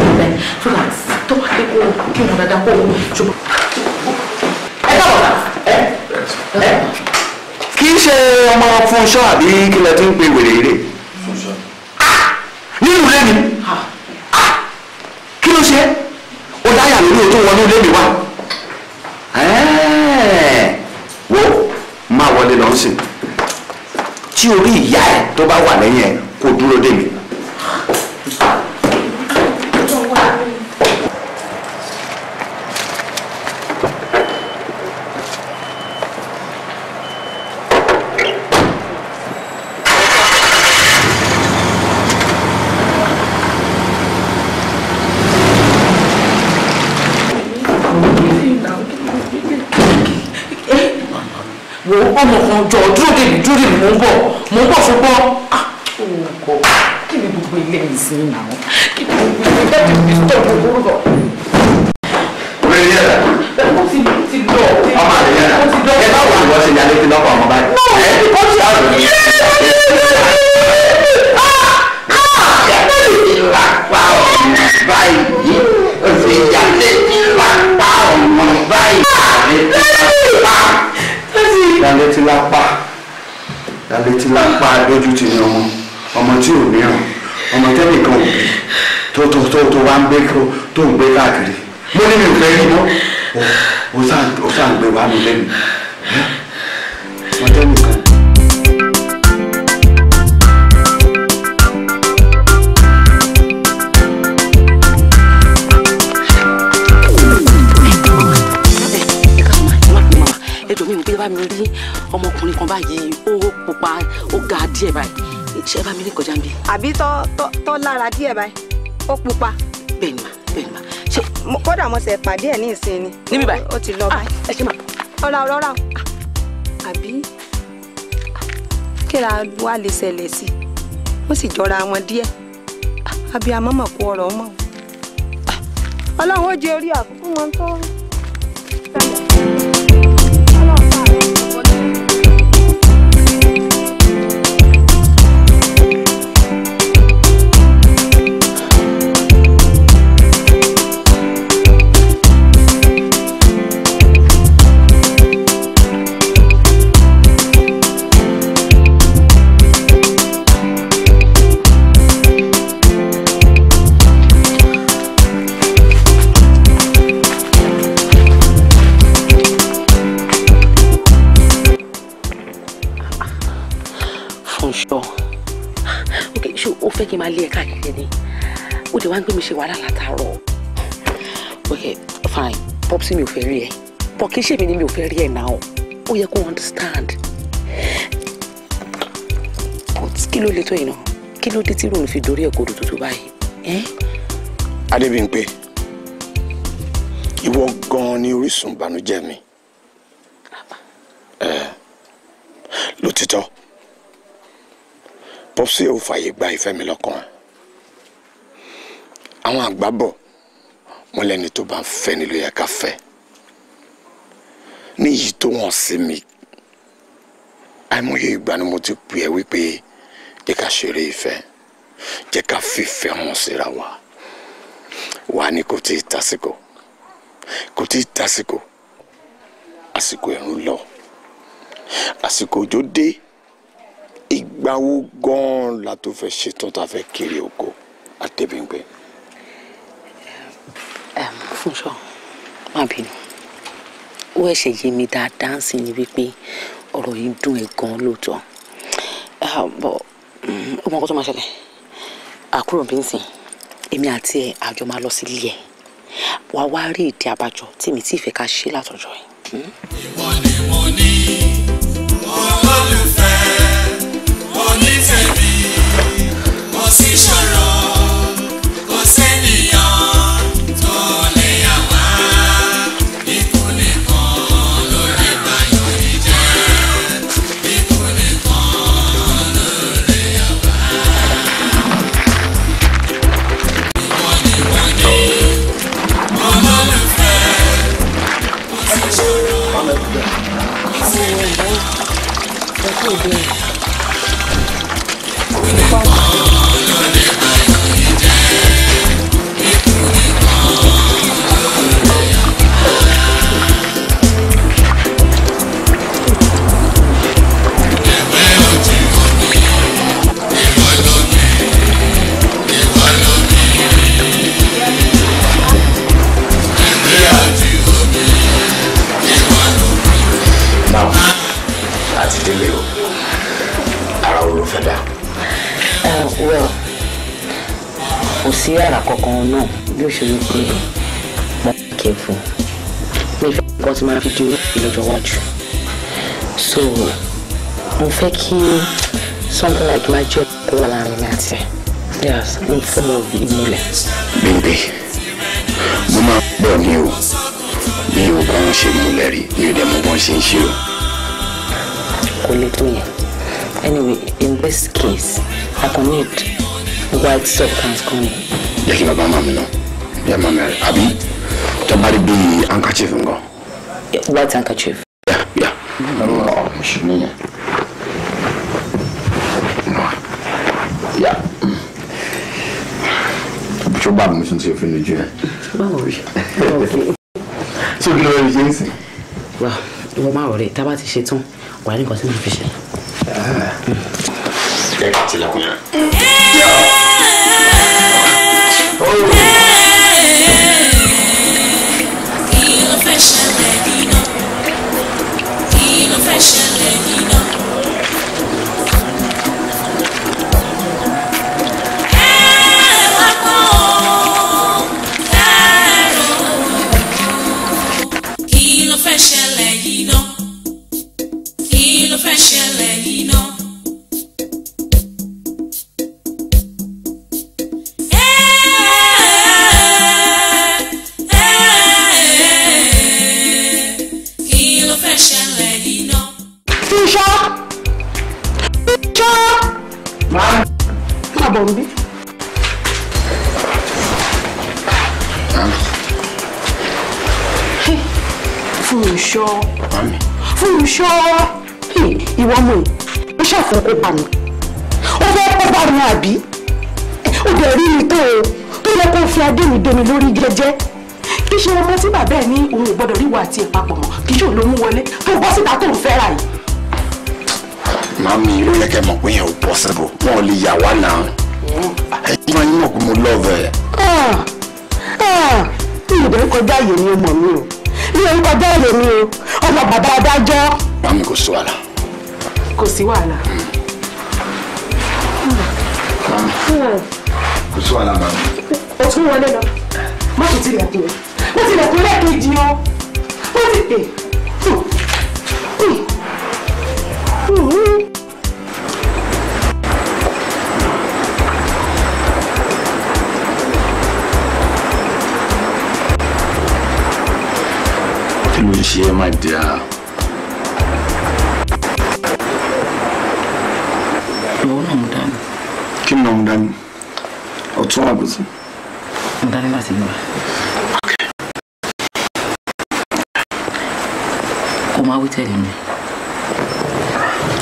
sílẹ̀ kí wọn ṣe ọmọ Fúnṣọ́ àbí kí lẹ ń pe wèrè eré. nínú ilé mi kí ló ṣe ó dáyà lórí ètò wọnú ilé mi wá wo máa wọlé lọ́sìn tí orí ìyá ẹ̀ tó bá wà lẹ́yìn ẹ̀ kò dúró dé mi. jọ dúró dèmi dúró dèmi mò ń bọ̀ mò ń bọ̀ fún bọ́. Ah, kí ni gbogbo ilé mi sí ìnáwó kí ni gbogbo ilé mi sí ìnáwó wá ń gbé tó ń gbé káàkiri mo ní mi ò fẹ́ yí mọ́ o sá ń gbé wá mi lẹ́nu ọjọ́ nìkan. ẹjọ mi nígbà bá mi rí ọmọkùnrin kan báyìí ó pupa ó ga díẹ̀ báyìí ṣé bá mi rí kọjá mi. àbí tọ́ tọ́ lára díẹ̀ báyìí ó pupa kódà mo ṣe pàdé ẹ̀ ní ìsìn ni. níbí báyìí ó ti lọ ah, báyìí. ẹ ṣe máa bọ̀. ọ̀rà ọ̀rà ọ̀rà àbí kíra wá lè ṣẹlẹ̀ sí i wọ́n sì jọra wọn díẹ̀ àbí ah, amọ́mọ̀kú ọ̀rọ̀ mọ́ ah, ọlọ́run ó jẹ orí àkókò wọn tó. fẹ́ rí ẹ bọ̀ kì í ṣèmi ni mi ò fẹ́ rí ẹ náà ó yẹ kó understand but kí ló le tó yìí náà kí ló dé tí ròun fi dorí ẹ̀ kodò tuntun báyìí. Adébímpé ìwọ gan-an ni orísun ìbànújẹ́ mi lótìtọ́ pọ́psí ò fààyè gba ìfẹ́ mi lọ́kàn ẹ̀ àwọn àgbà bọ̀ wọ́n lẹ́ni tó bá ń fẹ́ ni ló yẹ ká fẹ́ ní èyí tó hàn sí mi àìmọye ìgbà ni mo ti pè ẹ́ wípé jẹ́ ká ṣeré ìfẹ́ jẹ́ ká fìfẹ́ hàn síra wa wà ní kò tí ì tásìkò kò tí ì tásìkò àsìkò ẹ̀rùn lọ àsìkò òjò dé ìgbà wo gan-an la tó fẹ́ ṣetán tá a fẹ́ kiri oko àtẹ̀bíngbẹ́. Fúnṣọ́ má bínú ó ẹ̀ṣẹ̀ yé mi dáadáa sí ni wípé ọ̀rọ̀ yìí dùn ẹ̀ gan-an lóòótọ́ ah, bọ̀ mm, ó mọ ọkọ tó máa ṣẹlẹ̀ àkúrò bí n sìn èmi àti ẹ̀ àjọ máa lọ sílé ẹ̀ wàá wá rí ìdí abájọ tí mi ti fẹ́ ká ṣe látọjọ́ yìí. Hmm? ìwọ ni mo ní. ju lọ́jọ́ iwájú so I'm fẹ́ something like magic tó I'm láàrin mi àti yes mo fẹ́ mọ ìmúlẹ̀. bíbí mo máa bọ̀ ní o bí o bá ń ṣe múlẹ̀ rí mi ò dẹ̀ mọ bọ́n ṣe ń ṣe o. kò lè tó yẹn anyway in this case I can need white substance kan. jẹ́ kí bàbá máa mi lọ bí ẹ máa mẹ́rin àbí tó rí bíi handkerchief nǹkan white handkerchief. Yeah, yeah. No, Shuni. No. Yeah. Ṣé o bá mi sùn sí òfin lójú ẹ? Báwo rí? Ṣé o kí ló Well, Jẹ́nsì? Wà wọ́n máa rọ̀rẹ́ tá a bá ti ṣe tán, wà á ní nǹkan tí mo fi fún kó mi ó fẹ́ kó mi àbí ó bẹ̀ rí mi tó o tó yẹ kó fi adé mi dé mi lórí jẹ́jẹ́ kì ṣe ọmọ tí bàbá ẹ̀ ní òun ò gbọ́dọ̀ ríwà àti ìpapọ̀ mọ́ kì í ṣe òun wọlé tó bọ́ síta tó ń fẹ́ra yìí. màmí ló yẹ kẹ́ mọ̀ pé yẹn ò possible wọn ò lè yà wá náà ẹ̀yin máa ń mọ̀ pé mo love ah, ah, ẹ̀. mi ò kọjá àyè mi mọ̀ mi o mi ò ń kọjá àyè o ọmọ bàbá adájọ́. màmí kò sọ àlà kò sí wàhálà. kò sí wàhálà bàbá. o tún wọlé lọ má tún tilẹ̀kùn má tilẹ̀kùn lẹ́ẹ̀kejì o má ti pè. Mm-hmm. kí ló ń ṣe ẹ ìyàwó náà mú dání. kí ni ọmọ dání ọtún àgùntàn. mo dání láti gbà. kó máa wí tẹ̀lé mi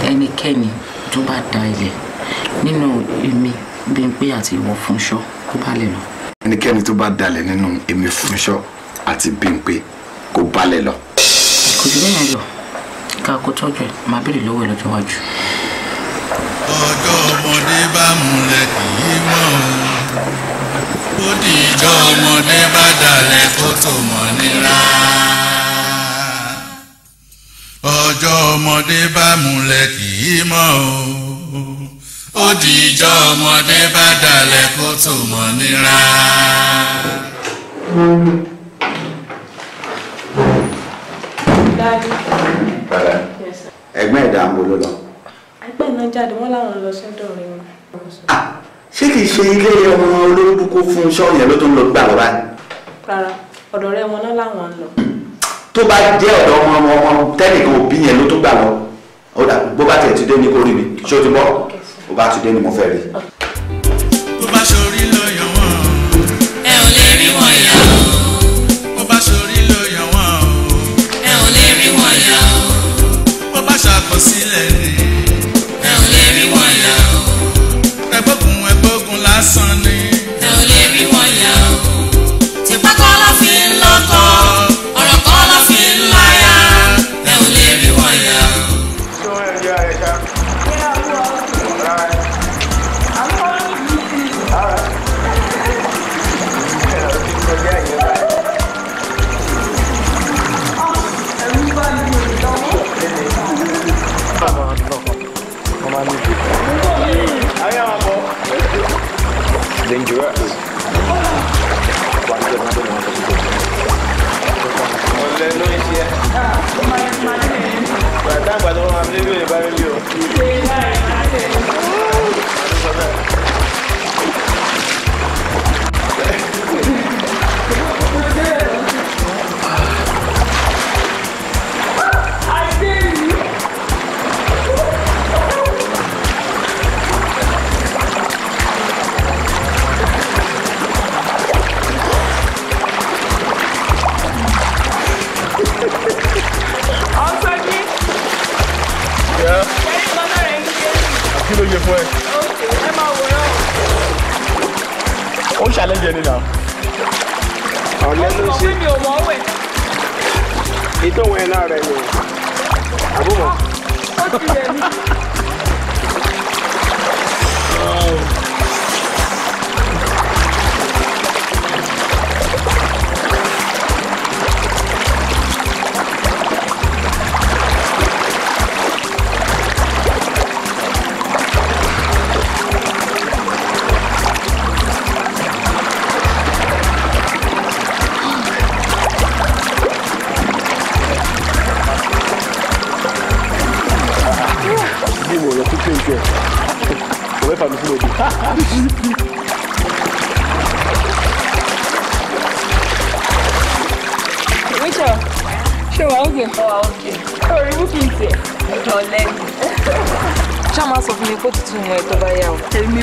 ẹnikẹ́ni tó bá da ilẹ̀ nínú èmi Bímpé àti ìwọ Fúnṣọ́ kó bá lè lọ. ẹnikẹ́ni tó bá dalẹ̀ nínú èmi Fúnṣọ́ àti Bímpé kó bá lè lọ. kò jù bẹ́ẹ̀ yẹn lọ ká kó tọ́jú ẹ̀ máa béèrè lọ́wọ́ ẹ lọ́jọ́ iwájú ọjọ́ ọmọdé bá múlẹ̀ kì í mọ̀ o ó di ìjọ ọmọdé bá dalẹ̀ kó tó mọ̀ nira. ọjọ́ ọmọdé bá múlẹ̀ kì í mọ̀ o ó di ọmọdé bá dalẹ̀ kó tó mọ̀ nira. ẹgbẹ́ ìdààmú ló lọ bẹ́ẹ̀ náà jáde wọ́n láwọn lọ sọ́dọ̀ ọ̀rẹ́ wọn. ṣé kìí ṣe ilé ọmọ olórúkú kó fún sọ́ọ̀yàn ló tó ń lọ gbà wá. rárá ọ̀dọ̀ ọ̀rẹ́ wọn náà làwọn ń lọ. tó bá jẹ́ ọ̀dọ̀ ọmọ ọmọ ọmọ tẹ́nìkan òbí yẹn ló tó gbà lọ bó bá tẹ̀ ti dé ní kórìbì ṣé o ti bọ́ bó bá ti dé ni mo fẹ́ rí. fún ẹ. ẹ máa wò ó. ó ṣàlẹ́jẹ̀ ni náà. ọ̀lẹ́ ló ṣe. ó sọ pé mi ò mọ̀ ọ́ wẹ̀. ìtòwẹ̀ náà rẹ̀ ni àbúmọ̀. Ah,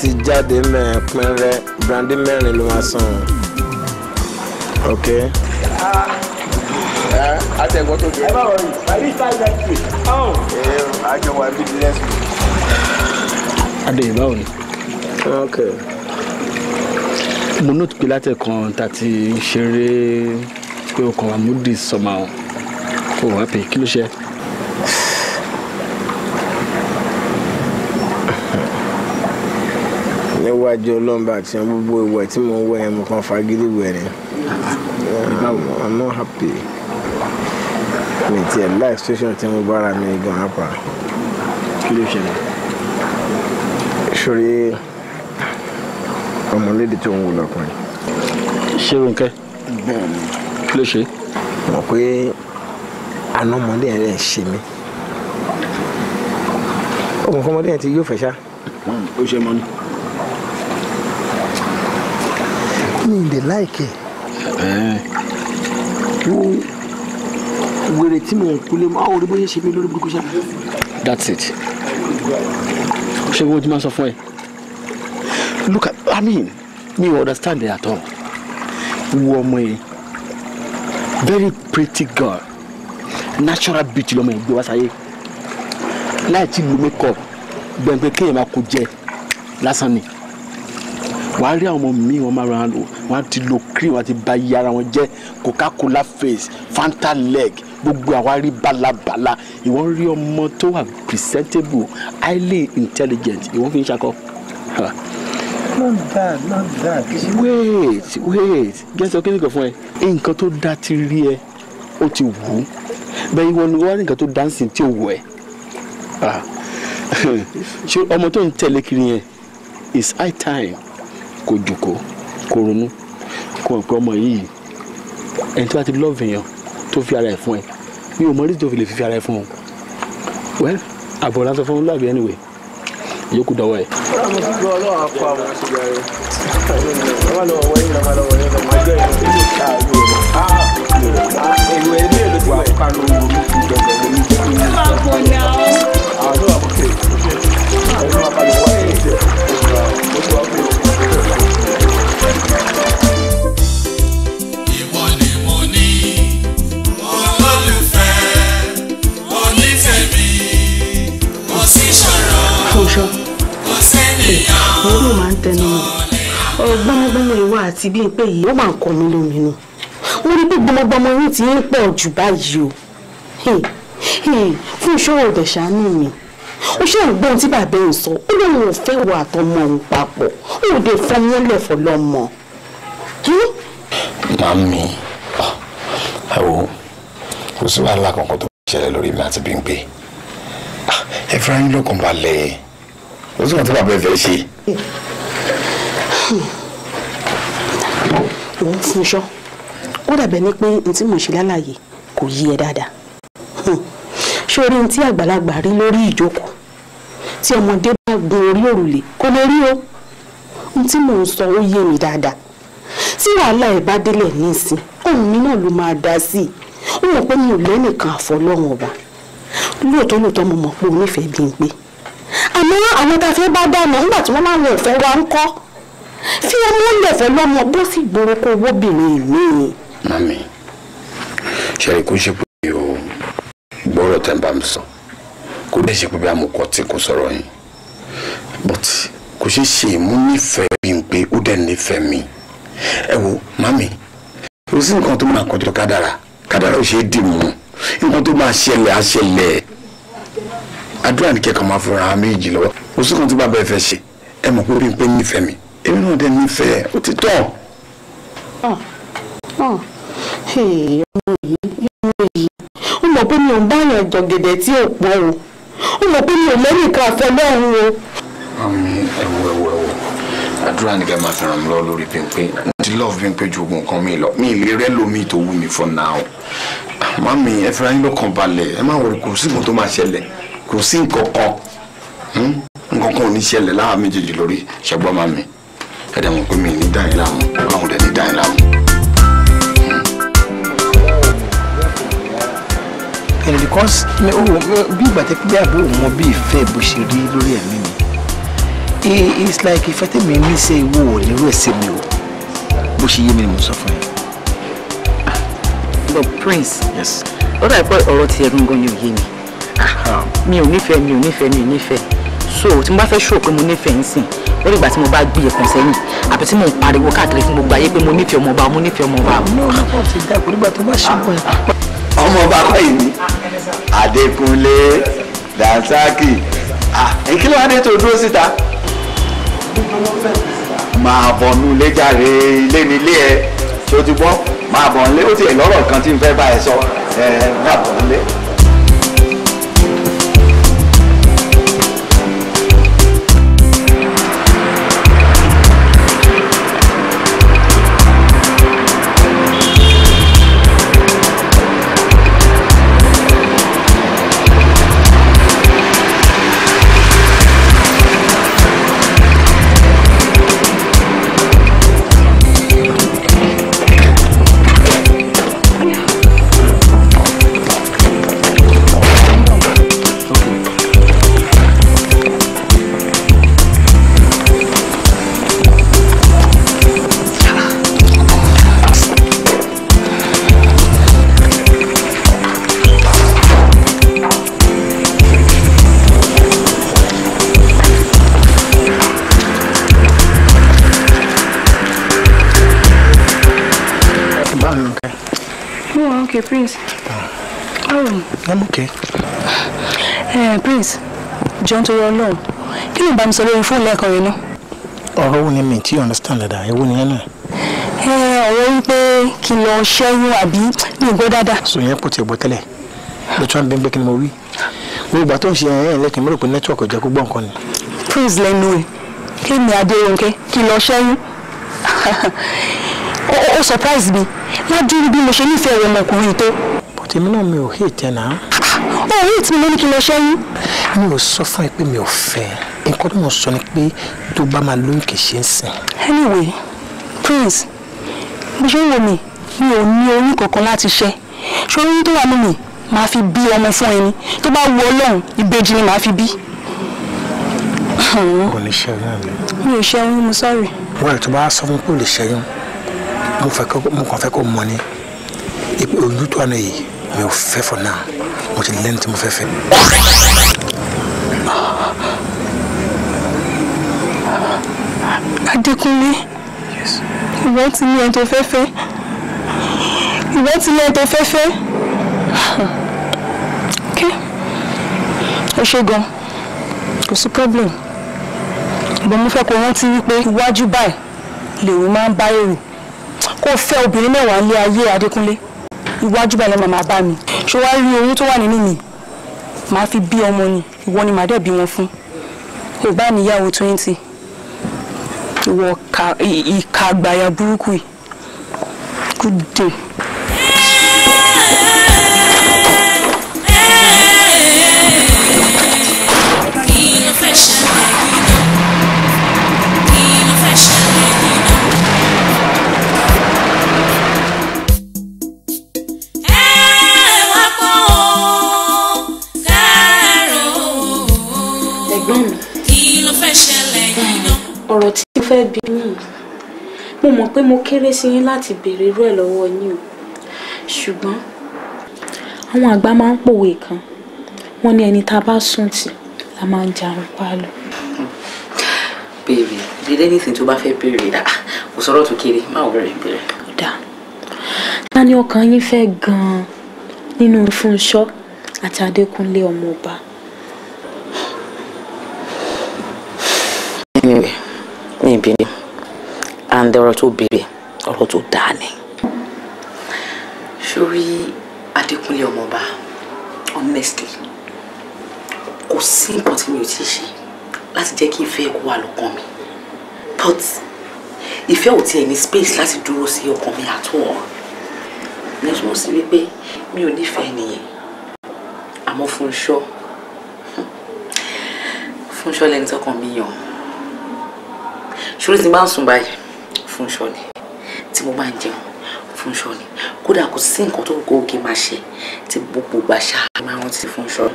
ti jáde mẹ́ẹ̀ pínrẹ́ brandy mẹ́rin ló máa san ok. atẹ̀gbọ́ ah, eh, tó dé. ẹ bá wọlé bàbí ìta ìjà ti pè. ẹ àjọ wa bíi lẹ́sìn. adéyìn báwo ah, ok. mo nóòtù pé látẹ̀kan tá a ṣeré pé o kàn wá moody sọ̀mà o kò wá kí ló ṣe níwájú ọlọ́mba àti gbogbo ìwẹ̀ tí mo wẹ̀ yẹn mo kàn fagídí wẹ̀ ni i'm not happy mi tiẹ̀ life situation tí mo bára mi gan apá. kí ló ṣẹlẹ̀. sori ọmọlédè tó ń wò lọkùnrin. ṣé o nkẹ́. bẹ́ẹ̀ni. kí ló ṣe. mọ̀ pé àná ọmọdé yẹn lè ṣe mí. ọmọkọ́mọdé yẹn ti yóò fẹ́ ṣá. ó ṣe mọ́ mi dẹ̀ láìkẹ́ wo wèrè tí mo ń kulé mọ́ àwọn olùbóyè ṣe mí lórí burúkú ṣá. that's it ṣé wo ti máa so fún ẹ look at i mean me understand it at all wo ọmọ yẹn very pretty girl natural beauty lọmọ yẹn gbé wá sáyé láì tí lu makeup gbẹ̀ngbẹ̀ kéèyàn máa kó jẹ lásán ni wàá rí àwọn ọmọ mi wọn máa ra lò wọ́n ti lo cream wọ́n ti ba iye wọn jẹ́ coca-cola face fanta leg gbogbo àwárí balabala ìwọ rí ọmọ tó wà presentable highly intelligent ìwọ fi ń ṣakọ. not that not that. wait wait gẹ́sọ̀ kí ni kò fún ẹ nǹkan tó dá ti rí ẹ ó ti wù ú bẹ́ẹ̀ ìwọ ni wọ́n rí nǹkan tó dancing tí ò wù ẹ́ ṣé ọmọ tó ń tẹ̀lé kiri yẹn it's high time kò jùkọ́ kó ronú kó hàn pé ọmọ yìí ẹni tí wàá ti lọ́ọ̀fù èèyàn tó fi ara ẹ̀ fún ẹ mi ò mọ rí o fi lè fi ara ẹ̀ fún ọ well àbọ̀ lásán fún lọ́ọ̀bì anyway yókù dọwọ́ ẹ̀. Thank you. fẹ́ òun ló máa ń tẹnu mi ọ̀rọ̀ ìwà àti bí pé yìí ó máa ń kọ́ mi lóminú wọ́n rí pé gbọ́mọgbọ́mọ yìí ti ń pọ̀ jù báyìí o fún ìṣòro ọ̀dẹ̀ ṣàánú mi ó ṣe ń gbóhun tí bàbá ń sọ ó lóun ò fẹ́ wọ àtọmọ òun papọ̀ ó lè fọ́n lọ́mọ. màmí ẹ kò sí wàhálà kankan tó ṣẹlẹ̀ lórí mi àti Bímpé ah, ẹ fẹ́ràn yín lọ́kàn balẹ̀ ó sì kàn tí bàbá ẹ fẹ́ ṣe. ìwọ fún iṣọ́ ó dàbẹ̀ ní pé n tí mò ń ṣe lálàyé kò yí ẹ dáadáa hmm. ṣé orí tí àgbàlagbà rí lórí ìjókòó tí ọmọdé bá gun orí òrùlé kò lè rí o n tí mò ń sọ ó yé mi dáadáa tí wàhálà ẹ bá délẹ̀ nísìn ohun mi náà ló máa dá sí i ó mọ̀ pé mi ò lẹ́nìkan àfọlọ́run ọba lóòótọ́ lóòótọ́ mo mọ̀ pé onífẹ̀ẹ́ bí n pé àmọ́ àwọn tá a fẹ́ bá dànù nígbà tí wọ́n máa wọ ọ̀fẹ́ wa ń kọ́ fi ọmọ ńlẹ̀fẹ́ lọ́mọ bó sì gbòòrò kó owó bìnrin mi. mami ṣẹlẹ kó ṣe pé o gbọ́rọ̀ tẹ́ ń bá mi sọ kó dẹ́ ṣe pé bí amukọ tí kò sọ̀rọ̀ yín but kò ṣeé ṣe mú nífẹ̀ẹ́ bí n pé ó dẹ̀ nífẹ̀ẹ́ mi ẹ wo mami kò sí nǹkan tó máa kọjọ kádàrà kádàrà ò ṣeé dì mú nǹkan tó máa ṣẹlẹ̀ á ṣẹlẹ̀ àdúrà ní kẹkọọ máa fọra àmì ìjì lọ́wọ́ oṣù kan tí bàbá ẹ fẹ́ ṣe ẹ mọ̀ pé orí ń pẹ nífẹ̀ẹ́ mi èmi náà dẹ nífẹ̀ẹ́ ó ti tọ. ọmọ ah, ah, yìí ọmọ yìí ó mọ̀ pé mi ò bá yàn jọ̀gẹ̀dẹ̀ tí ò pọ̀ o ó mọ̀ pé mi ò lẹ́nìkan àfẹ́ lọ́run o. àmì ẹ̀wọ̀ ẹ̀wọ̀ ẹ̀wọ̀ àdúrà ní kẹ́ máa fi ràn lọ lórí Bímpé ti love Bímpé ju ogun kan mi lọ mi ìlérẹ́ lomi tó wù mí for now mami ẹ fẹ́ràn yín lọ́kàn balẹ̀ ẹ má wọ̀rọ̀ kò sí tó máa ṣẹlẹ̀ kò sí nǹkan kan hmm? nǹkan kan ò ní ṣẹlẹ̀ láwọn méjèèjì lórí ṣẹgbọ́n máa mi ẹ̀dẹ̀ mọ̀ pé mi ní dáhìn láàmú ọlọ́run dẹ̀ ní dáhìn láàmú. Hmm? because oh, bí ìgbà tẹ́ pé àbúrò wọn bí ìfẹ́ bó ṣe rí lórí ẹ̀mí mi it's like ìfẹ́ tẹ̀mí ní ṣe ìwò ò lérò ẹ̀sẹ̀ mi o bó ṣe yé mi ni mo sọ fún yín. but prince ó dà pé ọ̀rọ̀ tiẹ̀ gangan ni ò yé mi. Ah, mi ò nífẹ̀ẹ́ mi ò nífẹ̀ẹ́ mi ò nífẹ̀ẹ́ so tí mo bá fẹ́ ṣòro pé mo nífẹ̀ẹ́ ń sìn lórí ìgbà tí mo bá gbé ẹ̀kún sẹ́yìn àbí tí mo ń pariwo káàkiri fún gbogbo ayé pé mo nífẹ̀ẹ́ ọmọọba mo nífẹ̀ẹ́ ọmọọba. ọmọọba báyìí ni Adékúnlé Dàńsákì èkí ah, ló dé tó dúró síta máa bọ̀nú ilé jàre ilé ni ilé ẹ tó ti gbọ́ máa bọ̀ nílé ó ti ẹ̀ lọ́rọ̀ kan tí n fẹ́ bá ẹ sọ ẹ máa bọ̀ nílé. okay, Prince. Oh. I'm okay. Eh, Prince, John to your loan. Can you buy me some sọ lórí fóònù lẹ́ẹ̀kan yẹn náà? Ọ̀rọ̀ wo ni mi tí understand that, Ewu won't yẹn náà. Ẹ eh, ọ̀rọ̀ wípé kí n lọ ṣẹ́yún àbí ní ìgbọ́ dáadáa. Sọ So you put gbọ́ bottle Mo tún bí n gbé kí ni mo wí. share. ìgbà tó ń ṣe ẹ̀yìn network. lẹ́kìn mo rò pé nẹ́tíwọ̀kì ò jẹ́ kó gbọ́ nǹkan ni. Prince lẹ́nu ẹ̀, kí Oh, surprise mi wọ́n dúró bí mo ṣe nífẹ̀ẹ́ rẹ̀ ọmọkùnrin tó. but èmi náà mi ò hí ìtẹ́ náà. Ah, ó rí ìtì mi ló ní kí n lọ ṣẹ́yún. mi ò sọ fún ẹ pé mi ò fẹ́ nǹkan tó mọ̀ sọ ni pé tó bá máa lóyún kì í ṣe ń sìn. anyway prince bó ṣe ń wo mi mi ò ní oyún kankan láti ṣe ṣé oyún tó wà nínú mi màá fi bí ọmọ fún ẹni tó bá wù ọlọ́run ìbejì ni màá fi bí. kò ní ṣẹ́yún mi. mi ò ṣẹ́yún mo sọ́ọ̀rì. wọ́n ẹ̀ tó bá sọ fún kó lè ṣẹ́yún mo fẹ́ kó mo kàn fẹ́ kó mọ ni ipe ojú tó àná yìí mi ò fẹ́ for now mo ti lẹ́nu tí mo fẹ́ fẹ́. Adékúnlé ìwọ ti ní ẹni tó fẹ́ fẹ́ ìwọ ti ní ẹni tó ok ẹ ṣe gan kò sí problem ìbọn mo fẹ́ kó rántí wípé iwájú báyìí lèwe máa ń bá èrò kó fẹ́ obìnrin mẹ́wàá lé ayé Adékúnlé iwájú báyìí lọ́mọ máa bá mi ṣé wàá rí oyún tó wà nínú mi màá fi bí ọmọ ni ìwọ ni màá dẹ̀ bí wọn fún kò bá níyàwó twenty ìwọ ìka àgbàyà burúkú yìí good day. fẹ́ bí yín mo mọ̀ pé mo kéré sí yín láti béèrè irú ẹ̀ lọ́wọ́ yín o ṣùgbọ́n àwọn àgbà máa ń pòwe kan wọ́n ní ẹni tá a bá sùn tì la máa ń jarun pálọ̀. béèrè dídé nísìnyí tó bá fẹ́ béèrè dà ah, kò sọ̀rọ̀ tó kéré má wọ́n rẹ̀ béèrè. ọ̀dà ta ni ọkàn yín fẹ́ gan-an nínú Fúnṣọ́ àti Adékúnlé ọmọọba. bínú and ọ̀rọ̀ tó bèrè ọ̀rọ̀ tó dáa ni. sórí adékúnlé ọmọọba honestly kò sí nǹkan tí mi ò ti ṣe láti jẹ́ kí ìfẹ́ kó wà lọ́kàn mi but ìfẹ́ ò tiẹ̀ ní space láti dúró sí ọkàn mi at all ní túmọ̀ sí wípé mi ò nífẹ̀ẹ́ nìyẹn àmọ́ Fúnṣọ́ Fúnṣọ́ lẹ́ni tọkàn mi yàn ṣòro tí n bá ń sùn báyìí Fúnṣọ́ ni tí mo bá ń jẹun Fúnṣọ́ ni kódà kò sí nǹkan tó kó kí n máa ṣe tí gbogbo ìgbà ṣáà máa rántí Fúnṣọ́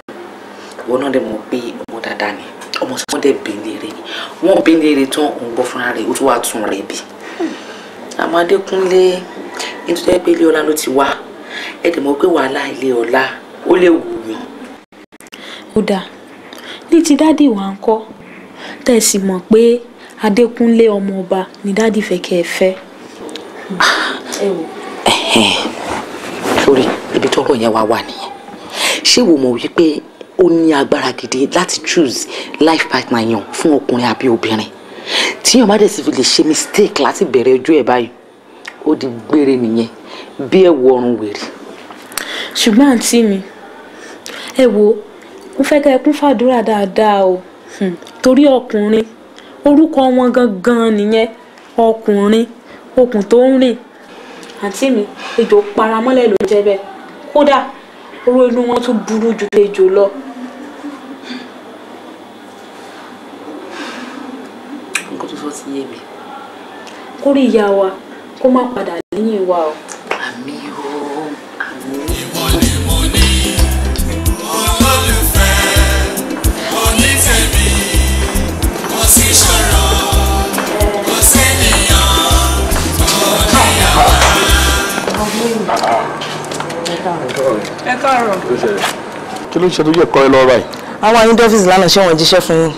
ìwọ náà dẹ̀ mọ̀ pé ọmọ dáadáa ni ọmọ tí wọ́n dẹ̀ bèèrè ni wọ́n bèèrè tán òun gbọ́ fúnra rẹ̀ ó tún wá tún rẹ̀ bí. àmọ́ Adékúnlé nítorí pé ilé ọlá ló ti wá ẹ dẹ̀ mọ̀ pé wàhálà ilé ọlá ó lè wù yàn. ó dáa ní ti dádì wa ń kọ́ tẹ̀sí mọ̀ pé adékúnlé ọmọọba ni dáàdì fẹ́ kẹ́ ẹ fẹ́. sórí ibi tọ́rọ̀ yẹn wá wà nìyẹn ṣé wo mọ̀ wípé ó ní agbára gidi láti choose life partner yàn fún ọkùnrin àbí obìnrin tíyàn má dẹ̀ sì fi lè ṣe mistake láti bẹ̀rẹ̀ ojú ẹ̀ báyìí ó di gbére nìyẹn bí ẹ wọ ọrùn wèrè. ṣùgbọ́n àǹtí mi ẹ wo mo fẹ́ kẹ́ ẹ kún fàdúrà dáadáa o hmm, torí ọkùnrin orúkọ wọn gangan nìyẹn ọkùnrin okùn tó ń rìn àǹtí mi ejò paramọ́lẹ̀ ló jẹ́ bẹ́ẹ̀ kódà oró inú wọn tún burú ju ejò lọ. nǹkan tó sọ ti yé mi. kórìíyá wa kó má padà lẹ́yìn wa o. àmín. ẹ káàárọ̀. kí ló ń ṣe tó yẹ kọ́ ẹ lọ́wọ́ báyìí. àwọn àyín dọ́fíìsì lánàá ṣé wọ́n jíṣẹ́ fún yín.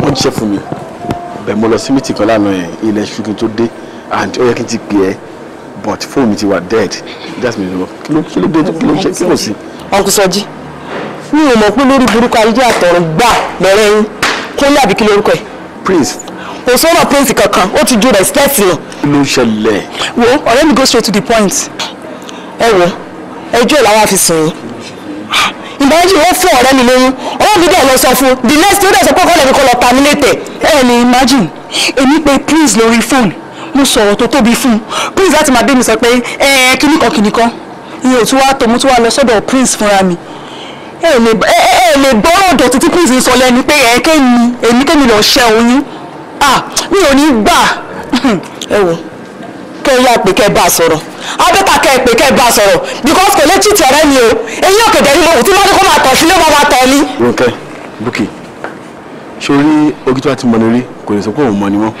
wọ́n jíṣẹ́ fún mi bẹ́ẹ̀ mo lọ sí mítì kan lánàá yẹn ilẹ̀ ṣùgbọ́n tó dé and ó yẹ kí n ti pè ẹ́ but fóònù mi ti wà dead that's me lọ kí ló kí ló dé kí ló ṣe kí ló sí. ọ̀nkùn sọ́jí mi ò mọ̀ pé lórí burúkú ayé àtọ̀run gbà lọ́rẹ́ yín kó ní àbíkí lórúkọ ẹ̀. prince kò sọ́nà prince kankan ó ti ju respect lọ. ló ṣẹlẹ̀. wo ọ̀rẹ́ mi go straight to the point. ẹ wo ẹjọ́ ìlàwà fi sùn yín ìbáraẹjì wọn fún ọ̀rẹ́ mi lóyún ọwọ́ mi dẹ̀ lọ sọ fún the next two days, dẹ̀ sọ pé kọ́lẹ̀ mi kọ́ lọ ta mí létè. ẹ lè imagine èmi pé prince lórí fóònù mo sọ̀rọ̀ tó tóbi fún un prince láti máa bí mi sọ pé ẹ kíníkan kíníkan iye òtún wá tòun tún wá lọ sọ́dọ̀ prince fúnra mi ẹ lè gbọ́rọ̀ ọ̀dọ̀ títí prince sọ lẹ́nu pé ẹ̀ẹ́kẹ́ mi èmi kẹ́mi lọ ṣẹ́ oyún ah mi ò ní gbà ẹ wò kẹ́ ẹ yá pé kẹ́ ẹ bá a sọ̀rọ̀ abẹ́ta kẹ́ ẹ pé kẹ́ ẹ bá sọ̀rọ̀ because kò lè tí ti ọ̀rẹ́ mi o èyí ò kèdè ní lòun tí wọ́n ní kó máa tọ̀ sílé wọn máa tọ̀ ni. Ronke Bukky sórí ogitu àti mọ̀nì rí kò lè sọ pé òun mọ̀ ni wọ́n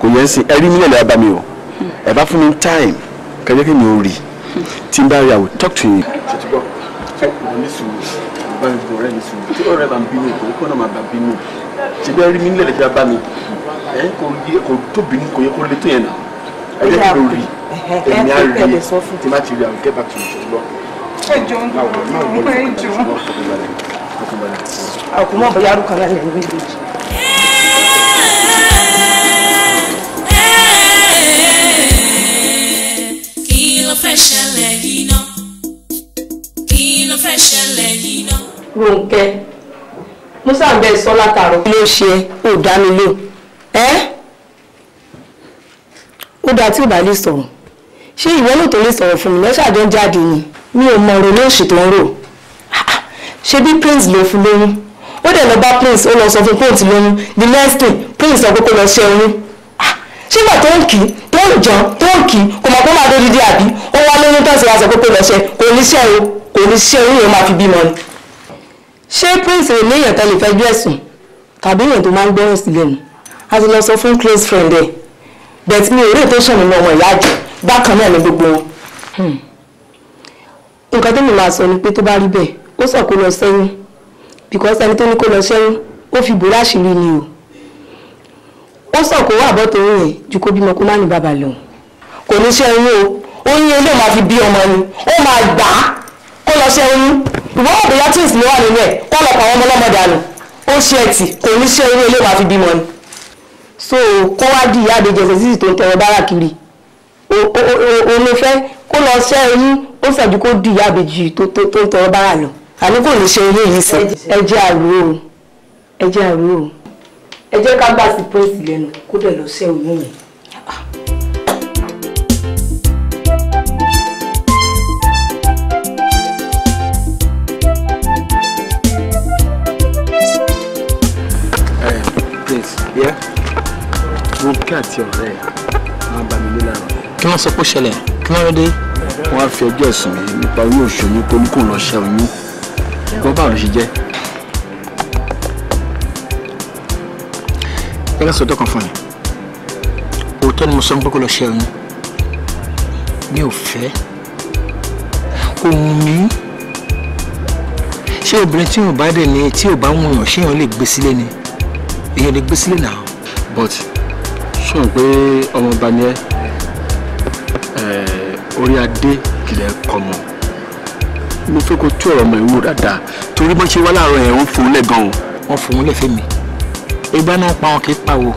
kò yẹ ń sìn ẹ̀rí mílíọ̀nù lẹ́yà bá mi o ẹ bá fún mi time kẹjọ́ kí mi ò rí tí n bá rí I will talk to you. ṣètìgbọ́ ẹ kò ní sùúrù bá mi bọ̀ ọ̀rẹ́ mi sùúrù tí ọ̀rẹ́ bá ń bínú kò ní kó náà máa bá bínú ṣètìgbọ́ ẹ̀rí mílíọ̀nù lẹ́yà bá mi ẹ kò tóbi kò yẹ kó lè tó yẹn náà ẹ jẹ́ kí n lórí èmi á rí i tí má ti rí àwọn get back to you ṣùgbọ́n. ẹ jọ ń bọ̀ ń pẹ́ jọ. àkùnmọ̀ bóyá arúgbó kan láyé ẹ̀yìn méjèèjì. Rónkẹ́, Musa ń bẹ sọ látàárọ̀. Kí ló ṣe? Ó dá mi lò. Ẹ́ ó dáa tí ò bá lè sọ̀rọ̀ ṣé ìwọ ló tó lè sọ̀rọ̀ fún mi lọ́ṣàjọ́ jáde ni mi ò mọ ọ̀rọ̀ lóòṣì tó ń rò ah, ṣe bí prince ló fún lóyún ó dẹ̀ lọ bá prince ó lọ sọ fún prince lóyún the next thing prince sọ pé kó lọ ṣe oyún ah, ṣígbà tó ń kì í tó ń jẹun tó ń kì í kò mọ̀ kó máa dé dídí àbí ó wá lóyún tẹ̀sí wa sọ pé kó lọ ṣe kò ní ṣe o kò ní ṣe oyún yẹn máa fi bímọ ni. ṣé prince lè léèyàn tẹ́lẹ̀ fẹ́ gbẹ̀sùn tàbí èèyàn tó máa ń gbẹ́rùn sílẹ̀ nù a ti lọ sọ fún close friend ẹ̀ bẹ̀tí mi ò rí ìtẹ́sán nínú ọmọ ìyá àjò bákan náà ni gbogbo wọn. Hmm. nǹkan tó mi máa sọ ni pé tó bá rí bẹ́ẹ̀ ó sọ kó lọ sẹ́yìn because ẹni tó ní kó lọ sẹ́yìn ó fi bò láṣìírí ni o ó sọ kó wà bọ́ tòun yẹn ju kó bímọ kó má ní bàbá lòun kò ní ṣe oyún o oyún ilé máa fi bí ọmọ ni ó máa gbà á kó lọ ṣe oyún ìwọ ọ̀bẹ̀yà tíìsì ló wà nínú ẹ̀ kó lọ pa àwọn ọmọ ọlọ́mọdà nù ó ṣe ẹ̀tì kò ní ṣe oyún ilé máa fi bímọ ni so kó wá di ìyá àdéjẹ sẹ́sìsì tó ń tẹ̀wọ́ bára kiri òun fẹ́ kó lọ sẹ́ oyún ó fẹ̀jú kó di ìyá àbèjì tó ń tẹ̀wọ́ bára lọ. àní kò ní ṣe oyún yìí sọ. ẹ jẹ́ àrò o ẹ jẹ́ àrò o ẹ jẹ́ ká gbà sí pírẹ́sì lẹ́nu kó dẹ̀ lọ sẹ́ oyún yìí. vodka àti ọ̀rẹ́ ẹ̀ máa bá mi nílà rẹ̀. kí wọ́n sọ pé ó ṣẹlẹ̀ kí wọ́n dé. wọ́n á fi ẹjọ́ ẹ̀sùn mi nípa oyún òṣèlú tó ní kò lọ ṣe oyún gbọ́ báwo ló ṣe jẹ́. ẹ lọ́sọ̀ tó kàn fún mi òótọ́ ni mo sọ pé kó lọ ṣe oyún mi ò fẹ́ kò wù mí ṣé obìnrin tí ò bá dẹ̀ ní tí ò bá wùyàn ṣé èèyàn lè gbé sílé ni èèyàn lè gbé sílé náà but sùn pé ọmọọba ni ẹ orí adé kìlẹ̀ kọmọ mo fẹ́ kó tú ọ̀rọ̀ ọmọ ìwú dáadáa torí bọ́n ṣe wá láàárọ̀ ẹ̀ wọ́n fòun lẹ̀ o. wọ́n fòun lẹ̀ fẹ́ mi ìgbà náà pa wọn kì í pa wo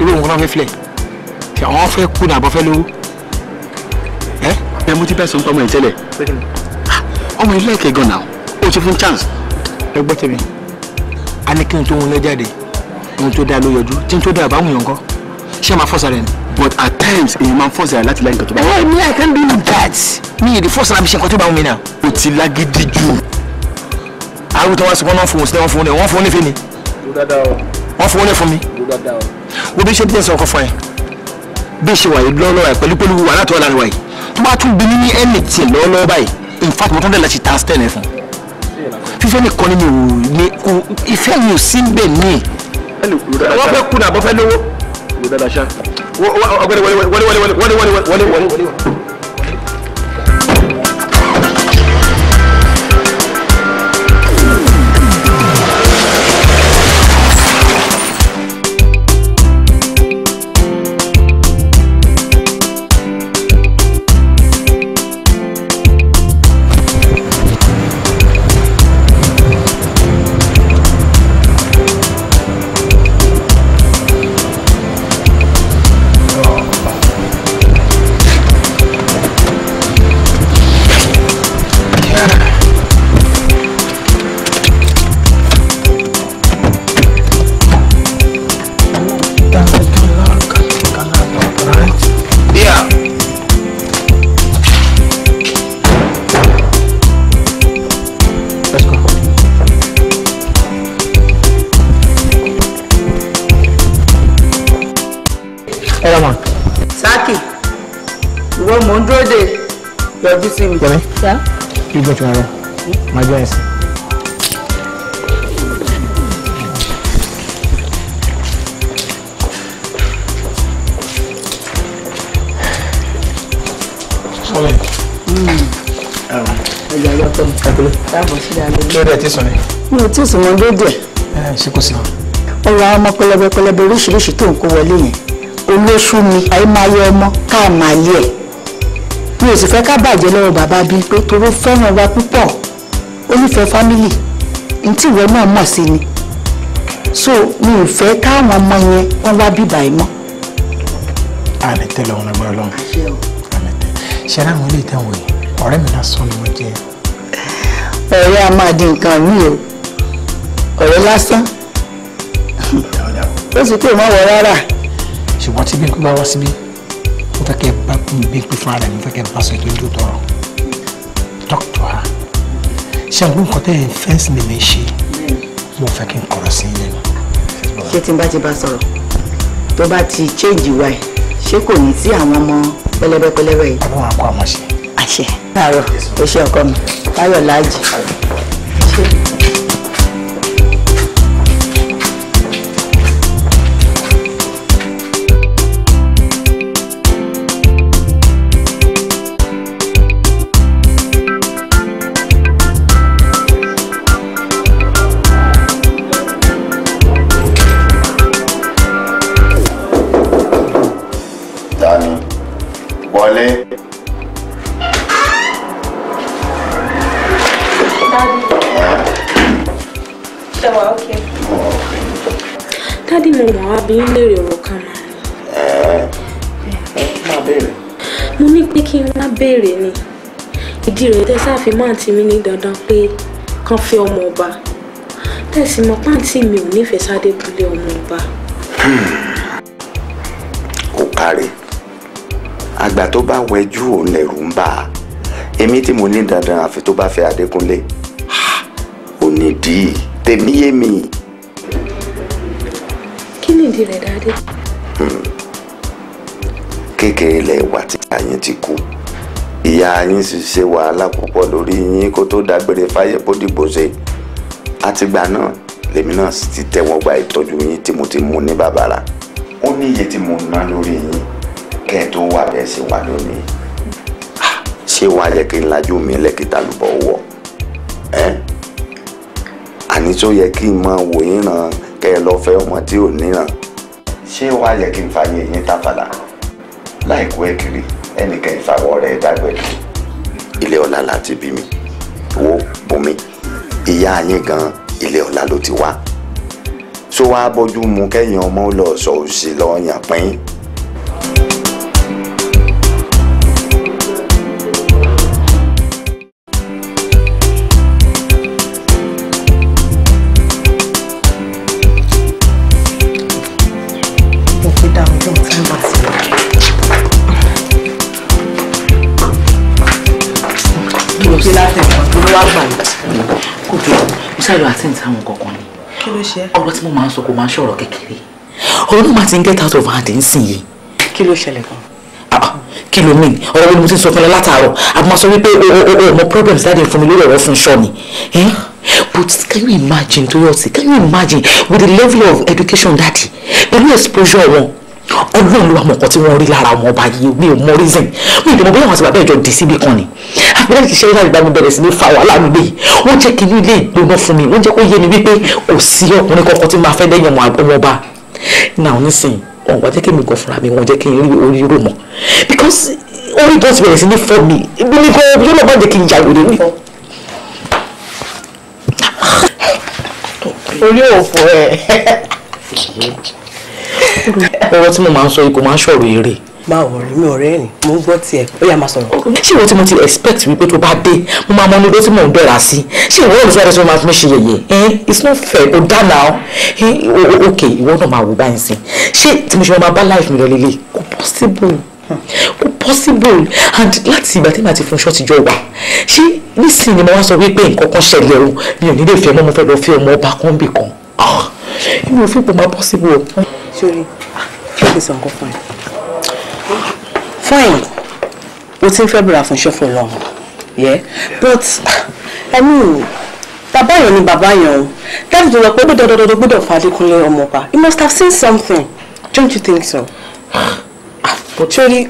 irú òun kan fẹ́ filẹ̀ tí àwọn fẹ́ kú ní àbọ̀fẹ́ lówó. ẹ ẹ mo ti bẹ́ẹ̀ sọ ń tọ́mọ ìtẹ́lẹ̀ ọmọ ilé ẹ̀kẹ́ gan náà ó ti fún chance. ẹ gbọ́ tèmi a ní kí n tó wọn lọ jáde ohun tó dáa ló yọjú tí n tó dáa bá wùyàn kan ṣé máa force ara but at times èyí máa force ara láti láyé nǹkan tó bá oh, wù. mi i can do that. mi ì di force ara mi ṣe nǹkan tó bá wù mí náà. o ti lágídí jù. àrùn tí wọ́n sọ wọ́n fún un sílẹ̀ wọ́n fún un wọ́n fún un nífẹ̀ẹ́ ni. wọ́n fún un nífẹ̀ẹ́ mi. wo bí ṣe díẹ̀ sọ ọkọ fún ẹ bí ṣe wà yìí lọ́wọ́lọ́wọ́ ẹ pẹ̀lú pẹ̀lú wàhálà tó wà lára wa yìí tó bá tún bí ní ní ẹnì báyìí in fact mo tún dẹ̀ láti ta stẹ́ẹ̀ nẹ́fọ̀n fífẹ́ nìkan ni mi ò ní ìfẹ́ mi ò sí bẹ́ẹ̀ ní. wọ́n fẹ́ kùnà àbọ̀fẹ́ lówó ló dáadáa ṣá wọlé wọlé wọlé wọlé wọlé wọlé wọlé wọlé wọlé wọlé wọlé. you go tomorrow. My guys. Come in. Ẹja ló tọ́. Kàkúlé. Dáàbò sí dáadé. Lórí ẹ̀ tí sùn ni. Mi ò tí sùn wọn dédé. Ẹ ṣe kò sí wọn. Ọ̀rọ̀ àwọn ọmọ pẹlẹbẹ pẹlẹbẹ oríṣiríṣi tó ń kó wọlé yẹn. Olóṣù ni àyè máa yọ ọmọ káà máa lé ẹ̀ mi ò sì fẹ́ ká bàjẹ́ lọ́wọ́ bàbá bíi pé toró fẹ́ràn wa púpọ̀ ó nífẹ̀ẹ́ fámìlì ní tí ìwọ náà mọ̀ sí ni so mi ò fẹ́ káwọn ọmọ yẹn wọ́n wá bíbà ẹ̀ mọ́. àmì tẹ́lẹ̀ ọ̀hún ẹgbẹ́ ọlọ́run àmì tẹ́lẹ̀ ṣe aláwọn ilé ìtẹ̀wọ̀n yìí ọ̀rẹ́ mi lásán ni mo jẹ́. ọ̀rẹ́ a máa di nǹkan mí o ọ̀rẹ́ lásán ó sì pé ìmọ̀wọ̀ rárá. ṣùgbọ́n tí bí n bá wá síbí fẹ́ kẹ́ bá mi pé fún ara mi fẹ́ kẹ́ bá sọ ìtọ́jú tọrọ talk to her ṣé àwọn nǹkan tẹ́ ẹ̀ fẹ́ǹsì lè mi ṣe mo fẹ́ kí n kọ̀rọ̀ sí yẹn. ṣé tí n bá ti bá sọ̀rọ̀ tó bá ti change wa ẹ̀ ṣé kò ní sí àwọn ọmọ pẹlẹbẹ pẹlẹbẹ yìí. ọlọ́run á kó àwọn ṣe. àṣẹ. láàárọ̀ o ṣe ọkọ mi bí ń léèrè ọ̀rọ̀ kan náà. máa béèrè. mo ní pé kí n má béèrè ni ìdí rẹ̀ tẹ́ sáfi máa ti mí ní dandan pé kán fẹ́ ọmọ ọba tẹ̀sí mọ pàǹtí mi ò nífẹ̀ẹ́ sádébúlé ọmọ ọba. kò kárí àgbà tó bá wẹjú òun lẹ̀rù ń bà á èmi tí mo ní dandan àfi tó bá fẹ́ adékúnlé ó nídìí tèmi nídìí rẹ̀ dáadé. kékeré lẹ wà tí àyín ti kú ìyá yín sì ṣe wàhálà púpọ̀ lórí yín kó tó dágbére fáyé bó dìbò ṣe àtìgbà náà lèmi náà sì ti tẹ́ wọn gba ìtọ́jú yín tí mo ti mú ní bàbàrà ó ní iye tí mo ná lórí yín kẹ́ ẹ tó wà bẹ́ẹ̀ ṣe wà lónìí ah, ṣé wàá yẹ kí n lajú mi lẹ́kìtà lùbọ̀ wọ̀ ẹ́ àní tó yẹ kí n máa wò yín ràn kẹ́ ẹ lọ́ọ́ fẹ́ ọmọ tí ò níran ṣé wàá yẹ kí n fa yín yín tàfàlà láìkú ẹ kiri ẹnìkan ìfàwọ́ rẹ̀ dágbẹ̀dù. ilé ọ̀la la ti bí mi wo bomi ìyá yín gan ilé ọ̀la ló ti wá so wàá bójú mu kẹ́yìn ọmọ lọ sọ òsì lọ yàn pín ṣe látẹ̀kọ̀ tó ló wá gbà yìí. kò jọ mo ṣàlọ àtẹ̀ǹtì àwọn kankan ni. kí ló ṣe. ọ̀rọ̀ tí mo máa ń sọ kò máa ń ṣọ̀rọ̀ kékeré ọ̀rọ̀ náà máa ti ń get out of hand nísìnyìí. kí ló ṣẹlẹ̀ gan. Ah, kí ló mean ọ̀rọ̀ mi mo ti sọ fún ẹ látàárọ̀ àmọ́ sọ wípé mo problems láti fún mi lórí ọ̀rọ̀ fún ṣọ́ ni. but can you imagine torí can you imagine with the level of education daddy pẹ̀lú exposure wọn ọlọ́run ló wà mọ̀kọ́ tí wọ́n rí lára ọmọ ọba yìí mi ò mọ reason mi ìdìbò bóyá àwọn àti bàbá ìjọ dì síbi kan ni àbílẹ̀ ti ṣe é láti bá mi bẹ̀rẹ̀ sí ní fa wàhálà mi lé wọ́n jẹ́ kí ilé ìgbóná fún mi wọ́n jẹ́ kó yé mi wípé kò sí ọkùnrin kankan tí máa fẹ́ lẹ́yìn ọmọ ọba náà nísìnyí ọ̀n wá jẹ́ kí mi gan fúnra mi wọ́n jẹ́ kí n rí orí rò mọ́ because orí gan ti bẹ̀rẹ̀ sí ní fọ́ mi ibi ní gan yóò lọ bá jẹ́ kí n yàgò lórí. orí òfò ẹ̀. ọ̀rọ̀ tí mo máa ń sọ yìí kò máa ń ṣọ̀rọ̀ eré máa wọ̀rẹ́ mi ọ̀rẹ́ ni mo ń gbọ́ tiẹ̀ ó yá máa sọ̀rọ̀. ṣé ìwọ tí mo ti expect wípé tó bá dé mo máa mọ ní ló tí mò ń bẹ̀rẹ̀ sí ṣé ìwọ olùsọ ẹ̀rọ tí máa fi mí ṣe yẹ̀yẹ̀ it's not fair ó dá náà ok ìwọ náà máa wò báyìí sí ṣé tí mo ṣe máa bá life mi lọ lélẹ̀ kò possible kò possible and láti ìgbà tí màá ti fún ṣọ́ọ̀tì jọ wá ṣé nísìnyí ni mo wá sọ wípé nǹkan kan ṣẹlẹ̀ o mi ò ní lè mọ́ mo fẹ́ lọ fẹ́ ọmọ ọba kan bì kan èmi ò fi pò máa possible o. sori kí o lè sọ nǹkan fine o ti ń fẹ́ bẹ̀rẹ̀ àfúnṣe for long yeah but i mean bàbá yẹn ni bàbá yẹn o dáàbò tó lọ pé gbọ́dọ̀ dọdọdọ gbọ́dọ̀ fà Adékúnlé ọmọọba he must have seen something don't you think so. sori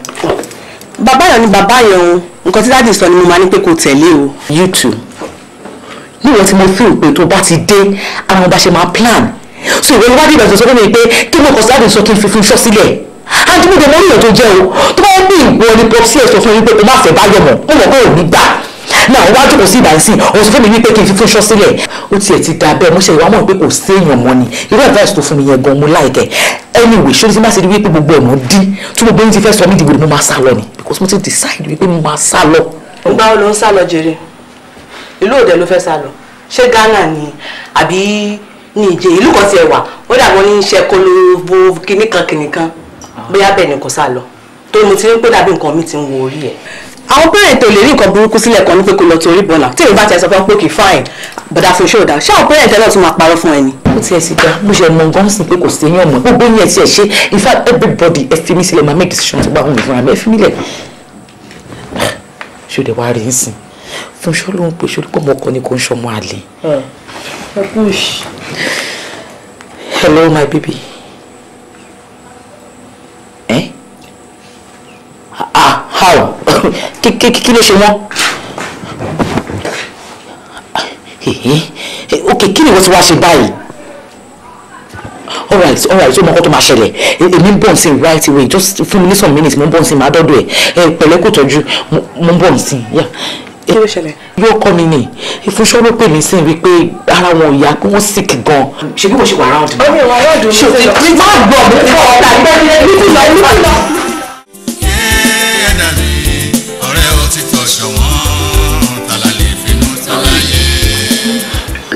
bàbá yẹn ni Baba yẹn because that is dáàbò sọ ni mo máa ní you kò you too níwọ̀n tí mo fi rò pé tó bá ti dé àwọn ọba plan so ìwé wádìí ìbẹ̀sọ̀ sọ fún mi pé kí mo kọ̀ sí láti sọ kí n fi fún iṣọ́ sílẹ̀ àti mo dẹ̀ mọ́ ìyàn tó jẹ́ o tó bá ní ìwọ ni pop sí ẹ̀sọ̀ fún mi pé o má fẹ́ bá yọ̀ mọ́ mo mọ̀ pé ò ní gbà náà wọ́n wá jókòó sí ìdánsìn òun sọ fún mi wípé kí n fi fún iṣọ́ sílẹ̀ ó tiẹ̀ ti da bẹ́ẹ̀ mo ṣe ìwà mọ̀ pé kò sí èèyàn mọ́ ni irú advice tó fún mi yẹn gan mo láìkẹ́ anyway ṣé o ti má ṣe wípé gbogbo ọ̀nà dín tí gbogbo yín ti fẹ́ sọ mí dìgbò ni mo máa sá lọ ni because mo ti decide wípé mo máa sá lọ. ìgbà wo ló ń sá lọ jèrè ìlú òde ló fẹ́ sá lọ ṣé Ghana ni àbí ní ìjẹ ìlú kan tiẹ̀ wà ó dà wọ́n ní iṣẹ́ kólóbó kìnnìkan kìnnìkan ah. bóyá bẹ́ẹ̀ ni kò sá lọ tó mo ti ń pé dàbí nǹkan mi ti ń wo orí ẹ̀. àwọn pẹ́rẹ́ǹtì ò lè rí nǹkan burúkú sílẹ̀ kan ní pé kò lọ torí bọ́là tí èmi bá ti sọ fún pé kì í fáìn bọ̀dà fún iṣẹ́ òdà ṣé àwọn pẹ́rẹ́ǹtì náà tún máa parọ́ fún ẹni. ó ti ẹ̀ sì dá bó ṣe mọ nǹkan sí pé kò sí ẹyìn ọmọ gbogbo yín ẹ̀ ti ẹ̀ ṣe in fact everybody ẹ máa make decision tó bá wù mí mi ẹ fi mí lẹ̀ ṣó dẹ̀ wá rí ń fúnṣọ́ ló ń pè sórí pọ̀ mọ́kàn ni kò ń ṣọmọ àlè. hello my baby. Eh? ah how kí ló ṣe wọ́n. Ah, ok kí ni wọ́n ti wá ṣe báyìí alright alright so mo kọ́ tó máa ṣẹlẹ̀ èmi ń bọ̀ sí right away just fún mi ní some minutes mo ń bọ̀ sí máa dọ́dọ̀ ẹ̀ pẹ̀lẹ́ kò tọ́jú mo ń bọ̀ sí yà kí ló ṣẹlẹ̀. yóò kọ́ mi ni ìfúnṣọ́ ló pè mí sí wípé ara wọn ò yá pé wọ́n sick gan. ṣe bí mo ṣe wà round. ó ní ìwà round mi ṣe lọ. má gbọ́ mi fọ́ ọ̀tà ìgbẹ́ni ẹni tí lọ ní lọ.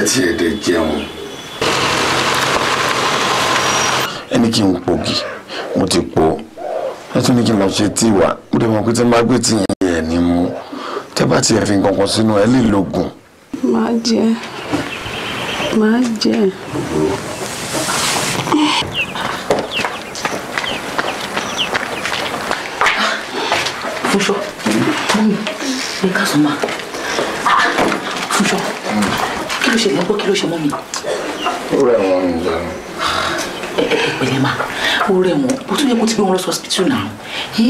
ẹtí èdè jẹun ẹni kí n pògì mo ti pò ẹ tún ní kí n lọ ṣe tíì wá mo dẹ̀ mọ̀ pé tí n bá gbé tíì yẹn tẹ́ bá tiẹ̀ fi nǹkan kan sínú ẹ lè lògùn. máa jẹ máa jẹ. Fúnṣọ́ mọ́mí ẹ káàsán máa ah, Fúnṣọ́ kí ló ṣe lọ́gbọ́ kí ló ṣe mọ́mí. ó rẹ̀ wọ́n ń jẹ. ẹ ẹ pẹ̀lẹ́ máa ó rẹ̀ wọ́n bó tún yẹ kó ti gbé wọn lọ sọ hospital náà kí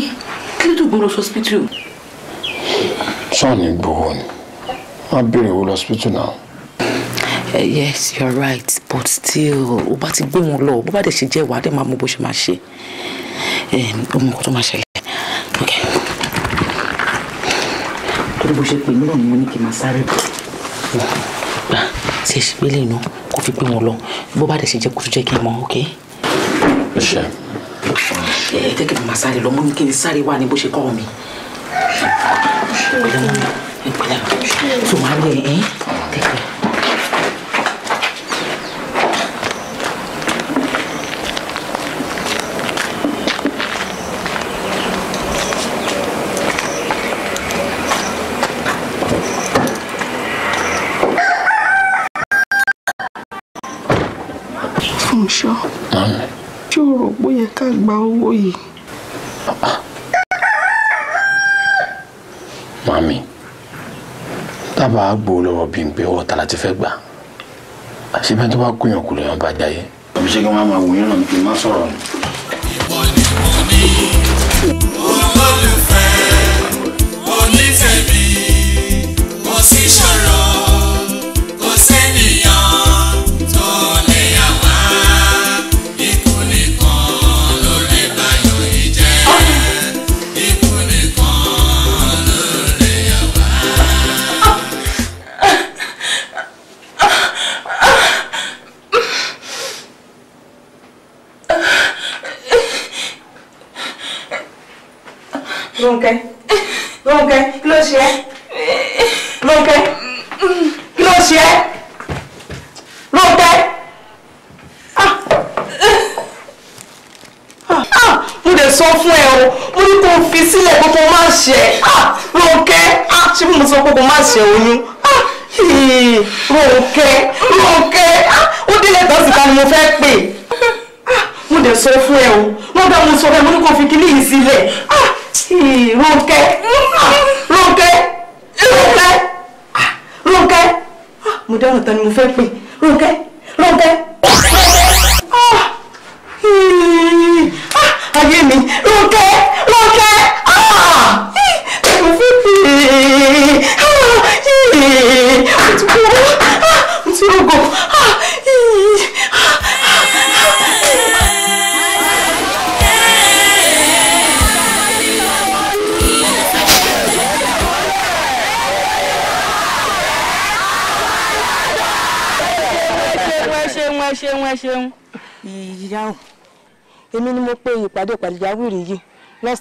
ló tó gbé wọn lọ sọ hospital ṣáàní gbowó ni wọ́n béèrè owó lọ́sibítù náà. Eh, yes you're right but still o bá ti gbé wọn lọ bó bá dẹ̀ ṣe jẹ́ ìwà dẹ̀ máa mọ bó ṣe máa ṣe ọmọ ehm, nǹkan tó máa ṣẹlẹ̀ ok torí bó ṣe pè mí náà ni mo ní kí n máa sáré bọ̀ gbà tí ẹ ṣe gbélé iná kó fi gbé wọn lọ bó bá dẹ̀ ṣe jẹ́ kó tó Cuidado, cuidado. Suave, ¿eh? Fúnṣọ́, ṣó rò pé ó yẹ ká gba wàá gbó lọ́wọ́ bíi pé ọ̀rọ̀ ta la ti fẹ́ gbà àṣebẹ́ tó bá kóyàn kù lọ́yàn jáyé. àbíṣe kí wọ́n máa wòyàn náà ní kí n sọ̀rọ̀ ni. ser o único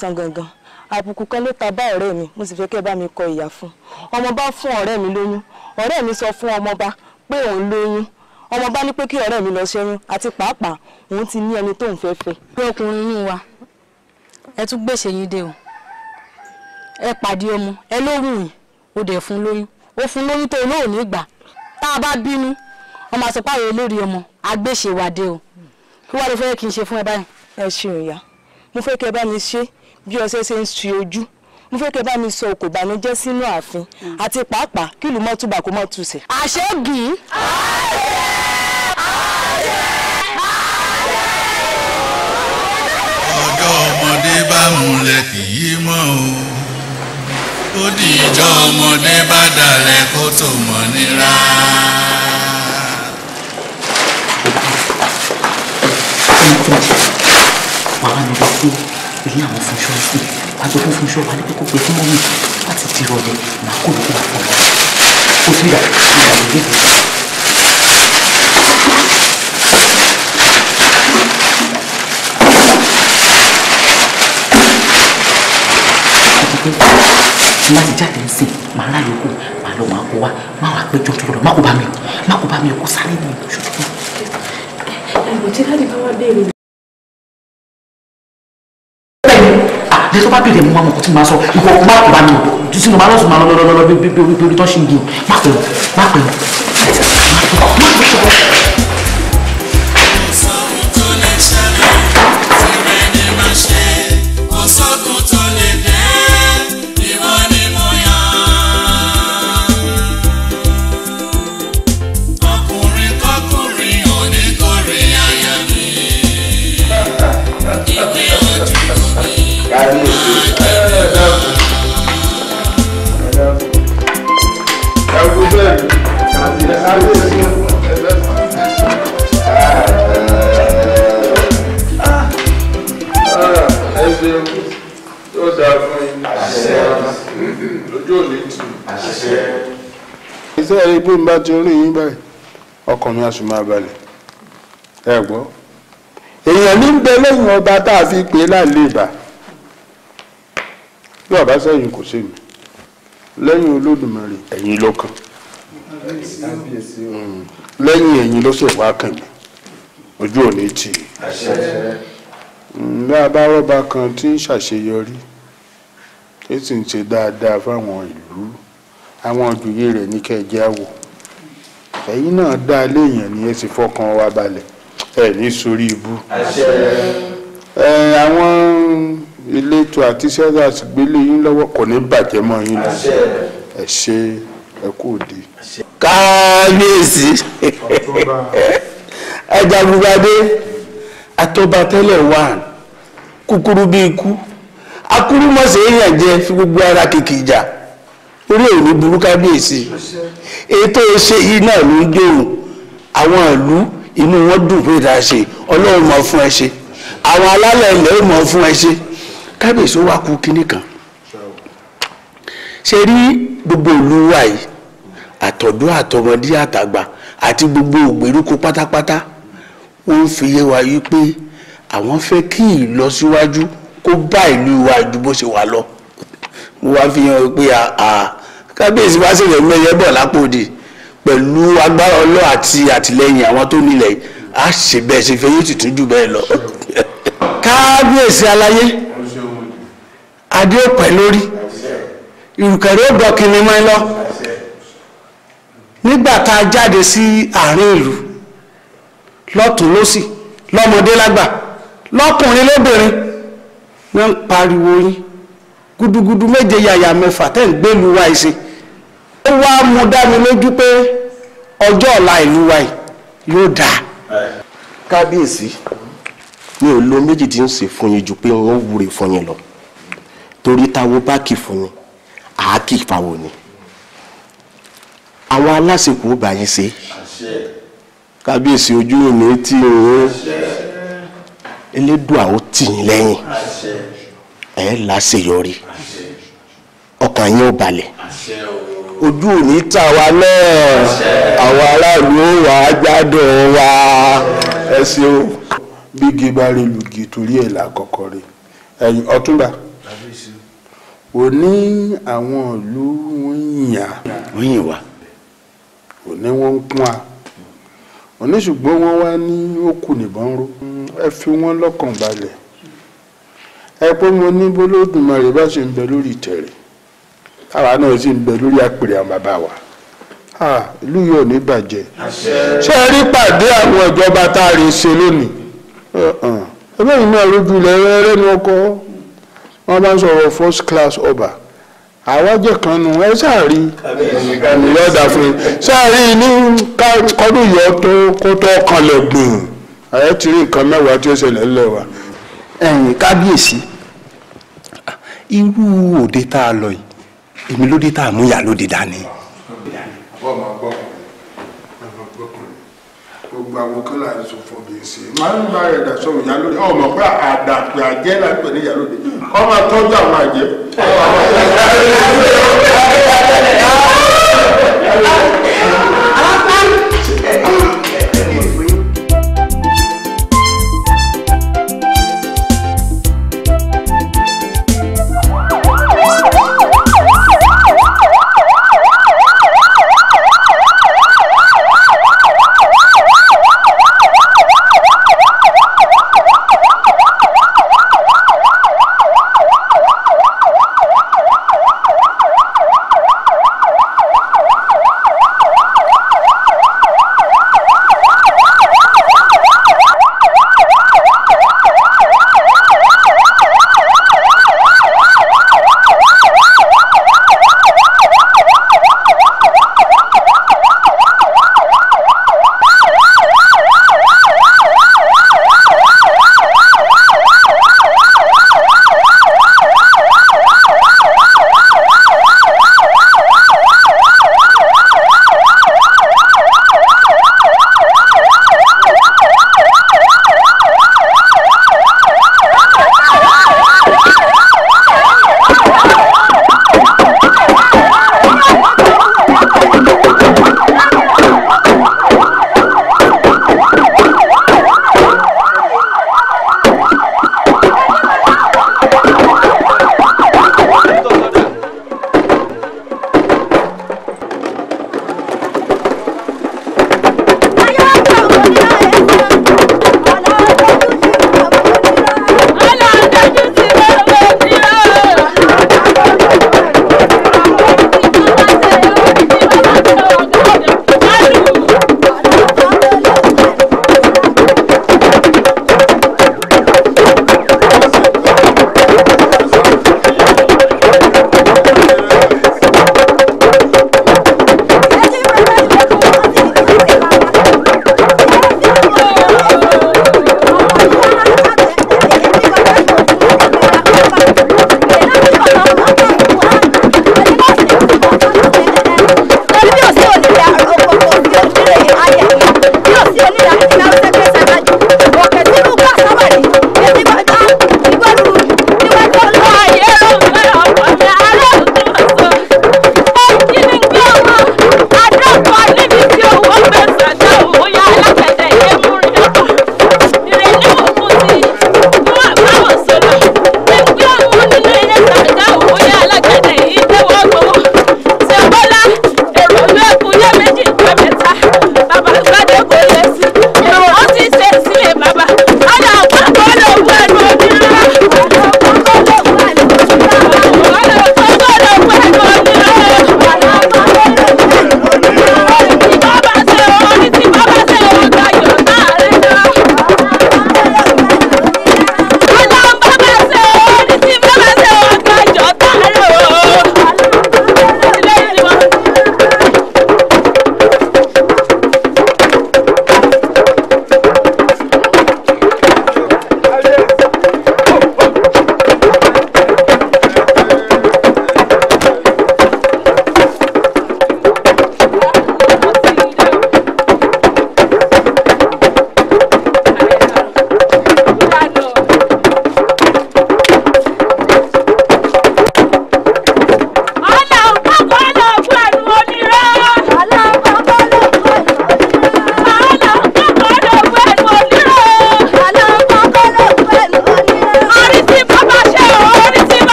lásán gangan àbùkù kan ló ta bá ọ̀rẹ́ mi mo sì fẹ́ kẹ́ bá mi kọ ìyà fún ọmọọba fún ọ̀rẹ́ mi lóyún ọ̀rẹ́ mi sọ fún ọmọọba pé òun lóyún ọmọọba ní pé kí ọ̀rẹ́ mi lọ ṣẹ́yún àti pàápàá òun ti ní ẹni tó ń fẹ́ fẹ́. pé ọkùnrin inú wa ẹ tún gbèsè yín dé o ẹ pàdé ọmọ ẹ lóhùn yìí o dẹ̀ fún lóyún o fún lóyún tó olóòní gbà tá a bá bínú ọmọ àsopáyé olórí ọmọ agbèsè wà dé o kí wàá lè fẹ́ kí n ṣe fún ẹ báyìí. ẹ ṣeun ìyá mo fẹ́ kí bá mi ṣe é bí ọṣẹ ṣe ń ṣe ojú mo fẹ́ kẹ́ bá mi sọ kò bànújẹ́ sínú ààfin àti pàápàá kí ìlú mọ́túbà kó mọ́ túṣẹ̀. àṣẹ gì. àṣẹ àṣẹ ọmọdé bá múlẹ̀ kì í mọ̀ o ó di ìjọ ọmọdé bá dalẹ̀ kó tó mọ̀ nira. Thank you ilé àwọn fúnṣọ́ sí agbẹ́fún fúnṣọ́ wa ní pé kó pe fún mọ́mí láti ti rọlẹ̀ máa kó lóko wà pọ̀ lọ́wọ́ ó ti rà ìyá rẹ̀ lé tí má ti jáde nsìn máa rà yòókù máa lọ máa kó wa máa wà pé jọjọ lọ má kó bá mi má kó bá mi kó sáré mi o ṣùgbọ́n. ẹ̀rọ tí dáàdi bá wá bẹ́ẹ̀ bèrè mú àmọ̀kọ́ tí mo sọ ìwọ má kó mi o títí mo máa lọ́sùn máa lọ́lọ́lọ́lọ́ bí orí tán ṣe ń gbé o má pè wọ́n má pè wọ́n má pè wọ́n. sẹ́ẹ̀rí pé n bá ti rí yín báyìí ọkàn mi á sì máa balẹ̀ ẹ gbọ́ èèyàn ní bẹ lẹ́yìn ọba tá a fi pè é láàlè ìbà bí ọba sẹ́yìn kò sí mi lẹ́yìn olódùmarè ẹ̀yìn ló kàn hmm. lẹ́yìn ẹ̀yìn ló sì wá kàn mí ojú òní tì í bí bá rọ́bà kan tí ń ṣàṣeyọrí tí ń ṣe dáadáa fáwọn ìlú àwọn òjòyè rẹ̀ ní kẹjẹ́ àwò ẹ̀yin náà dá léèyàn ní ẹ sì fọkàn wa balẹ̀ ẹ ní sórí ibú. ẹ àwọn elétò àti sẹ́dàs gbélé yín lọ́wọ́ kò ní bàjẹ́ mọ́ yín lọ ẹ ṣe ẹ kú òde. kábíyèsí ajagunbadé atọba tẹ́lẹ̀ wà kúkúrú bíi ikú akúrú mọ̀sẹ̀ èèyàn jẹ fi gbogbo ara kìkì ìjà orí òní burú kábíyèsí ètò ṣe yìí náà ló ń dòrùn àwọn ìlú inú wọn dùn pé dáa ṣe ọlọ́run mọ̀ fún ẹ ṣe àwọn alálẹ̀ ilẹ̀ ó mọ̀ fún ẹ ṣe kábíyèsí ó wá kú kínní kan ṣe rí gbogbo ìlú wa yìí àtọ̀dọ́ àtọmọdé àtàgbà àti gbogbo ògbèríko pátápátá wọ́n fi yé wa yí pé àwọn fẹ́ kí ìlọsíwájú kó bá ìlú wa ju bó ṣe wà lọ mo wá fi hàn pé kábíyèsí wá sí ìrẹ̀lú ẹyẹ bọ̀ lápòdì pẹ̀lú agbára ọlọ́ àti àtìlẹyìn àwọn tó nílẹ̀ á ṣe bẹ́ẹ̀ ṣe fẹ́ yóò sì tún jù bẹ́ẹ̀ lọ. kábíyèsí aláyé adé ò pẹ́ lórí ìrùkẹ̀rẹ̀ ò gbọ́ kinní mọ́ ẹ lọ nígbà tá a jáde sí àárín ìlú lọ́tún lọ́sì lọ́mọdé lágbà lọ́kùnrin lóbìnrin wọ́n ń pariwo yín gudugudu méje yàyà mẹ́fà tẹ́ ń gbẹ́lu wa ẹ̀sìn ó wá mú dá mi lójú pé ọjọ́ ọ̀la ìlú wa yóò dáa kábíyèsí mi ò lo méjì tí ń ṣe fún yín ju pé wọ́n wúre fún yín lọ torí táwo bá kì fún yín àákì fáwọn ni àwọn aláṣepọ̀ ó bá yín ṣe kábíyèsí ojú òní tí òun elédùà ó tì yín lẹ́yìn ẹ̀ láṣeyọrí ọkàn yín ó balẹ̀ ojú òní tà wá náà àwọn aráàlú ó wà á gbádùn wa ẹ ṣeun bí igi bá rí lùgì torí ẹ̀ lákọ̀ọ́kọ́ rí ẹ̀yìn ọ̀túnba ò ní àwọn ìlú wọ̀nyàn. wọ̀nyàn wa. ò ní wọ́n ń kún wa ò ní ṣùgbọ́n wọ́n wá ní ó nìbọn ró ẹ fi wọ́n lọ́kàn balẹ̀ ẹ pé mo ní bólódùmarè bá ṣe ń bẹ lórí tẹ̀rẹ̀ káwa náà sì ń bẹ lórí àpèrè àwọn bàbá wa ìlú yóò ní bàjẹ́ ṣé ẹ rí pàdé àwọn ìjọba tá a lè ṣe lónìí ẹgbẹ́ yìí náà lójú ilẹ̀ ẹrẹ́nu ọkọ wọn bá ń sọ̀rọ̀ first class ọba àwájẹ kan nu ẹ sáàrí lọ́dà fún yín sáàrí ní kọ́dún yọ tó kó tó kanlẹ̀ gbùn ẹ ti rí nǹkan mẹ́wàá tí ó ṣẹlẹ̀ ńlẹ̀ wa. ẹ̀yin kábíyèsí irú òde tá a lọ yìí èmi ló dé tá a mú ìyá lóde dání. gbogbo àwọn kan láì sọ fún mi sí máa ń bá rẹ̀ sọ̀rọ̀ ìyá lóde ọmọ pé àdàpè àjẹ́ láì pẹ̀lú ìyá lóde kọ́ tọ́jú àwọn àjẹ́. Thank you.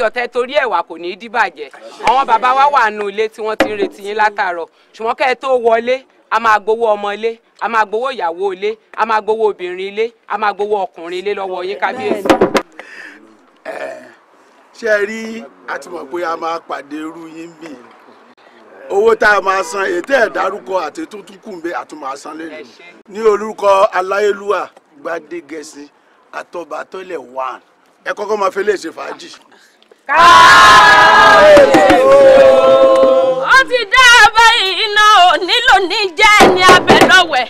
ayọ̀tẹ́ torí ẹ̀wà kò ní í dìbàjẹ́ àwọn bàbá wa wà nù ilé tí wọ́n ti ń retí yín látàárọ̀ ṣùgbọ́n kẹ́ ẹ tó wọlé a máa gbowó ọmọ ilé a máa gbowó ìyàwó ilé a máa gbowó obìnrin ilé a máa gbowó ọkùnrin ilé lọ́wọ́ yín kábíyèsí. ṣé ẹ rí a mọ̀ pé a máa pàdé irú yín bì owó tá a máa san ètò ẹ̀ àti tuntun kùnbẹ àtúmọ̀ àsan lẹ́nu ní orúkọ aláyélúwà gbadégẹsí àtọ̀bàtọ́lẹ̀ wà ẹ kọ́kọ́ máa fi lè ṣe fàájì káàbíyèsí ó ti dá a báyìí iná ò nílò ní jẹ́ ẹni abẹ lọ́wẹ̀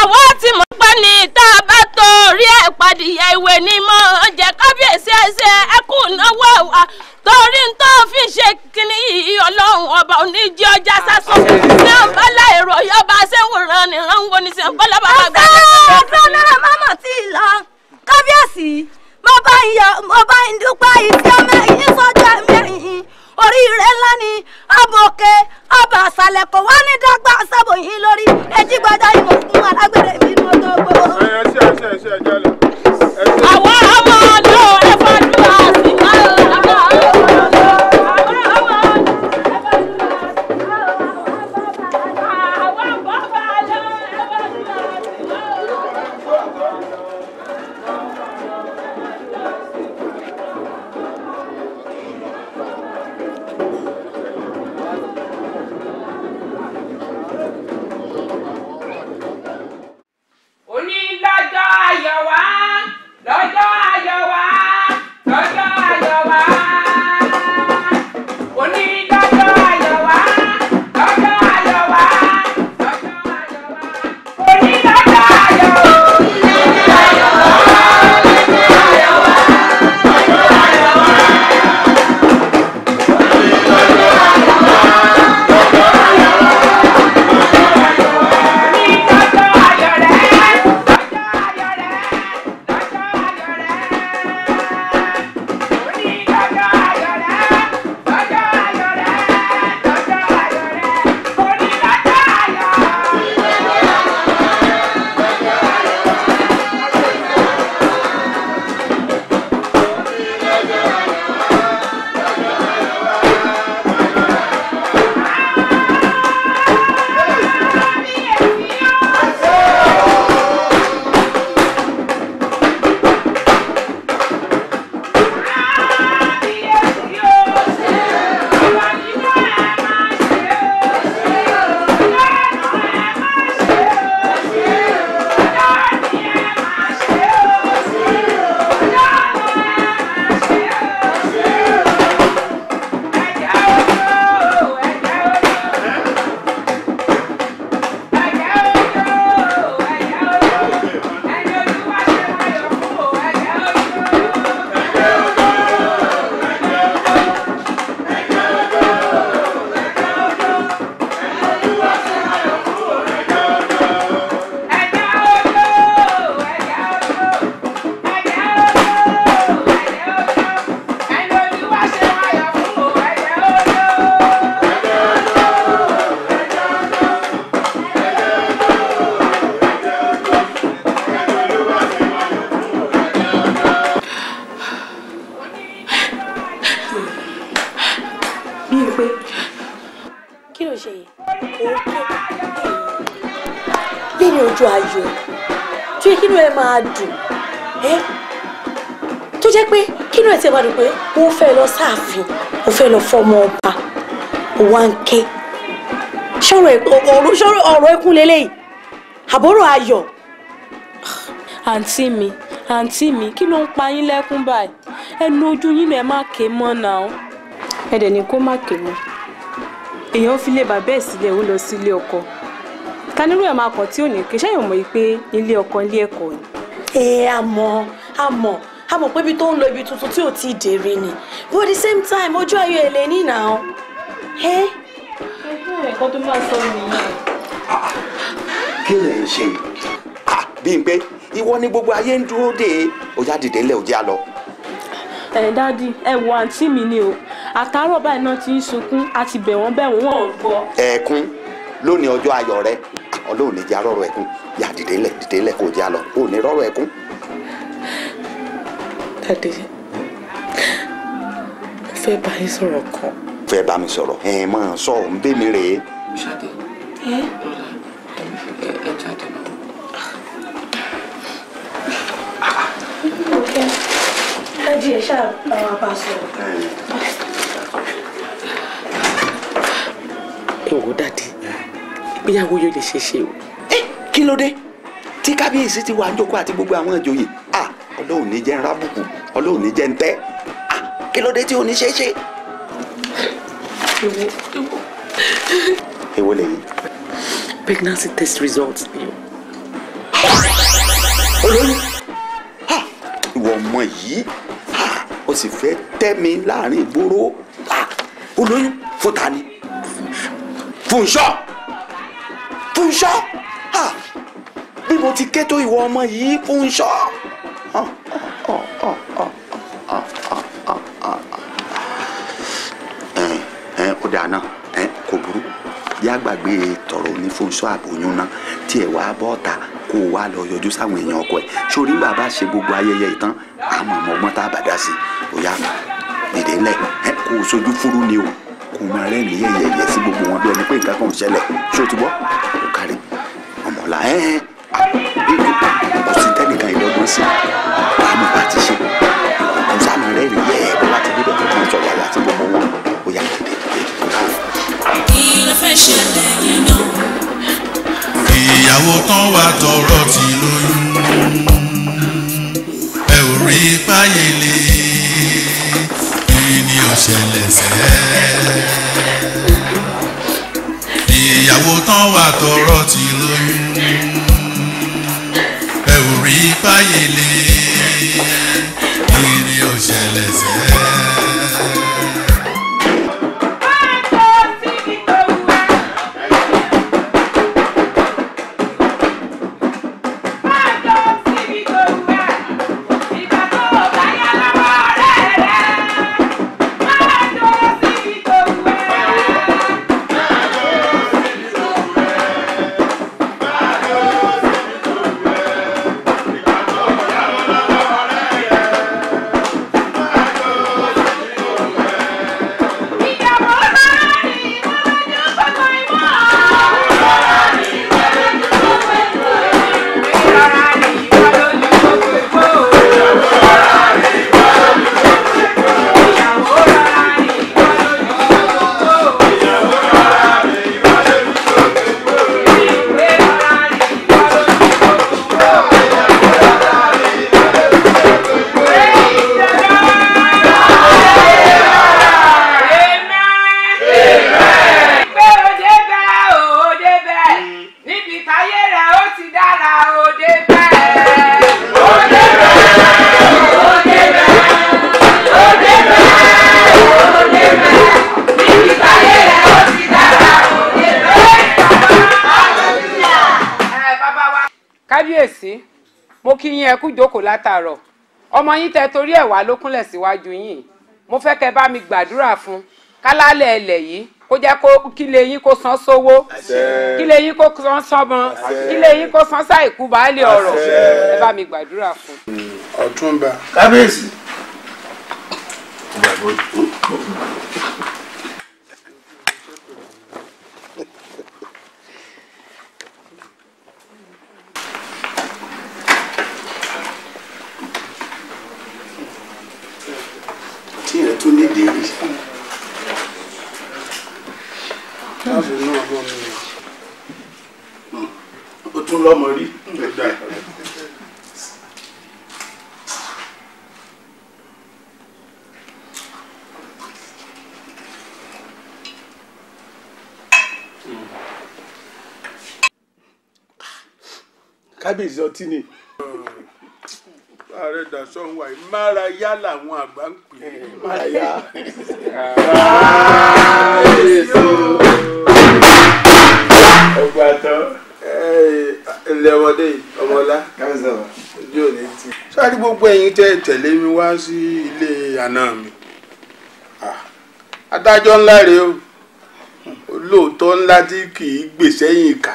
àwọn ti mọ̀ pé ní tá a bá torí ẹ̀ padìyẹ ìwé ni mọ̀ ọ́n jẹ́ kábíyèsí ẹsẹ̀ ẹkú náwó wa torí ń tó fi ṣe kíní yìí ọlọ́run ọba oníjì ọjà sásán ní ọ̀bálà èrò yọba sẹ́wòrán nìran wo ni sẹ́wọ́n bọ́lá bàbá gbàgbé. ẹsẹ̀ ọ̀sán náírà mámọ̀ tí ì lọ kábíyèsí. mo bá ń yọ̀ mo ọmọ yìí sọ́jà mẹ́rin oríire ńlá ni abòkè ọba àṣàlẹ̀ kò wá ní sábò yìí lórí ẹjí gbọ́dọ̀ ìmọ̀ fún alágbèrè mi ní gbogbo. ẹ ṣe ẹ wá rí pé mo fẹ́ lọ sáàfin mo fẹ́ lọ fọmọ ọba òwa ń ké ṣọ́rọ̀ ọ̀rọ̀ ẹkún lélẹ́yìí àbúrò ayọ̀. àǹtí mi àǹtí mi kí ló ń pa yín lẹ́kún báyìí ẹnu ojú yín lẹ má ké mọ́ náà. ẹ dẹ̀ ní kó má ké mọ́ èèyàn fi lé bàbá ẹ̀ sílẹ̀ ó lọ sí ilé ọkọ tanírú ẹ̀ máa kàn tí ò ní ké ṣẹ́yìn mọ̀ pé ilé ọkọ ilé ẹ̀kọ́ ni. ẹ àmọ́ àmọ́ a mọ̀ pé ibi tó ń lọ ibi tuntun tí ò tí dèrè ni but at the same time ojú ayọ̀ ẹ̀ lè ní ìnà ọ́. ẹ ẹ̀kọ́ tó máa sọ nìyẹn. Ah, ah. kí lè ń ṣe ah, Bímpé ìwọ ni gbogbo ayé ń dúró dè é ó yá dìde ńlẹ̀ ó yá lọ ẹ dáàdi ẹ wo àǹtí mi ni o àtàárọ̀ báyìí náà ti ń sunkún àti bẹ̀ wọ́n bẹ̀ wọ́n ò gbọ́. ẹ̀ẹ̀kún lónìí ọjọ́ ayọ̀ rẹ ọlọ́run ní já rọ̀rọ̀ ẹ̀kún yà dìde lẹ̀ dìde lẹ̀ kò já lọ ò ní ẹ̀kún Dàdé, mo fẹ́ bá yín sọ̀rọ̀ kan. Fẹ́ bá mi sọ̀rọ̀? Ẹ máa sọ, ń bẹ́ mi rèé. Ṣadé, ẹ ẹ jáde lọ. Dàdé ẹ ṣáà bá wa bá sọ̀rọ̀. Ẹ wò Dàdé, ìgbéyàwó yóò lè ṣe é ṣe o. Kí ló dé? Tí kábíyèsí ti wà ń jókòó àti gbogbo àwọn ìjòyè. Ah! ọlọ́run ní jẹ́ ń rábùkù ọlọ́run ní jẹ́ ń tẹ́ ah, kí ló dé tí òní ṣe é ṣe. èwo èwo. èwo lèyí. pregnancy test results ni o. olóyún ìwọ ọmọ yìí o sì fẹ́ tẹ́ mi láàrin ìgboro olóyún fún ta ni fúnṣọ́ fúnṣọ́ bí mo ti ké tó ìwọ ọmọ yìí fúnṣọ́ ó kò burú yá gbàgbé tọrọ onífọ̀nsọ́ àbòyún náà tí ẹ̀ wá bọ́ ta kó o wá lọ yọjú sáwọn èèyàn ọkọ ẹ̀ sórí bàbá ṣe gbogbo ayẹyẹ ìtàn àmọ́ ọmọ ọgbọ́n tá a bàdá sí i dìde ńlẹ̀ kó o sojú fúru ni o kó o máa rẹ́rìn yẹ̀yẹ̀yẹ̀ sí gbogbo wọn bí ẹni pé nǹkan kan ò ṣẹlẹ̀ ṣó ti bọ́ ó kárí ọmọọ̀la ẹ̀ẹ́ ń sìn wà á mọ̀ bá ti ṣe kò sáàmù rẹ̀ rí yẹ́ ẹ̀ bá ti débẹ̀ tó ti ń sọ yàrá àti gbogbo wọn ó yà tètè tètè tó ìyàwó tán wà tọrọ ti lóyún ẹ ò rí páyélé ní ọ̀ṣẹ̀lẹ̀ ìyàwó tán wà tọrọ ti lóyún ìpáyèlé kiri ò ṣẹlẹ̀ ọmọ yín tẹ torí ẹ̀ wá ló kúnlẹ̀ síwájú yín mo fẹ́ kẹ́ bá mi gbàdúrà fún kálálẹ̀ ẹlẹ̀ yìí kó jẹ́ kó kílé yín kó san sówó kílé yín kó san sọ́mọ kílé yín kó san sáìkú baálé ọ̀rọ̀ ẹ bá mi gbàdúrà fún. ọ̀túnba kábíyèsí. lábìnú ọmọ mi ó tún lọ́mọ rí ẹ̀dá kábíyèsí ọtí ni ààrẹ dàsọ̀hún wáyé márayá làwọn àgbà ń pè é. Eh, márayá káàyèsó ọgbà tán. Eh, ilẹ̀ ọmọdé yìí ọmọlá ojú ò ní ti. sáré gbogbo ẹ̀yin tẹ́ tẹ̀lé mi wá sí ilé àná mi adájọ́ ńlá rèé o olóòótọ́ ńlá tí kì í gbèsè yìí kà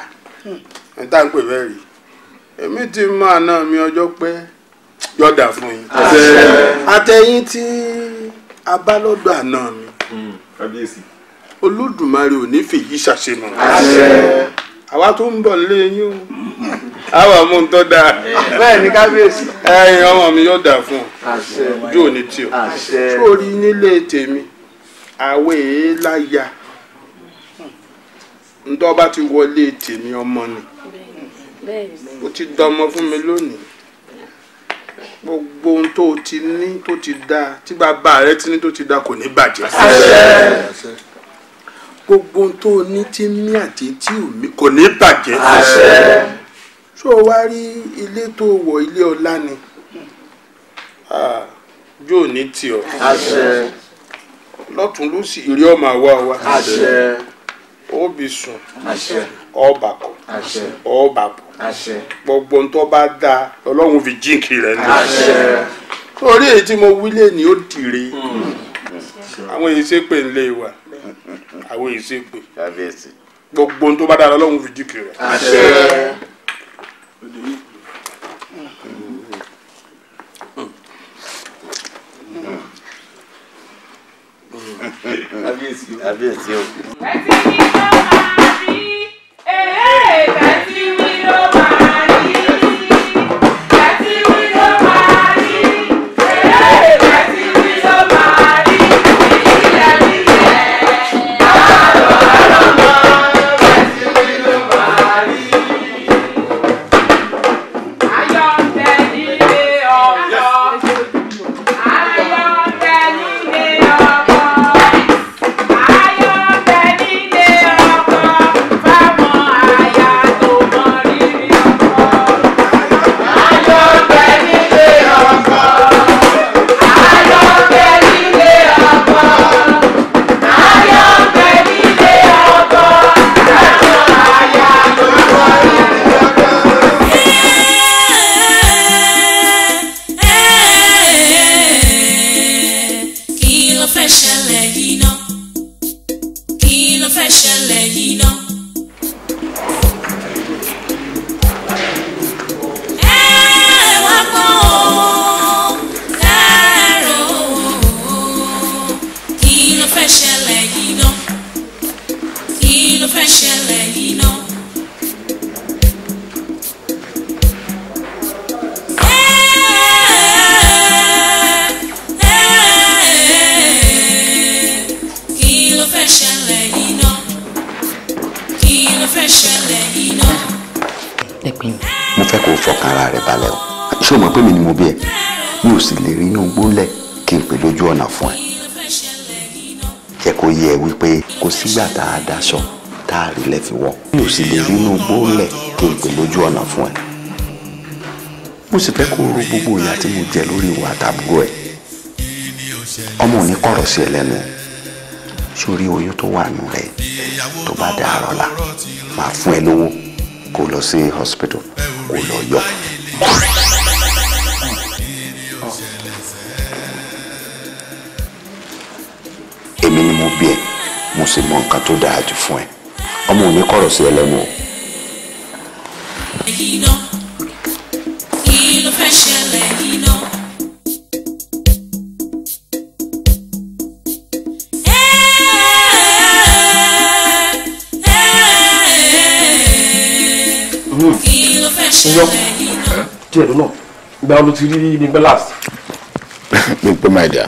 ẹ̀ tá à ń pè bẹ́ẹ̀ rí èmi ti mọ àná mi ọjọ́ pẹ́ẹ́ yóò dà fún yín. àtẹ̀yìn tí a bá lọ́dọ̀ àná mi hmm, olódùmarè ò ní fèyí ṣàṣemọ àwa tó ń bọ̀ lé yín o àwa mú un tó dáa bẹ́ẹ̀ ni kábíyèsí ẹ̀yin ọmọ mi yóò dà fún ọ ojú òní tí o sórí nílé tèmi àwẹ̀ èéláyà ntọ́ bá ti wọlé tèmi ọmọ ni ó ti dọmọ fún mi lónìí gbogbo ohun tó ti ní tó ti dáa tí bàbá rẹ ti ní tó ti dáa kò ní bàjẹ́. gbogbo ohun tó ní ti mí àti tí ò mí kò ní bàjẹ́. ṣó wá rí ilé tó wọ̀ ilé ọlá ni yóò ní tì ọ́ lọ́tún lọ́sì ọmọ àwa wa óbì sùn ọ̀bàkọ̀ ọ̀bàbọ̀ gbogbo ń tó bá dáa ọlọ́run fi jíǹkì rẹ̀ ní. torí èyí tí mo wílé ni ó dìre hmm. àwọn èyí ṣépè ńlé wa àwọn èyí ṣépè gbogbo ń tó bá dáa ọlọ́run fi jíǹkì rẹ̀. kábíyèsí kábíyèsí o. ẹ ti ní ló máa rí èèyàn ẹ ti ní ló máa mo sì fẹ́ kó ro gbogbo ìyà tí mo jẹ lórí ìwà àtàbúrò ẹ̀ ọmọ ò ní kọ̀rọ̀ sí ẹ lẹ́nu sórí oyún tó wà nù rẹ tó bá dà àárọ̀ la máa fún ẹ lówó kó lọ sí hospital kó lọ yọ. èmi ni mo bí ẹ mo sì mọ nǹkan tó dáa jù fún ẹ ọmọ ò kọ̀rọ̀ sí ẹ lẹ́nu o. tiẹ̀ lọ́nà ìgbà wo ló ti rí mi pẹ́ last. mi pẹ́ máa dà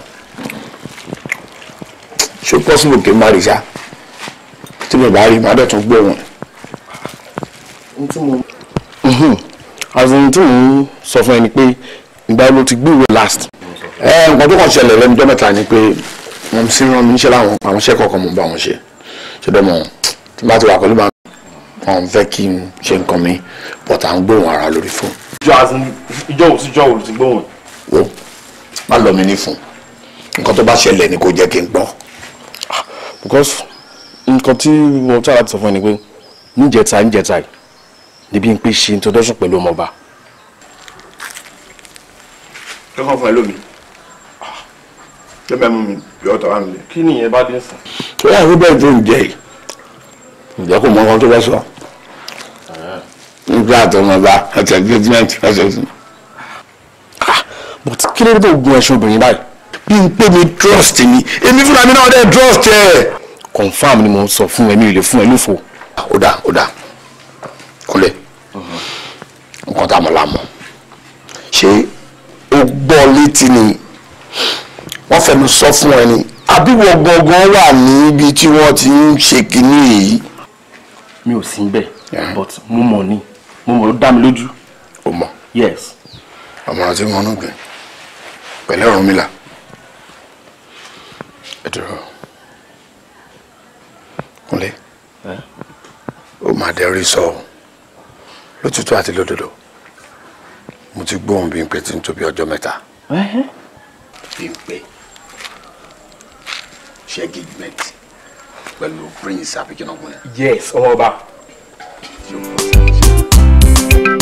ṣé pọ́sibù kì í má rí sá tí mi bá rí má dẹ̀ tún gbé wọn. àzùn tí mò ń mhm. sọ fún ẹni pé ìgbà wo ti gbé ìwé last. nǹkan tó kàn ṣẹlẹ̀ lẹ́nu jọ́ mẹ́ta ni pé wọ́n sì rán mi níṣẹ́ láwọn àwọn iṣẹ́ kọ̀ọ̀kan mò ń bá wọn ṣe ṣe bẹ́ẹ̀ mọ̀ tí bá ti wà pẹ̀lú màá wọn fẹ́ kí n ṣe nǹkan mi but à ń gbóhùn ara lórí fóònù ìjọ àti ìjọ òsì ìjọ òsì gbóhùn. wo má lọ mi ní fún nǹkan tó bá ṣẹlẹ̀ ni kò jẹ́ kí n gbọ́. Ah, because nǹkan tí mo tí aláàtì sọ fún ẹ ni pé níjẹta níjẹta yìí níbi ń pè ṣe introduction pẹ̀lú ọmọọba. kẹ́kọ̀ọ́ fún ẹ lómi ah. lẹ́mẹ̀mú mi yọ ọ̀tọ̀ wá nílé. kí nìyẹn bá dé sàn. ó yà wípé ìjọ ìjẹ yìí ǹjẹ́ kò mọ nǹkan tó bá sọ nígbà tó mọ̀ bá ọ̀tẹ̀ engagement ọ̀tẹ̀ sí. Ah, but kí ló dé tó gun ẹṣin obìnrin báyìí. bí n pè mí trust mi èmi fúnra mi náà dé trust ẹ. confam ni mo sọ fún ẹ mi ò lè fún ẹ lófo. Ah, ó dà ó dà kúnlẹ̀ nǹkan tá a mọ̀ la mọ̀ ṣé o gbọ́ létí ni wọ́n fẹnu sọ fún ẹ ni àbí wọ́n gangan wà níbi tí wọ́n ti ń ṣe kínní yìí. mi ò sí bẹ́ẹ̀ but mo mọ̀ ni mo mọ̀ ló dá mi lójú. o mọ̀. yes. àmọ̀ràn tí wọn náà gbìn pẹ̀lẹ́ Ọ̀rúnmìlà ẹ dúró kúnlé ó máa dẹrí sọ ọ lótìtọ́ àti lódodo mo ti gbóhùn bí n pé tí n tóbi ọjọ́ mẹ́ta bí n pé ṣe engagement pẹ̀lú prince abikinokun yes ọmọ ọba. Deixa eu passar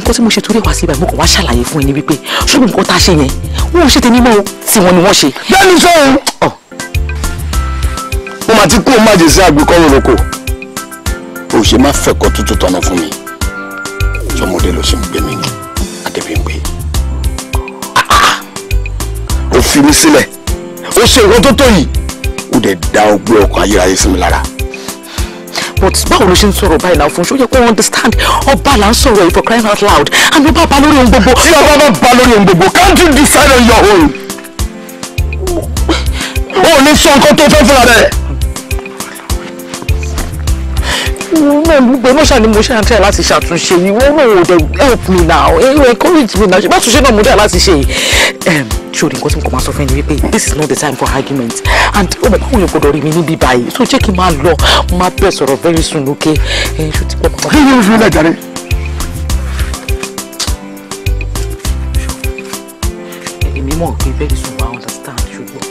because nǹkan tí mo ṣe torí wá sí ibà mo kàn wá ṣàlàyé fún ẹ ní wípé ṣùgbọ́n nǹkan tá a ṣe yẹn wọn ò ṣe tèmi mọ́ o tí wọn ni wọ́n ṣe. bẹ́ẹ̀ni sọ́run. mo máa ti kú ọmọ àjèsí àgbékọ́rùn lóko o ṣe má fẹ̀kọ́ tútù tọ̀nà fún mi sọmọdé ló ṣe ń gbé mi ní adébíyìnpé ó fi mi sílẹ̀ ó ṣe nǹkan tó tó yìí ó dẹ̀ da ọgbẹ́ ọkàn ayérayé sí mi lára but báwo ló ṣe ń sọ̀rọ̀ báyìí láwùjọ ṣó yẹ kó understand ọba là ń sọ̀rọ̀ yìí for crying out loud àmì ọba bá lórí ohun gbogbo. tí ọba bá bá lórí ohun gbogbo can't you decide on your own. o ò ní sọ nǹkan tó fẹ́ fúnra rẹ̀. gbogbo náà ṣàní mo ṣe àǹtẹ̀ láti ṣàtúnṣe yìí wọ́n náà ò dẹ̀ help me now encourage me now ṣe bá túnṣe náà mo dẹ̀ láti ṣe yìí ṣòrí nǹkan tí mo kàn máa sọ this is not the time for argument and oh báwo yẹn gbọdọ̀ rí mi níbí báyìí so jẹ́ kí n máa lọ máa bẹ̀ sọ̀rọ̀ very soon okay? ẹ ṣó ti pọ̀ pọ̀. kí ni o fi lẹ̀ jáde. èmi mọ̀ pé very soon I understand ṣùgbọ́n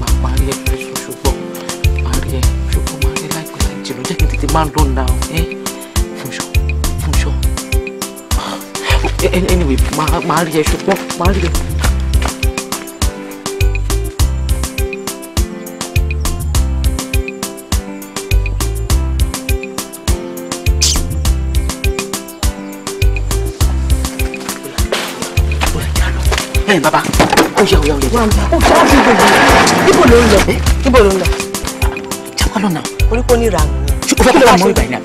màá máa rí ẹ very soon ṣùgbọ́n màá rí ẹ ṣùgbọ́n màá rí ẹ anyway, my, my, my, my, bẹ́ẹ̀ bàbá ó yá ó yá ó yá. wàá ó já sí gbogbo ibo ló ń lọ eh? ibo ló ń lọ. jábọ́ lọ́nà. orí kò ní ìrànwọ́. o fẹ́ kí wàá mọ ìgbà yìí náà.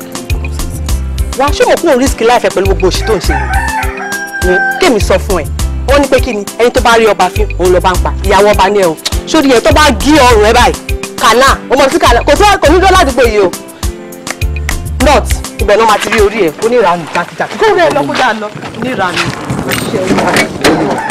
wàá ṣé mo kún un risk láìfẹ́ pẹ̀lú gbogbo òṣì tó ń ṣe yìí. kémi sọ fún ẹ wọ́n ní pé kí ni ẹni tó bá rí ọba fín òun lọ́ba ń pa ìyàwó ọba ní ẹ o sórí ẹ tó bá gí ọrùn ẹ báyìí kànáà ọmọ sí kànáà kò sí kò ní dọ́là àdúgbò yìí o not ibẹ̀ náà máa ti rí orí ẹ̀ oníranù jàkìjàkì kó rẹ̀ lọ́kọjá lọ oníranù ṣẹ́yìn.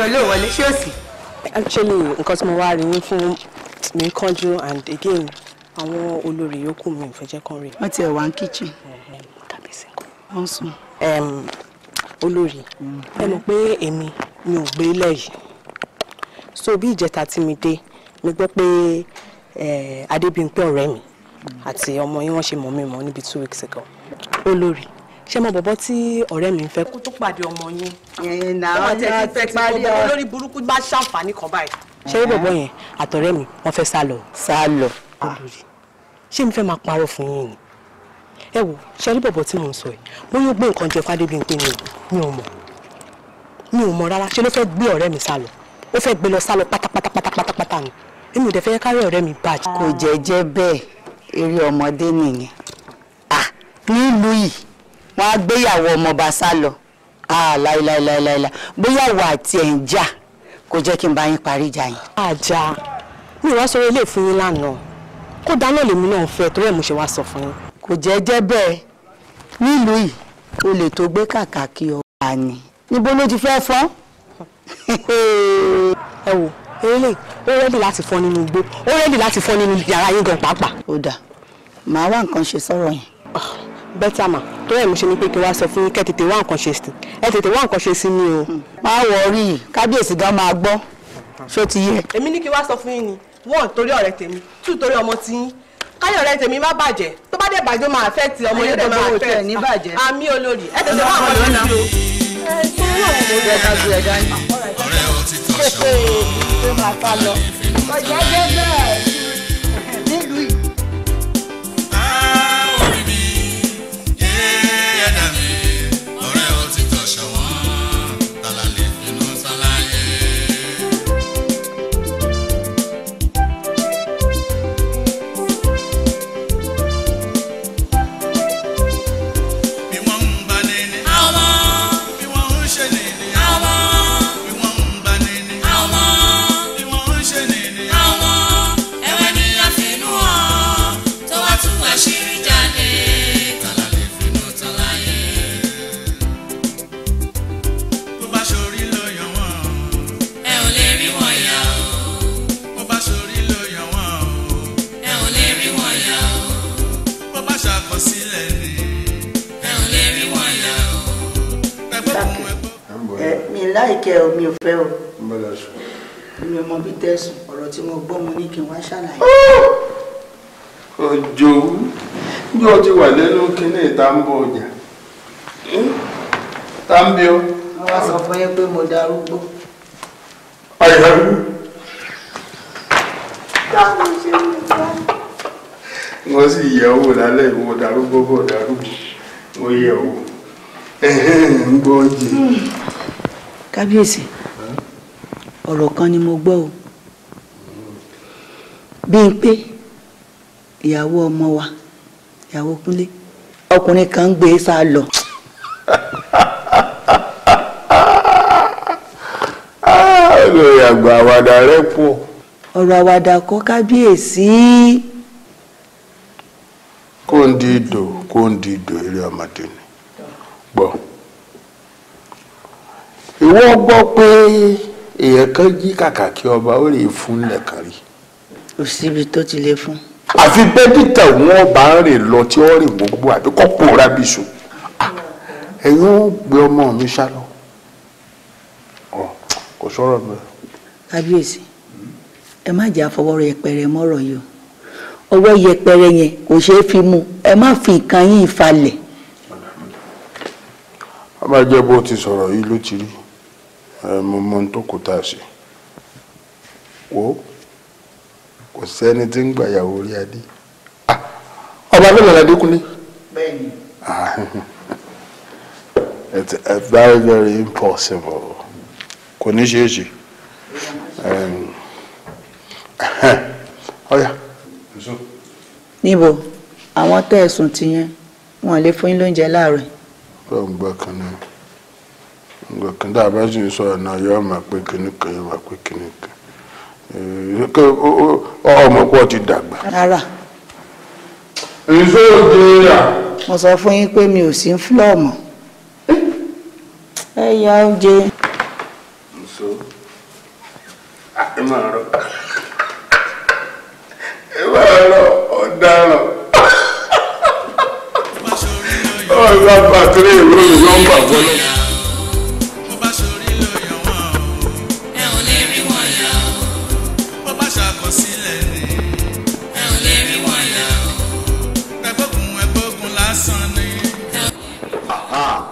yọ ilé ìwọlé ṣé actually nǹkan tí mo wá rí yín fún mi kánjú and again àwọn olórí yòókù mi ò fẹ́ jẹ́ kán rí. wọ́n ti ẹ̀ wá ń kitchen. tàbí sẹ́kọ̀ọ́. wọ́n Um, Olori. ẹ mọ̀ pé èmi mi ò gbé lẹ̀ yìí so bí ìjẹta tí mi dé mi gbọ́ pé Adébímpé ọ̀rẹ́ mi àti ọmọ yín wọ́n ṣe mọ̀ mí mọ́ níbi two weeks ago olórí ṣé mo bọ̀bọ̀ tí ọ̀rẹ́ mi ń fẹ́. kó tó pàdé ọmọ yín. ẹ̀ẹ́n náà wọ́n ti fẹ́ ti gbogbo olórí burúkú bá ṣàǹfààní kan báyìí. ṣé bọ̀bọ̀ yẹn àtọ̀rẹ́ mi wọ́n fẹ́ sá lọ. sá lọ. olórí ṣé mi fẹ́ máa parọ́ fún yín ni. ẹ wo ṣe rí bọ̀bọ̀ tí mò ń sọ ẹ̀ bóyá ó gbé nǹkan jẹ fádébíyìnpé ni mi ò mọ̀ mi ò mọ̀ rárá ṣe ló fẹ́ gbé ọ̀rẹ́ mi sá lọ ó fẹ́ gbé lọ sá lọ pátápátápátápátá ni èmi ò dẹ̀ fẹ́ kárí ọ̀rẹ́ mi bàjẹ́. kò jẹ́ bẹ́ẹ̀ eré ọmọdé nìyẹn. à ah, nílùú yìí wọ́n á gbéyàwó ọmọọba sá lọ láìláìláìláìlá bóyá ìwà àti ẹ̀ ń jà kò jẹ́ kí n bá yín parí ìjà yín. àjà mi wá sọ̀rọ̀ ilé fún yín lánàá kó dáná lèmi náà fẹ́ torí ẹ̀ mo ṣe wá sọ fún yín. kò jẹ́ jẹ́ bẹ́ẹ̀ nílùú yìí olè tó gbé kàkà kí ọba ni níbo ló ti fẹ́ fọ́. ẹ wò eré ó rẹ́dì láti fọ́ nínú igbó ó rẹ́dì láti fọ́ nínú yàrá yín gan pàápàá. ó dà màá wá nǹkan ṣe sọ̀rọ̀ yẹn. Ah bẹ́tà mà tó rẹ̀ mo ṣe ni pé kí n wá sọ fún yín kẹ́ tètè wá nǹkan ṣe sí ẹ tètè wá nǹkan ṣe sí ni o. má wọ rí i kábíyèsí gan máa gbọ́ ṣó ti yẹ. èmi ní kí n sọ fún yín ni one torí ọ̀rẹ́ tèmi two torí ọmọ tí yín káyọ̀ ọ̀rẹ́ tèmi má bàjẹ́ tó bá dẹ̀ bàjẹ́ máa fẹ́ ti ọmọ yóò dẹ̀ máa fẹ́ àmì olórí ẹ tètè wá nǹkan ṣe sí o. ọ̀rẹ́ ò ti tọ́ ṣọ́ láìkẹ́ o mi ò fẹ́ o mi ò mọ bí tẹ̀sùn ọ̀rọ̀ tí mo gbọ́ mo ní kí n wá ṣàlàyé. ọjọ́ bí o ti wà lẹ́nu kínní ìta ń bọ̀ ọjà tá ń bí o. wọ́n wá sọ fún yín pé mo darúgbó. àyàrú. táwọn ṣe ń bá. wọ́n sì yẹ̀ ọ́ wò lálẹ́ ìwọ darúgbó bọ̀ darúgbó wọ́n yẹ̀ ọ́ wò. 嗯，我姐。kábíyèsí ọ̀rọ̀ kan ni mo gbọ́ o Bímpé ìyàwó ọmọ wa ìyàwó Kúnlé ọkùnrin kan ń gbé e sá lọ. lórí àgbà àwàdà rẹ pọ̀. ọ̀rọ̀ àwàdà kọ́ kábíyèsí. kó ń di ìdò kó ń di ìdò eré ọmọdé ni gbọ́. Bon ìwọ gbọ́ pé èèyàn kan jí kàkà kí ọba ó lè fún lẹ́ẹ̀kan rí. kò síbi tó ti lè fún. àfi pé peter wọn bá ń rìn lọ tí ó rìn gbogbo àbí kò pòórá bí sùn ẹ̀yin ó gbé ọmọ mi sá lọ kò sọ̀rọ̀ mi. kábíyèsí ẹ má jẹ́ àfọwọ́rọ̀ yẹpẹrẹ mọ́rọ̀ yìí o ọwọ́ yẹpẹrẹ yẹn kò ṣeé fi mú ẹ má fi nǹkan yín falẹ̀. a máa jẹ́ bó ti sọ̀rọ̀ yìí ló ti rí mo mọ tó kù tá a ṣe wo kò sẹ́ni tí ń gbàyàwó orí adé ah, ọba ló lọ́la dékúnlé. bẹ́ẹ̀ni. Ah, it's very very impossible kò ní ṣeé ṣe ọyà. níbo àwọn tẹ̀sùn tiyẹn wọn lè fún yín lóúnjẹ láàárọ̀. ọlọ́run gbọ́ kan náà. ìgbà kan tá na bá sì ń sọ̀rọ̀ náà yóò máa pé kinní kan eh, dàgbà. rárá. èso mo sọ fún yín pé mi ò ya nso ah, ẹ máa rọ ẹ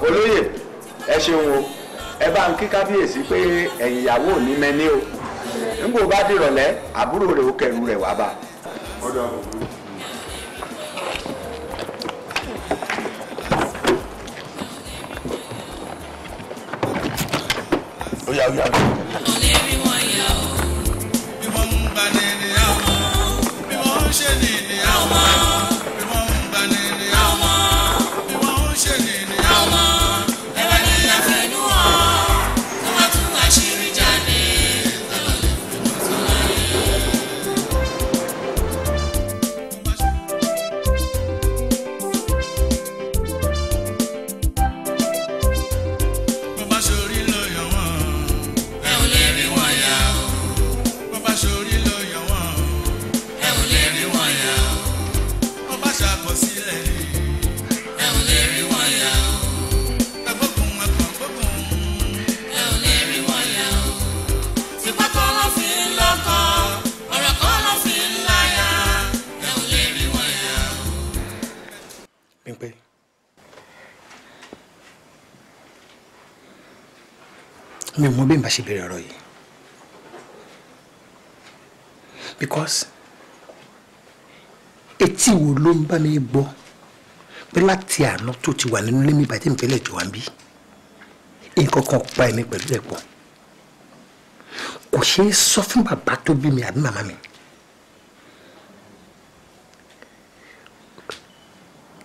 olóyè ẹ ṣeun o ẹ bá ń kí kábíyèsí pé ẹ̀yìn ìyàwó ò ní mẹ́ni o nígbò bá dìrọ̀lẹ́ àbúrò rẹ̀ ó rẹ̀ wá bá. ò mọ bí n bá ṣe bẹ̀rẹ̀ ọ̀rọ̀ yìí because etí wo ló ń bá mi gbọ́ pé láti àná tó ti wà nínú lémi ìbàdí ìfẹ́lẹ̀ jọ wá bí nǹkan kan pa èmi pẹ̀lú ẹ̀ pọ̀ kò ṣeé sọ fún bàbá tó bí mi àbí màmá mi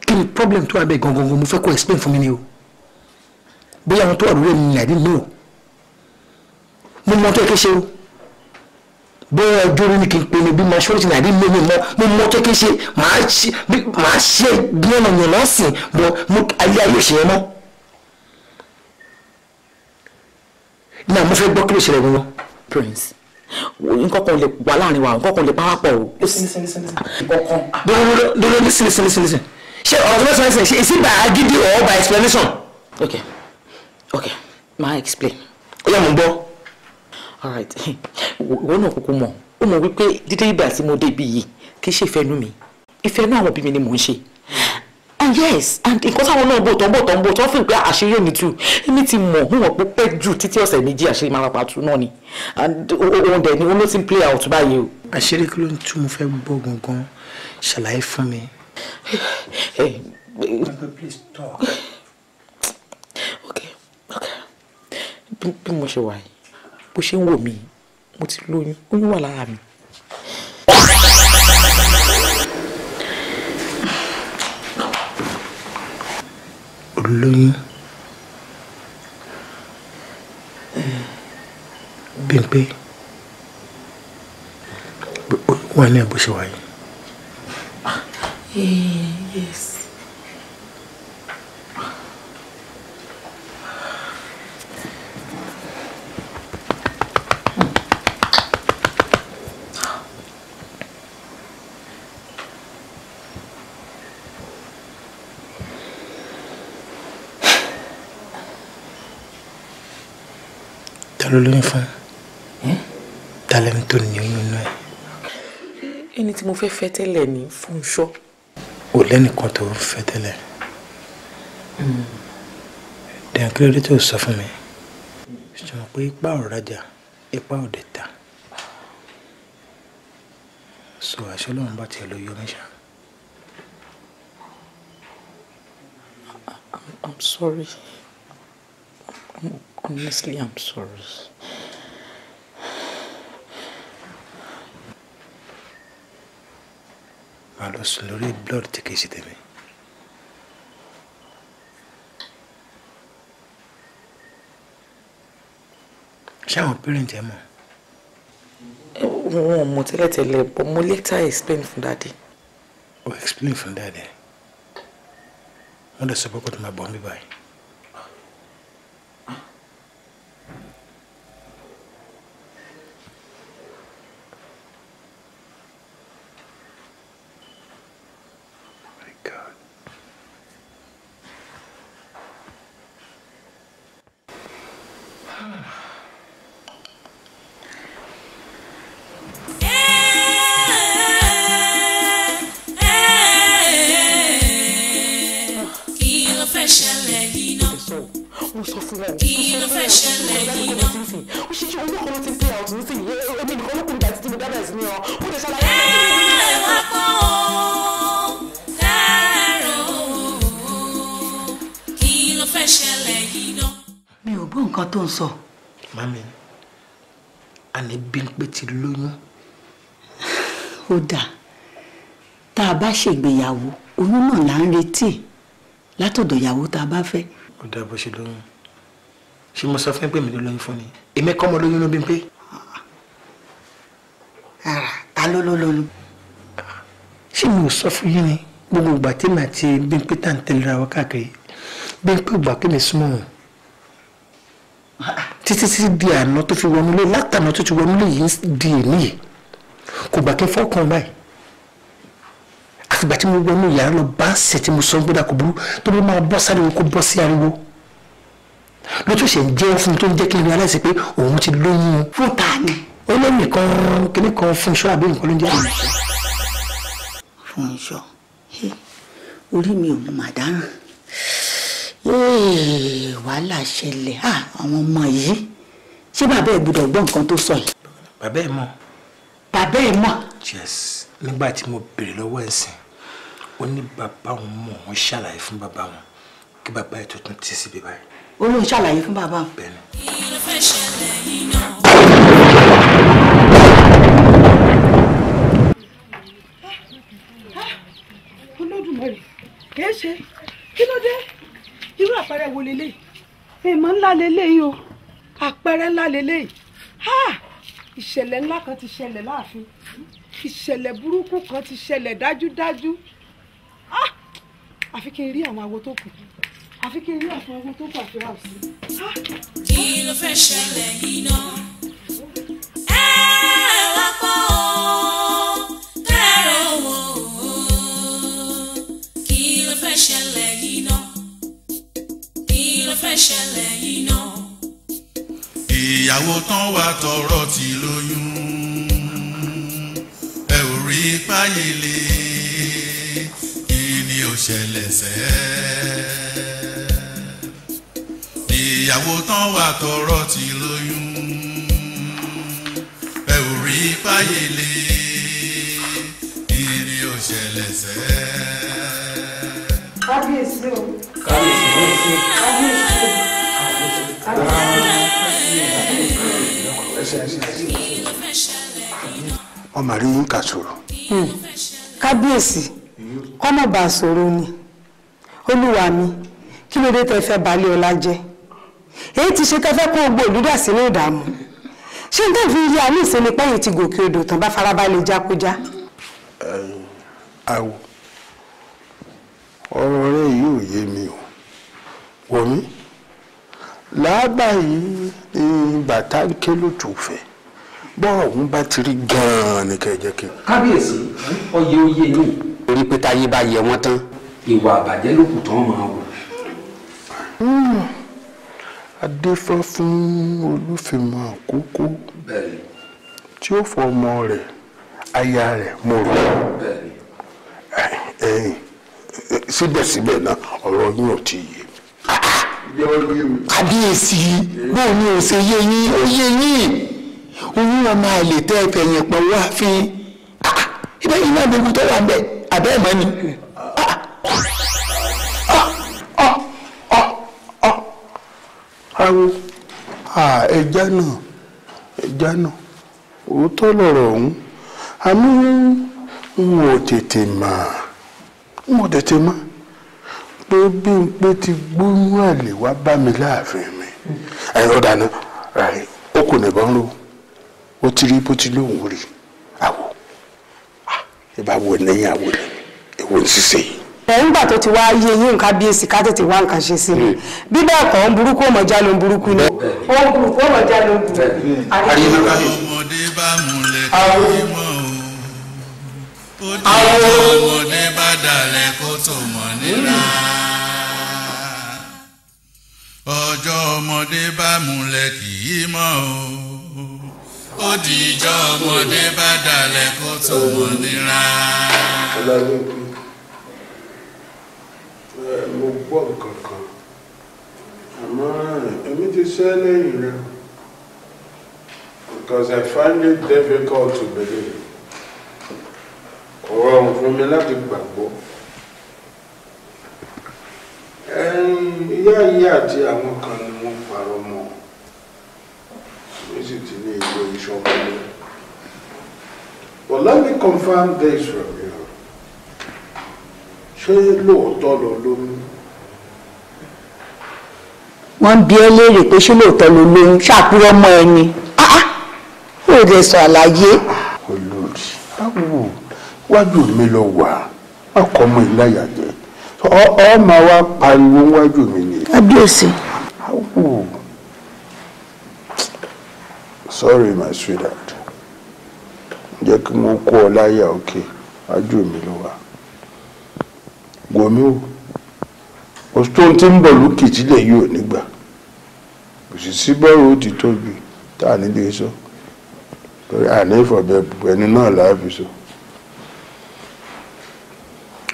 kí ni problem tó wà bẹ́ẹ̀ gangan mo fẹ́ kó explain fún mi ni o bóyá àwọn tó wà lórí mi ni àdínú náà mo mọ tó ṣe o bẹ́ẹ̀ ọjọ́ orí ni kì í pinnu bí mo ṣọ́ọ́rì tìǹbà àdéhùn mi mọ mo mọ tó ṣe màá ṣe bí ọ̀nà yẹn náà sìn ayé ayé ṣe yẹn mọ́. ní àwọn fẹ́ gbọ́ kí ló ṣẹlẹ̀ wọn. prince nǹkan kan lè wà láàrin wa nǹkan kan lè o. lọ́dọ̀ ní sinmi sinmi sinmi ṣe ọ̀rọ̀ tó lọ́sọ̀rọ̀ ṣe is it by agídí or by explanation. ok ok máa explain. ó yá mo gbọ́ alright wọn náà kúkú mọ̀ ó mọ̀ wípé dídé ibà tí mo débi yìí kì í ṣe ìfẹ́nu mi ìfẹ́nu àwọn òbí mi ni mò ń ṣe and yes and nǹkan táwọn náà bò tán bò tán bò tán fi pé àṣeyọ mi tú èmi ti mọ̀ mo mọ̀ pé pẹ́ jù títí ọ̀sẹ̀ méjì àṣírí máa pa tú náà ni and òun dẹ̀ ni olóòtú ń play out báyìí o. àṣírí kí ló ń tún mo fẹ́ gbọ́ gangan ṣàlàyé fún mi. please talk. okay okay bí mo ṣe wà bó ṣe ń wò mí mo ti lóyún oyún wà lára mi. olóyún Bímpé wà ní ẹ̀ bó ṣe wáyé. Ah, eh, yes. ló fún hm? ta lẹni tó ní oyún inú ẹ. ẹni tí mo fẹ́ fẹ́ tẹ́lẹ̀ ní Fúnṣọ́. ò lẹ́nìkan tó fẹ́ tẹ́lẹ̀ dẹ̀yìn kí ló dé tó sọ fún mi ṣùgbọ́n pé ipa ò ipa ò dẹ̀ ta so bá tiẹ̀ ló yọ I'm, I'm sorry. I'm Honestly, I'm sorry. Màá lọ sùn lórí blood tí kìí ṣe tèmi. Ṣé àwọn parent ẹ mọ̀? Wọn ò mọ̀ tẹ́lẹ̀tẹ́lẹ̀ but mo later explain fún daddy. O oh, explain fún daddy. Wọ́n lè sọ pé kó tó máa bọ̀ ṣègbéyàwó oyún náà là ń retí látọ̀dọ̀ ìyàwó tá a bá fẹ́. ó dáa bó ṣe lóyún ṣé mo sọ fún pé mi ló lóyún fún ni èmi kọ́ mo lóyún ló bí pé. ara ta ló ló lóyún. ṣé mi ò sọ fún yín ni gbogbo ìgbà tí màá ti bí pé tá à ń tẹ̀léra wa káàkiri bí pé ìgbà kí mi súnmọ́ wọn títí tí di àná tó fi wọnú lé látàná tó ti wọnú lé yìí di èmi yìí kò gbà kí n fọkàn báyìí àfìgbà tí mo wọnú yàrá lọ bá ń sẹ̀ tí mo sọ gbọ́dọ̀ kò burú tó bá máa bọ́ sáré kó bọ́ sí ariwo ló tún ṣe ń jẹ́ fún un tó ń jẹ́ kí n rí aláìsí pé òun ti lóyún fún ta ni ó lé nìkan kíní kan fún iṣọ́ àbí nǹkan ló ń jẹ́ àná. fún iṣọ́ orí mi ò mú màdáràn wàhálà ṣẹlẹ̀ ah, àwọn ọmọ yìí ṣé bàbá ẹ̀ gbọ́dọ̀ gbọ́ nǹkan tó sọ yìí. bàbá ẹ̀ mọ̀. bàbá ẹ̀ mọ̀. yes nígbà tí mo béèrè lọ́wọ́ ẹ̀ sìn ó ní bàbá òun mọ̀ wọ́n ṣàlàyé fún bàbá òun kí bàbá ẹ̀ tuntun ti síbi báyìí. ó lóun ṣàlàyé fún bàbá òun. bẹ́ẹ̀ ni. olódùmarè kìí ṣe kí ló dé irú àpẹẹrẹ wo leléyìí èèmọ̀ ńlá leléyìí o àpẹẹrẹ ńlá leléyìí ìṣẹ̀lẹ̀ ńlá kan ti ṣẹlẹ̀ láàfin ìṣẹ̀lẹ̀ burúkú kan ti ṣẹlẹ̀ dájúdájú Ah! àfi kí n rí àwọn awo tó kù àfi kí n rí àwọn awo tó kù àfi rà sí. Ah! kí ló fẹ́ ṣẹlẹ̀ yìí náà ìyàwó tán wà tọrọ ti lóyún ẹ ò rí páyé lè ṣẹlẹ̀ sẹ́. ìyàwó tán wà tọrọ ti lóyún ẹ ò rí páyélé ìrìn ò ṣẹlẹ̀ sẹ́. kábíyèsí o. kábíyèsí o. kábíyèsí o. ọmọ rí yín kà sọ̀rọ̀. Hmm. kábíyèsí kọ́mọ̀ bá sọ̀rọ̀ ni olúwa mi kí ló dé tẹ́ fẹ́ balẹ̀ ọlá jẹ́ èyí ti ṣe tẹ́fẹ́ kó gbogbo òdúdà sínú ìdààmú ṣé nítorí fi yí àmì ìsinmi pẹ́yìn ti gòkè odò tán bá farabalẹ̀ jákújá. àwọ̀ ọ̀rọ̀ rẹ̀ yìí ò yé mi o wọ̀ làábà yìí ni bàtà ké ló tù fẹ́ bọ́ọ̀ òun bá ti rí gan-an ní kẹjẹ kí. kábíyèsí oyè oyè yìí orí pé táyé bá yẹ wọ́n tán ìwà àbàjẹ́ ló kù tán máa wò. Hmm. adéfá fún olúfìmọ àkókò tí ó fọ ọmọ rẹ aya rẹ mọrò síbẹ̀síbẹ̀ náà ọ̀rọ̀ yín ò ti yé kábíyèsí bóun ni ò ṣe yé yín ó yé yín òun náà máa lè tẹ́ ẹ̀fẹ̀ yẹn pọ̀ wá fi ah, ibẹ̀ yìí náà bẹ̀rù tó wà bẹ́ẹ̀ àbẹ́ ẹ̀mọ́ ni. awo ẹja náà ẹja náà òótọ́ lọ̀rọ̀ ọ̀hún àmọ́ n ò tètè mọ̀ n ò tètè mọ̀ pé bí n pé ti gbóyún àlè wá bá mi láàfin mi ẹ̀rọ dáná ó kò ní bọ́n lò ó ti rí bó ti lóun rí i ìbáwo níyàwó ni èwo ń ṣiṣẹ́ yìí ẹ̀yìngbà tó ti wá yé yín nǹkan bíyèsí ká tètè wá nǹkan ṣe sí i hmm. bí bẹ́ẹ̀ kọ́ ń burúkú ọmọ já ló ń burúkú ni ó ń burúkú ọmọ já ló ń burúkú. ọmọdé bá múlẹ̀ kó mọ̀ o ó dé ọmọdé bá dalẹ̀ kó tó mọ̀ nílá ọjọ́ ọmọdé bá múlẹ̀ kì í mọ̀ o ó dìjọ́ ọmọdé bá dalẹ̀ kó tó mọ̀ nira. mo gbọ́ nǹkan kan àmọ́ èmi ti ṣẹ́ lẹ́yìn rẹ̀ because I find it difficult to believe kò rọrùn fún mi láti gbàgbọ́ ìyá ìyá àti àwọn kan ni wọ́n parọ́ mọ́ ọ ó sì ti ní ìwé But let me confirm this from you. Ṣé lóòótọ́ ló lóyún? Wọ́n bi ẹ́ léèrè pé ṣé lóòótọ́ ló lóyún ṣàkúrọ́ mọ́ ẹni. Ah, ah. Ó lè sọ àlàyé. Olórí, báwo wájú mi lọ wà? Má kọ́ ọmọ ìláyà jẹ. Ọ máa wá pariwo wájú mi ni. Kábíyèsí. Báwo. sorry my sweetheart jẹ́ kí wọ́n kó ọ láyà òkè ájú mi ló wà wòmí o òṣìṣẹ́ ohun tí ń bọ̀ lókìtì lè yóò nígbà òṣìṣẹ́ bọ́ọ̀rù ó ti tóbi tá à nílé sọ torí àní ìfọ̀bẹ ẹni náà láàbì sọ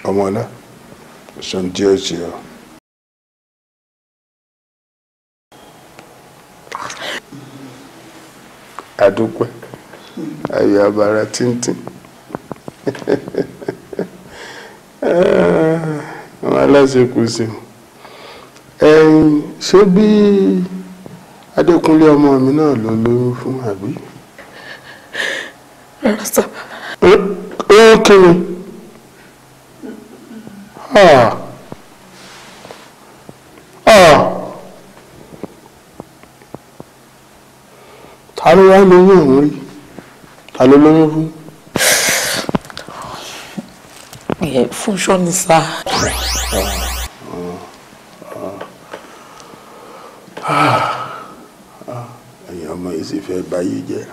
ọmọlá sọ ní tí ó ṣe ọ. àdúpẹ́ ayọ̀ àbàrà tíntín àwọn aláṣekù sí ẹ̀yìn ṣé bí Adékúnlé ọmọ mi náà ló lóyún fún àbí. rárá sá. ó kí ni ah ah. ta ló wá lóyún òun rí ta ló lóyún fún. ìyẹn fún sọ́ni sá. ẹ̀yin ọmọ yìí sì fẹ́ báyé jẹ́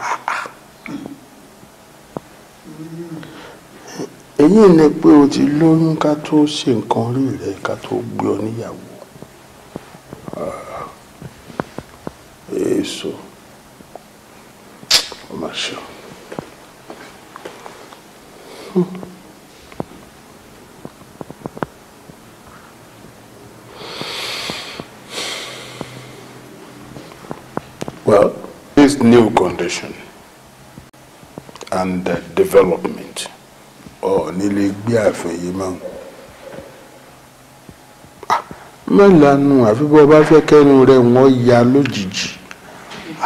èyí ni pé o ti lóyún ká tó ṣe nǹkan rí rẹ ká tó gbé ọ níyàwó. education and uh, development ọ̀ọ́ni lè gbé àfẹ̀yé mọ́ ah, mẹ́lanu àfi bọ́ bá fẹ́ kẹ́nu rẹ̀ wọ́n ya lójijì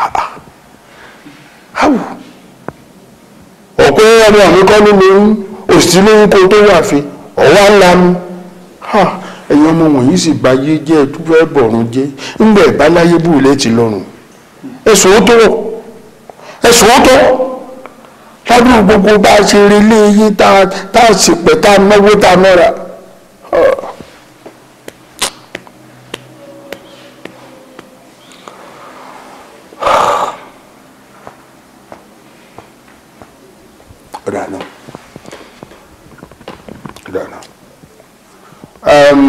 ah, ah. ọ̀pẹ́ ọmọ mi kọ́ ló lóyún òsì lóyún kó tó wà fi ọ̀wá lanu ẹ̀yin ọmọ wọ̀nyí sì báyé jẹ́ ẹ̀ tó fẹ́ bọ̀rùn jẹ́ ńgbẹ̀ ìbáláyé bù lẹ́tì lọ́rùn ẹ̀sùn ó tó wọ̀ sọ́tọ̀ lọ́dún gbogbo bá a ṣe rí ilé yín tá a sì pẹ̀ tá a náwó tá a nára. Dana. Dana. Um,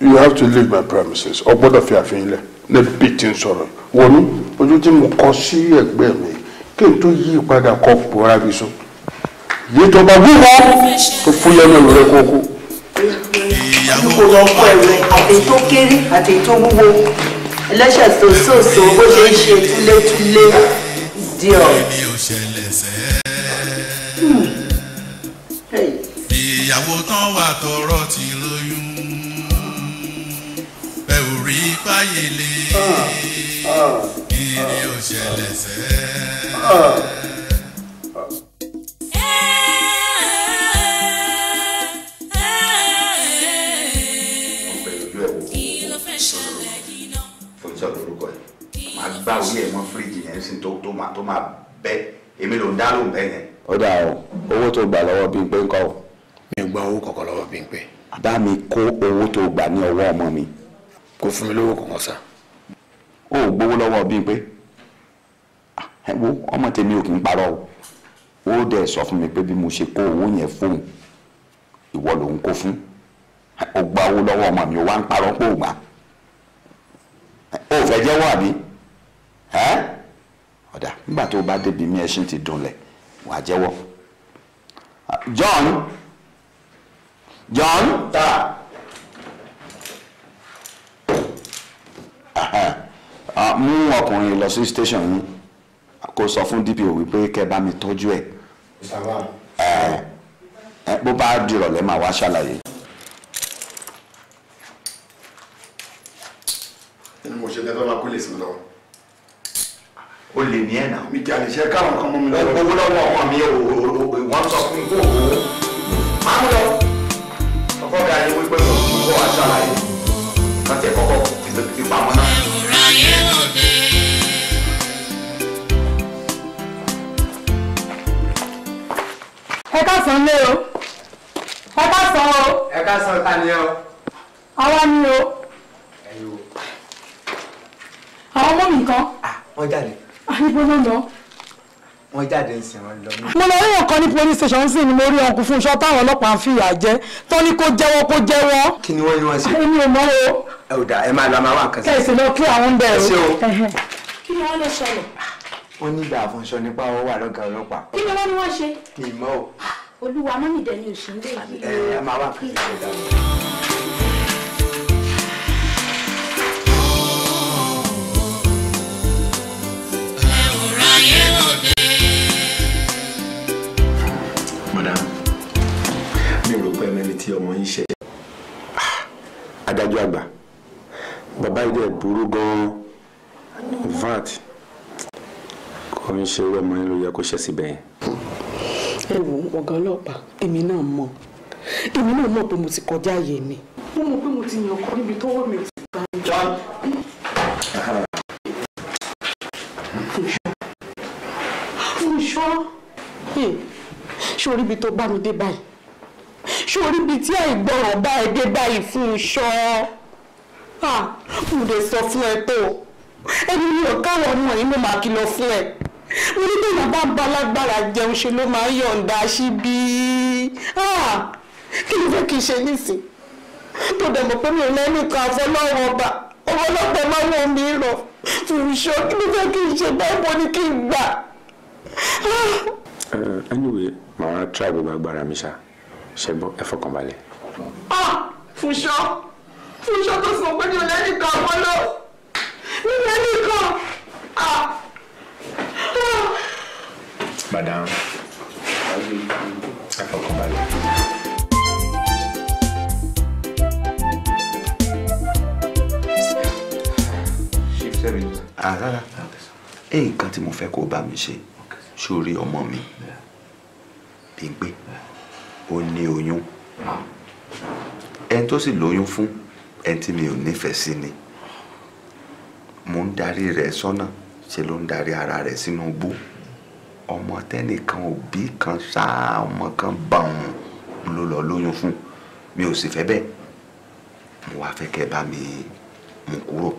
you have to leave my premises. Ọgbọ́dọ̀ fi àfihàn lẹ̀. Ní bí tí ń sọ̀rọ̀. Wọ́n ojú tí mo kọ sí ẹ̀gbẹ́ mi kí n tó yí ìpadà kọ pòórá mi sùn yìí bá wúwo tó fún lẹ́nu rẹ kókó. ìyàwó ọkọ ẹ̀rọ àti tó kéré àti tó wúwo ẹlẹ́ṣẹ̀ sòsòsò bó ṣe ń ṣe túlétúlé di ọ̀. Hmm. ìyàwó tán wà tọrọ ti lóyún bẹ́ẹ̀ ò rí páyé lé. Ah, ah kíni ó ṣẹlẹ̀ tó tó máa tó máa ń dá lóhùn mi ò gba owó kankan lọ́wọ́ Bímpé. bá mi kó owó tó gbà ní ọwọ́ ọmọ mi. kò fún mi lówó kankan sáà. o gbowó lọ́wọ́ bíi pé ah, ẹ ọmọ tèmi ò kì í parọ́ o ó sọ fún mi pé bí mo ṣe kó owó yẹn fóun ìwọ ló ń kó o gba owó lọ́wọ́ ọmọ mi o wá ń parọ́ pé o gbà o fẹ́ jẹ́wọ́ àbí ẹ́ ọ̀dà nígbà tó o bá mi mú ọkùnrin lọ sí station yín kó sọ fún DPO wípé kẹ́ bá mi tọ́jú ẹ̀ bó bá dìrọ̀lẹ́ máa wá ṣàlàyé. ẹni mo ṣe lẹ́fẹ̀ẹ́ máa kó lè sùn lọ. o lè ní ẹ̀ náà. mi kì í àlè ṣe káwọn kan mú mi lọ. owó lọ́wọ́ ọmọ mi ò wọ́n sọ fún mi kó o máa ń lọ. ọkọ mi àyè wípé mo kò wá ṣàlàyé láti ẹ̀kọ́kọ́ ìtòkìtì pamọ́ náà ayé òde. ẹ káàsán lé o ẹ káàsán o. ẹ káàsán ta ni ọ. àwa ni o. ẹyin o. àwọn ọmọ mi kan. ah wọ́n jáde. àyíbó ah, ló lọ wọ́n jáde ń sìn wọ́n lọ. mo lọ rí ọ̀kan ní police station sí ni mo rí ọkùn fún iṣan táwọn ọlọ́pàá ń fìyà jẹ tó ní kó jẹ́wọ́ kó jẹ́wọ́. kí ni wọ́n ní wọ́n ṣe. èmi ò mọ o. ẹ ò dà ẹ máa lọ àmọ́ àwọn kan sí. kẹ̀sì lọ kí àwọn ń bẹ̀ o. kí ni wọ́n lọ ṣẹlẹ̀. wọ́n ní ìgbà àfọ̀nṣọ nípa owó wà lọ́gàá ọlọ́pàá. kí ni wọ́n ní wọ́n ṣe. ìmọ̀ o. Ah, olúwa mọ́mìdẹ́ni òṣèlú tí ọmọ yín ṣe. Ah, adájọ́ àgbà bàbá yìí dẹ̀ burú gan-an in fact kò ń ṣe irú ọmọ yín ló yẹ kó ṣe síbẹ̀ yẹn. ẹ wo ọ̀gá ọlọ́pàá èmi náà mọ̀ èmi náà mọ̀ pé mo ti kọjá àyè mi mo mọ̀ pé mo ti yàn kọ́ níbi tọ́wọ́ mi ti bá mi. fúnṣọ́ fúnṣọ́ hm. ṣé orí ibi tó bá mi dé báyìí sórí ibi tí àìgbọràn bá ẹ e dé báyìí fún iṣọ́ mo lè sọ fún ẹ e tó ẹni mi ò káwọn ọmọ yìí mo máa kìlọ̀ fún ẹ mo ní bí bàbá ń balágbára jẹun ṣe ló máa ń yọ̀ǹda síbí kí ló fẹ́ kí n ṣe nísìn tó dẹ̀ mọ̀ pé mi ò lẹ́nìkan àfọlọ́wọ́ ọba ọmọlọ́pàá máa wọ mi rọ fún iṣọ́ kí ló fẹ́ kí n ṣe báyìí mo ní anyway màá travel gbogbo agbára mi ṣẹgbọn ẹ fọkànbalẹ̀. ọ ah! fúnṣọ fúnṣọ tó sọ pé mi ò lẹ́yìn kan ọpọlọ mi ò lẹ́yìn kan. Ah! madam ẹ fọkànbalẹ̀. Ah, rárá ẹ nǹkan tí mo fẹ́ kó bá mi ṣe sórí ọmọ mi Bímpé. Yeah ó ní oyún ẹni tó sì lóyún fún ẹni tí mi ò nífẹ̀ẹ́ sí ni mo ń darí rẹ̀ sọ́nà ṣe ló ń darí ara rẹ̀ sínú igbó ọmọ tẹ́nìkan òbí kan ṣáá ọmọ kan bá òun ló lọ lóyún fún mi ò sì fẹ́ bẹ́ẹ̀ mo wá fẹ́ kẹ́ bá mi mú kúrò.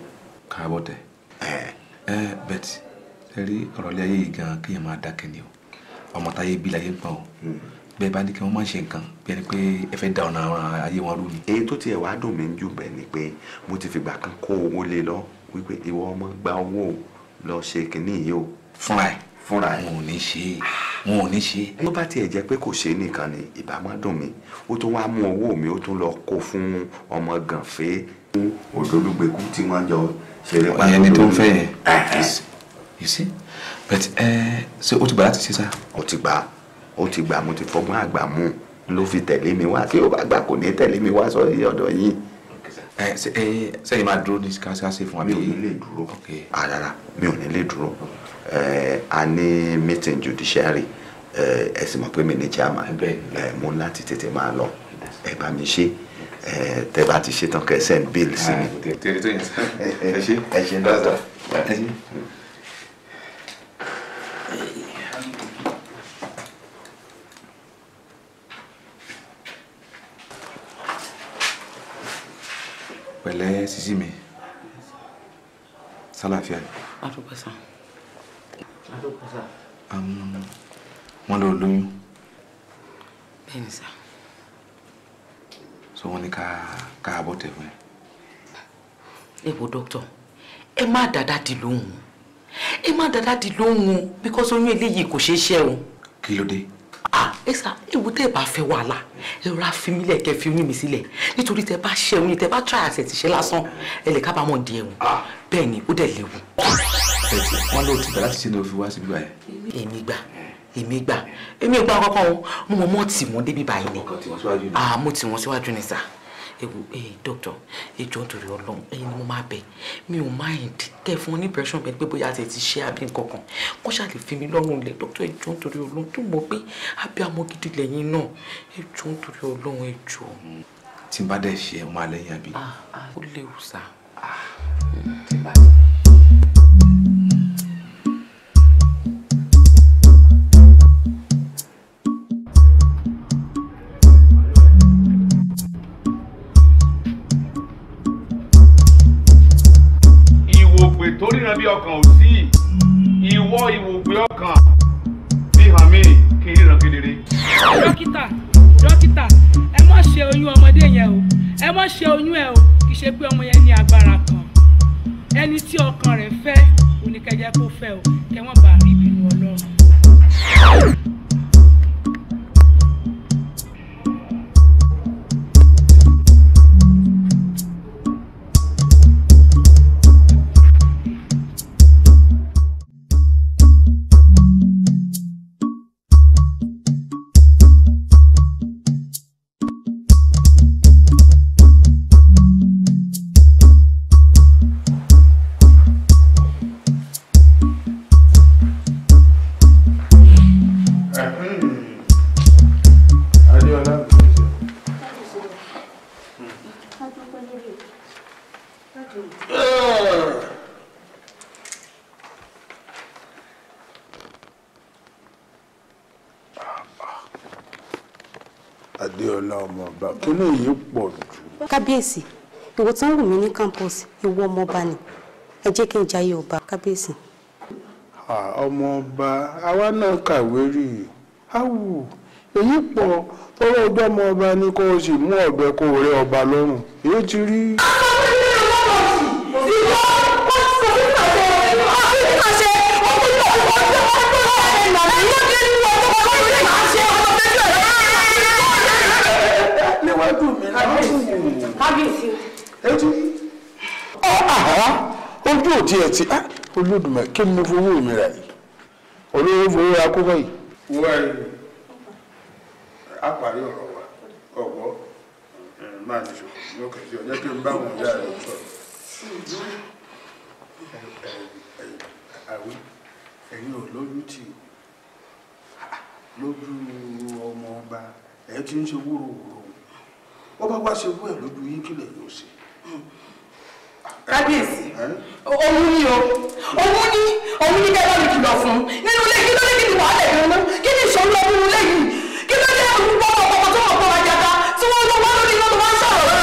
káàbọ̀tẹ̀ ẹ ẹ bẹ́ẹ̀ tí ẹ rí ọ̀rọ̀ ilé ayé yìí gan kéèyàn máa dákẹ́ ni o ọmọ táyé bí láyé ń pa o. Hmm bẹ́ẹ̀ bá ní kí wọ́n má ṣe nǹkan bẹ́ẹ̀ ni pé ẹ fẹ́ da ọ̀nà àwọn ayé wọn rú ni. èyí tó tiẹ̀ wá dùn mí jù bẹ́ẹ̀ ni pé mo ti fìgbà kan kó owó lé lọ wípé ìwọ ọmọ gba owó lọ ṣe kínní yìí o. fúnra ẹ fúnra ẹ. wọn ò ní ṣe é wọn ò ní ṣe é. tó bá tiẹ̀ jẹ́ pé kò ṣe é nìkan ni ìbá má dùn mí ó tún wá mú owó mi ó tún lọ kó fún ọmọ gànfẹ́ fún òdòdúgbẹ́kú tí wọ́n jọ ṣeré pàdé lórí ó ti gbà mo ti fọgbọ́n àgbà mú ló fi tẹ̀lé mi wá tí ó bá gbà kò ní tẹ̀lé mi wá sọ yí ọ̀dọ̀ yín. sẹ́yìn máa dúró ní káṣíkáṣí fún wa. mi ò ní lè dúró àràrà mi ò ní lè dúró a ní meeting judiciary ẹ sì mọ̀ pé mi ní chairman mo ní láti tètè máa lọ ẹ bá mi ṣe tẹ bá ti ṣe tán kẹ send bill sí mi. Ah, ẹ ṣe ẹ ṣe ń dọ́tà. pẹ̀lẹ́ sisi mi sálàfíà ni. àdùpẹ̀sà. àdùpẹ̀sà. wọ́n lọ lóyún. bẹ́ẹ̀ni sá. so wọ́n ní ká ká abọ́ tẹ̀ fún ẹ. ẹ wo dókítà ẹ má dàda di lóhùn ẹ má dàda di lóhùn o bíkọ́sì oyún eléyìí kò ṣeé ṣe o. kí ló dé ẹ̀sà ah, ìwú tẹ́ ẹ bá fẹ́ wàhálà ẹ rọra fi mí lẹ̀ kẹ́ fi oyún mi sílẹ̀ nítorí tẹ́ bá ṣe oyún tẹ́ bá try àṣẹ ti ṣe lásán ẹ lè kábàámọ̀ di ẹ̀wọ̀n ah. bẹ́ẹ̀ ni ó dẹ̀ léwu. wọn ló ti gbà láti ṣe ní òfin wá síbí báyìí. èmi gbà èmi gbà èmi gbà kọ́kọ́ wọn mo mọ̀ mọ́ tì wọ́n débi báyìí ni mo tì wọ́n síwájú ni ah, sà ewu ee eh, doctor ẹjọ́ eh, nítorí ọlọ́run ẹ̀yin eh, ni mo máa bẹ̀ mi ò mind kẹ́ fún ní impression bẹ́ẹ̀ pé bóyá àti ti ṣe àbí nǹkan kan kó ṣáà lè fi mi lọ́rùn lẹ̀ doctor ẹjọ́ nítorí ọlọ́run tó mọ̀ pé àbí amọ̀ gidi lẹ́yìn náà ẹjọ́ nítorí ọlọ́run ẹjọ́. tí n bá dẹ̀ ṣe ẹ̀ máa lẹ́yìn àbí. Ah, ah, ó léwu sá. ah ọkàn ò sí ìwọ ìwògbé ọkàn fi hàn mí kí n kedere. dókítà dókítà ẹ má ṣe oyún ọmọdé yẹn o ẹ má ṣe oyún ẹ o kì í ṣe pé ọmọ yẹn ní agbára kan ẹni tí ọkàn rẹ̀ fẹ́ oníkẹ́jẹ́ kó fẹ́ o kẹ́ bá a. kábíyèsí ìwọ tán wù mí ní campus ìwọ ọmọọba ni ẹ jẹ́ kí n jayé ọba kábíyèsí. ọmọọba àwa náà kàwé rí i áwù èyí pọ̀ ọ̀rọ̀ ọgbọ́n ọmọọba ni kó o sì mú ọ̀bẹ kó o rẹ ọba lọ́rùn èyí ti rí ẹ ti rí. ojú ò ah, tiẹ̀ ti olódùmọ̀ kí ni mo fowó mi rà yìí olówó fowó akókò yìí. wọ́n ẹ á parí ọ̀rọ̀ wa ọ̀gbọ́ máa ní ṣòkò ní ọkọ̀ ìṣe ọjọ́ kí n bá wọn yára ẹ̀ sọ̀rọ̀ àwí ẹ̀yin ò lójú tì ó lójú ọmọ ọba ẹ̀ ti ń ṣe wúrowúro ó bá wá ṣe wú ẹ̀ lójú yín kílẹ̀ yóò ṣe kábíyèsí òun ni o òun ni òun ni kẹ́kọ̀ọ́ mi kìlọ̀ fún nínú ilé kí ló dé kí ni wàhálà ìdúró náà kí ni ìṣòro ọdún nínú ilé yìí kí ló dé òun pọ̀ pọ̀ pọ̀ tó wọ̀ pọ̀ wájà ká tí wọ́n lọ wọ́n lórí lọ́dún wọ́n sọ̀rọ̀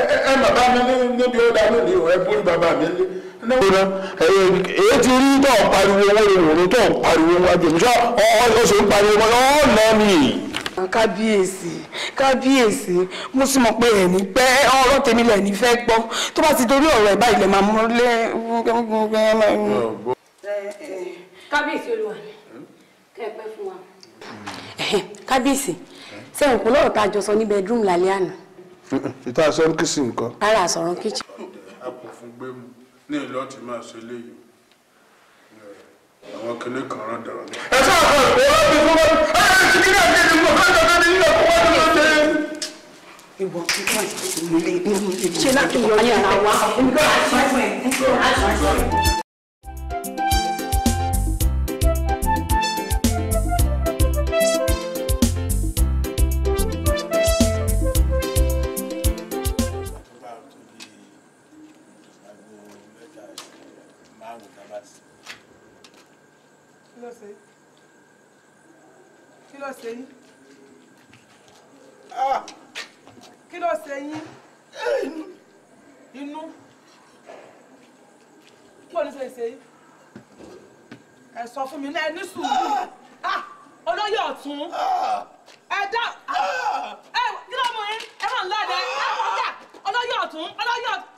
ẹ bàbá mi níbi ó dá lónìí ẹ bórí bàbá mi lé èyí ti rí tó ń pariwo owó rẹ̀ tó ń pariwo wájú ọ̀ṣọ́ ń pariwo ọ̀ọ́ náà nìyí tán kábíyèsí kábíyèsí mo sì mọ̀ pé ẹ̀ní pẹ́ ọ̀rọ̀ tèmi lẹ̀ ní fẹ́ gbọ́ tó bá ti dorí ọ̀rọ̀ ẹ̀ báyìí lẹ̀ máa mú lé. kábíyèsí olúwa kẹ́ ẹ pẹ́ fún wa. kábíyèsí sẹ́yìn kò lọ́rọ̀ tá ní bedroom lálẹ́ àná. ìta sọ́run kìsì nǹkan. ara sọ̀rọ̀ kìsì. a kò fún gbé mu ní ìlú ọtí máa ṣe léyìí àwọn kìnìún kan rán dọ̀rọ̀ ní. ẹ sọ àwọn ọ̀rọ̀ mi fún wọn ẹ ẹ ti kíkà kí ni mo fẹ́ tọ́jú ní ilé ọkọ̀ wọn ló dé. ìwọ kíkà ìṣòro ilé ìṣẹ́ láti yọ ní ara wa. ṣe yín ah, kí ló ṣe yín inú kí ló ṣe ṣe yín ẹ sọ fún mi náà ẹ ní sùúrù ah, olóyè ọ̀tún ẹ dá ah, ẹ kí ló mú yín ẹ máa ń lọ ọdẹ ẹ máa ń dà olóyè ọ̀tún olóyè ọ̀tún.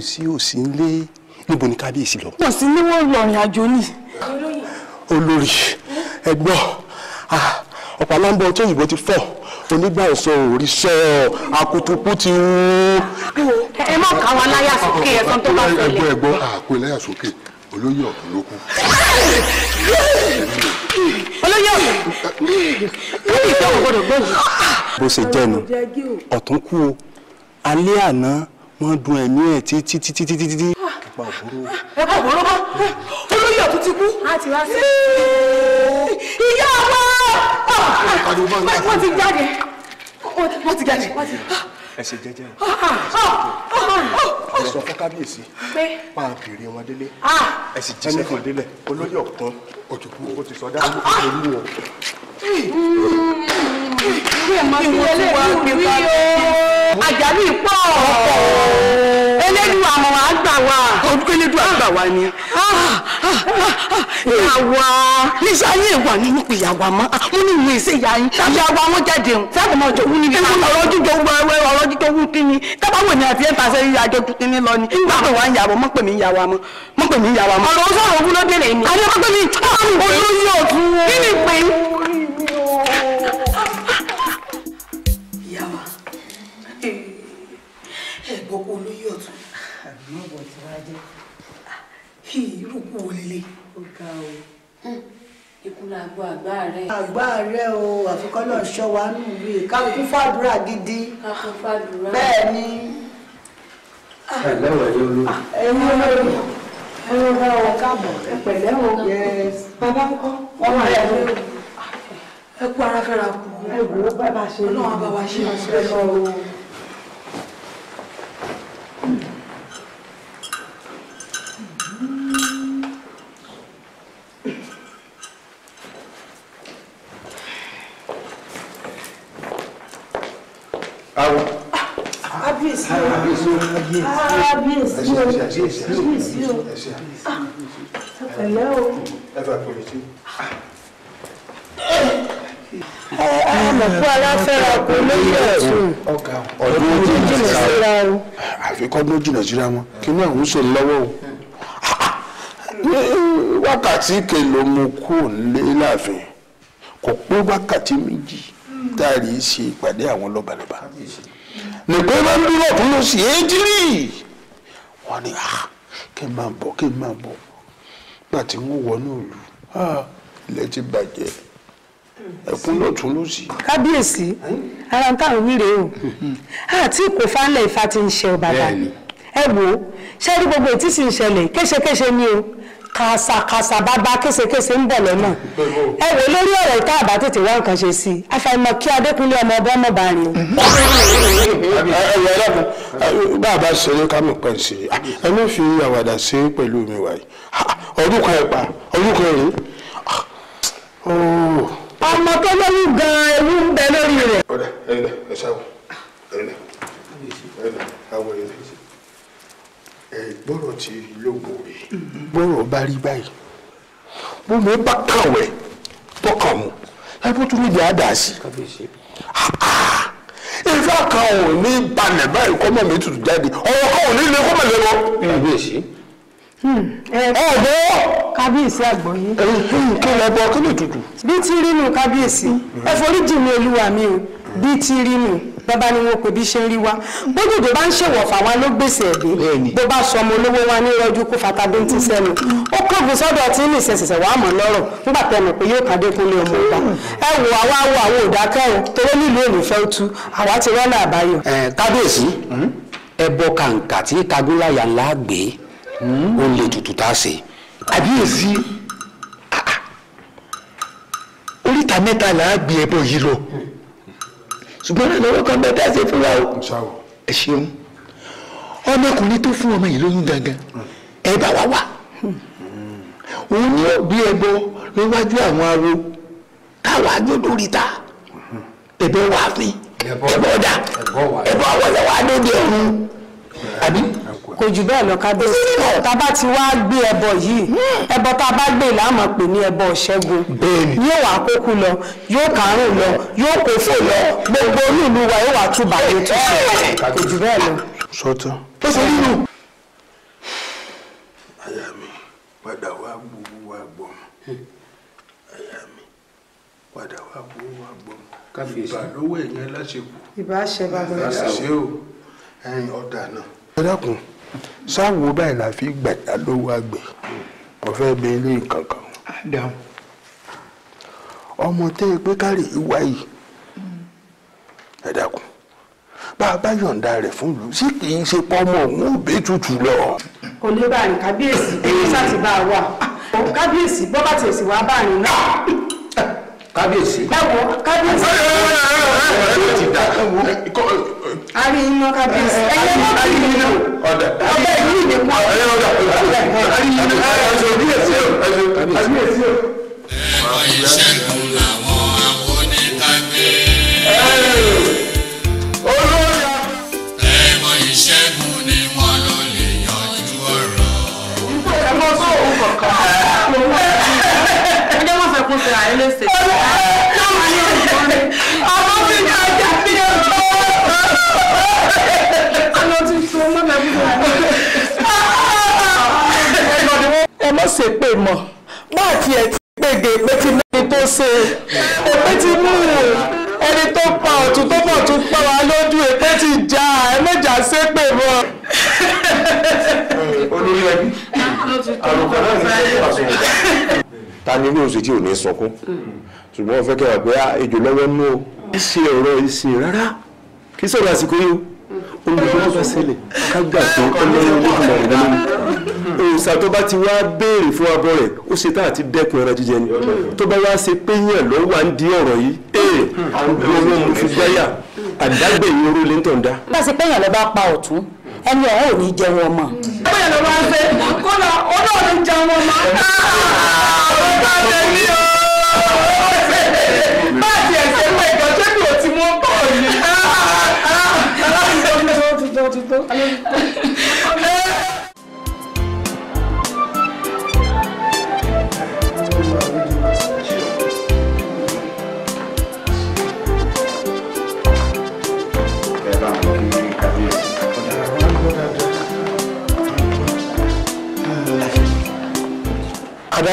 sí òsì ńlé níbo ni kábíyèsí lọ. wọ́n sì ní wọ́n lọ rìn àjò ni. olórí ẹgbọ́ ah, ọ̀pọ̀lọpọ̀ ọtí òyìnbó ti fọ̀ onígbà ìsọ òrìṣẹ́ akutuku ti wú. ẹ má kà wá láyà sókè ẹ̀sán tó bá fẹ́lẹ̀. ẹgbọ́ ẹgbọ́ àkó ah, láyà sókè olóyè ọ̀tún ló kú. olóyè ọ̀tún lórí ìfẹ́ bó ṣe jẹ́ ọ̀tún kú alẹ́ àná mọ́ dun ẹ̀mí ẹ̀ títí títí títí títí. ẹ̀pà òbúrò. ẹ̀pà òbúrò bá olóyè ọ̀tún ti kú. a ti wá sí. ìyá wa wọ́n ti jáde wọ́n ti jáde. ẹ ṣe jẹ́jẹ́ o ah, ah, ah, ẹ sọ fún kábíyèsí pa àbèrè wọn délé ẹ sì jíṣẹ́ kan délẹ̀ olóyè ọ̀kan òjòkú o ti sọdá olú wọn. ìwé hmm. máa fi wọlé ìwé o àjálù ìpọ̀ elédùn àmọ̀ àgbà wa. ọdún elédùn àgbà wa ni. ìyàwó níṣẹ́ ayé ìwà nínú ìyàwó àmọ́ mo ní ìwé ìṣe ìyá yín ìyàwó àwọn jáde o. sábà máa jọ wún níbi ọ̀rọ̀ jíjọ wú ẹwẹ́ ọ̀rọ̀ jíjọ wú kí ni tábà wò ní àti ẹ̀ pàṣẹ ìyàjọ kí lọ ni. nígbà tó wà ń yàwó mọ́ pè mí ìyàwó àmọ́ irú kú wo lélẹ̀. ó ga o ìkúnlẹ̀ àgbo àgbà rẹ̀. àgbà rẹ̀ o àfikọ́lọ̀ ṣọ́ wa nù rí i ká kún fàdúrà gidi. ká kún fàdúrà. bẹ́ẹ̀ ni. Ah, ẹ lẹ́wọ̀ ẹ̀yọ́ olórí. Ah, ẹ̀yin olórí ẹ̀yin ọba ọ̀ káàbọ̀ ẹ pẹ̀lẹ́ o. bàbá kọ́ wọ́n wà lẹ́wọ̀ ẹ kú ara fẹ́ra kù. ẹ wò ó bá a ṣe é. ọlọ́run á bá wa ṣe é. kíyèsí o ẹ̀lẹ́ o ẹ̀fà pọ̀lìtì. ọmọkú aláfẹ́ra kò lóye ẹ̀sùn ọdún ojú jìnnà síra o. àfikún ọdún jìnnà síra wọn kí ni àwọn ń ṣe lọ́wọ́ o wákàtí kèlò mo kú nílé láàfin kò pé wákàtí méjì tá a rí ṣe ìpàdé àwọn lọ́balẹ̀ba nìkan bá ń dúró fún lọ sí èjìrì wọ́n ní ah, kí n máa bọ̀ kí n máa bọ̀ nígbà tí wọ́n wọnú ìlú ah, ilẹ̀ ti bàjẹ́ ẹkún lọ́tún ló sì. kábíyèsí ara táwọn wí o àti kò fálẹ̀ Ifá ti ń ṣe ọ̀bàbà ẹ wò ó ṣé rí gbogbo ètí sì ń ṣẹlẹ̀ kéṣekéṣe ni o kàṣàkàṣà bàbá késekése ń bọ̀ lọ́nà ẹ wò lórí ọ̀rọ̀ ìta àbá tètè wá nǹkan ṣe sí i àfàìmọ̀ kí adékúnlé ọmọ ọba ọmọ bá rìn o. ẹ̀yà ẹlẹ́kùn bá a bá ṣeré ká mọ̀ pẹ́ sí i ẹ má fi àwàdà ṣe pẹ̀lú mi wáyé ọdún kan ẹ̀ pa ọdún kan rèé ọmọ tó lóyún gan-an ewu ń bẹ lórí rẹ̀. ọ̀rẹ́ ẹ̀rẹ́ ẹ̀ṣáwó ẹ̀rẹ́ ẹ̀rẹ́ àwọ̀ ẹ̀rẹ́ gbọ́rọ̀ ti lóògùn rẹ̀ mm-hmm. gbọ́rọ̀ bá rí báyìí bómi bá kàwé tọkàn mu ẹbí tún níbi àdásí ah, ah. ìfẹ́ kan ò ní balẹ̀ báyìí kọ́mọ̀ mi tutù jáde ọ̀rọ̀ kan ò ní ilé kọ́mọ̀ lé lọ. kábíyèsí. ọ̀bọ̀. Hmm. kábíyèsí àgbọ̀yé. kí lè bọ kí lè tutù. bí ti rí nù kábíyèsí hmm. ẹ forí jì mí olúwa mi o bí ti rí nù bàbá ni wọn kò bí ṣe ń rí wa bójúdò bá ń ṣèwọ̀fà wa ló gbèsè ẹ̀dẹ́ bó bá sọmọ olówó wa ní ìrọ́jú kó fatabí ti sẹ́nu mm. ó kọ́gùn sọ́dọ̀ tí ní ìṣẹ̀ṣẹ̀ṣẹ̀ wàá mọ̀ lọ́rọ̀ nígbà tẹnu pé yóò kàdé kúnlé ọmọ ọba ẹ wò àwa wo àwọn òdákẹ́ o torí nílùú olùfẹ́ tu àwa ti rọ́nà àbáyọ. ẹ kábíyèsí mm. ẹ bọ kàǹkà tí kagúláyà ńlá gbé mm. ó lè tutù tá a ṣe àbíyèsí ah, ah. oríta mẹ́ta là ṣùgbọ́n ìrànlọ́wọ́ kan bẹ tẹ́sí fún wa o ẹ ṣeun ọmọkùnrin tó fún ọmọ yìí lóyún gangan ẹ bá wa wà òun ni ó bí ẹbọ lọ́wájú àwọn aró káwa gbọ́dọ̀ rí ta ẹbọ wà fún ẹbọ dà ẹbọ wọlé wà lóde ọ̀run àbí kò jù bẹ́ẹ̀ lọ kábíyèsí tá a bá ti wá gbé ẹbọ yìí hmm. ẹbọ tá a bá gbé láàmú pè ní ẹbọ ṣẹ́gun yóò wá kókú lọ yóò kárùn lọ yóò kófò lọ gbogbo onílù wa yóò wá túbà yóò tún ṣe kò jù bẹ́ẹ̀ lọ. sọtọ ó ṣe nínú. àyà mi padà wá gbowó wá gbọ́ mọ́ hmm. àyà mi padà wá gbowó wá gbọ́ mọ́ ìbà ẹ̀yẹn lásìkò ìbà bàbá ìbà o ẹ̀yìn ọ̀dà náà. ẹ dákun sáwo báyìí la fi gbàdá lówó àgbẹ̀ mo fẹ́ bẹ ilé kankan. ọmọ tẹ́ ẹ pé kárí ìwà yìí ẹ dákun bá a bá yọ̀ǹda rẹ̀ fún ìlú sí kì í ṣe pọ́ ọmọ òun ò bẹ́ tutù lọ. kò lè bá a rìn kábíyèsí kí ó sá ti kábíyèsí bọ́ bá tiẹ̀ sì wá bá a rìn náà kábíyèsí. báwo kábíyèsí. ó ti dà a rí iná kábíyèsí. ẹyẹ náà kì í lò ọbẹ̀ yìí ni mo. ẹyẹ ọ̀dà a rí iná kábíyèsí o kábíyèsí o. ẹ̀rọ ìṣẹ́gun. ṣe pé mọ̀ bá àti ẹ̀ ti gbèdè pé ti lẹ́ni tó ṣe èpè ti mú ẹni tó pa ọ̀tún tó pọ̀ tún pa wá lójú èpè ti já ẹ méjà ṣe pé mọ̀. olórí ẹbí àlùkò náà ní sọ́kùn àṣọ ta ni ilé oṣù tí ò ní sọkún ṣùgbọ́n wọ́n fẹ́ kẹ́ wà pé ah, ejò lọ́wọ́ nú o kì í ṣe ọ̀rọ̀ ìsìn rárá kì í sọ̀rọ̀ àsìkò yìí o olùdókòwò bá ṣẹlẹ̀ ká gbà pé ọlọ́run ló ń bọ̀ nínú òòṣà tó bá ti wá béèrè fún abọ́ rẹ̀ ó ṣe tá àti dẹ́kun ẹran jíjẹ ni tó bá wá ṣe pé yàn lọ́wọ́ à ń di ọ̀rọ̀ yìí ee eh, lọ́wọ́ mo fi gbáyà àdágbẹ̀yìn oró lè ń tàn dá. bá a ṣe pé yàn lọ bá pa ọ̀tún ẹni ọ̀hún ò ní jẹun ọmọ. bẹ́ẹ̀ ló máa ń ṣe kó lọ ọlọ́run jẹun ọmọ. Ah, ọ̀rọ̀ bá tẹ̀ mí o.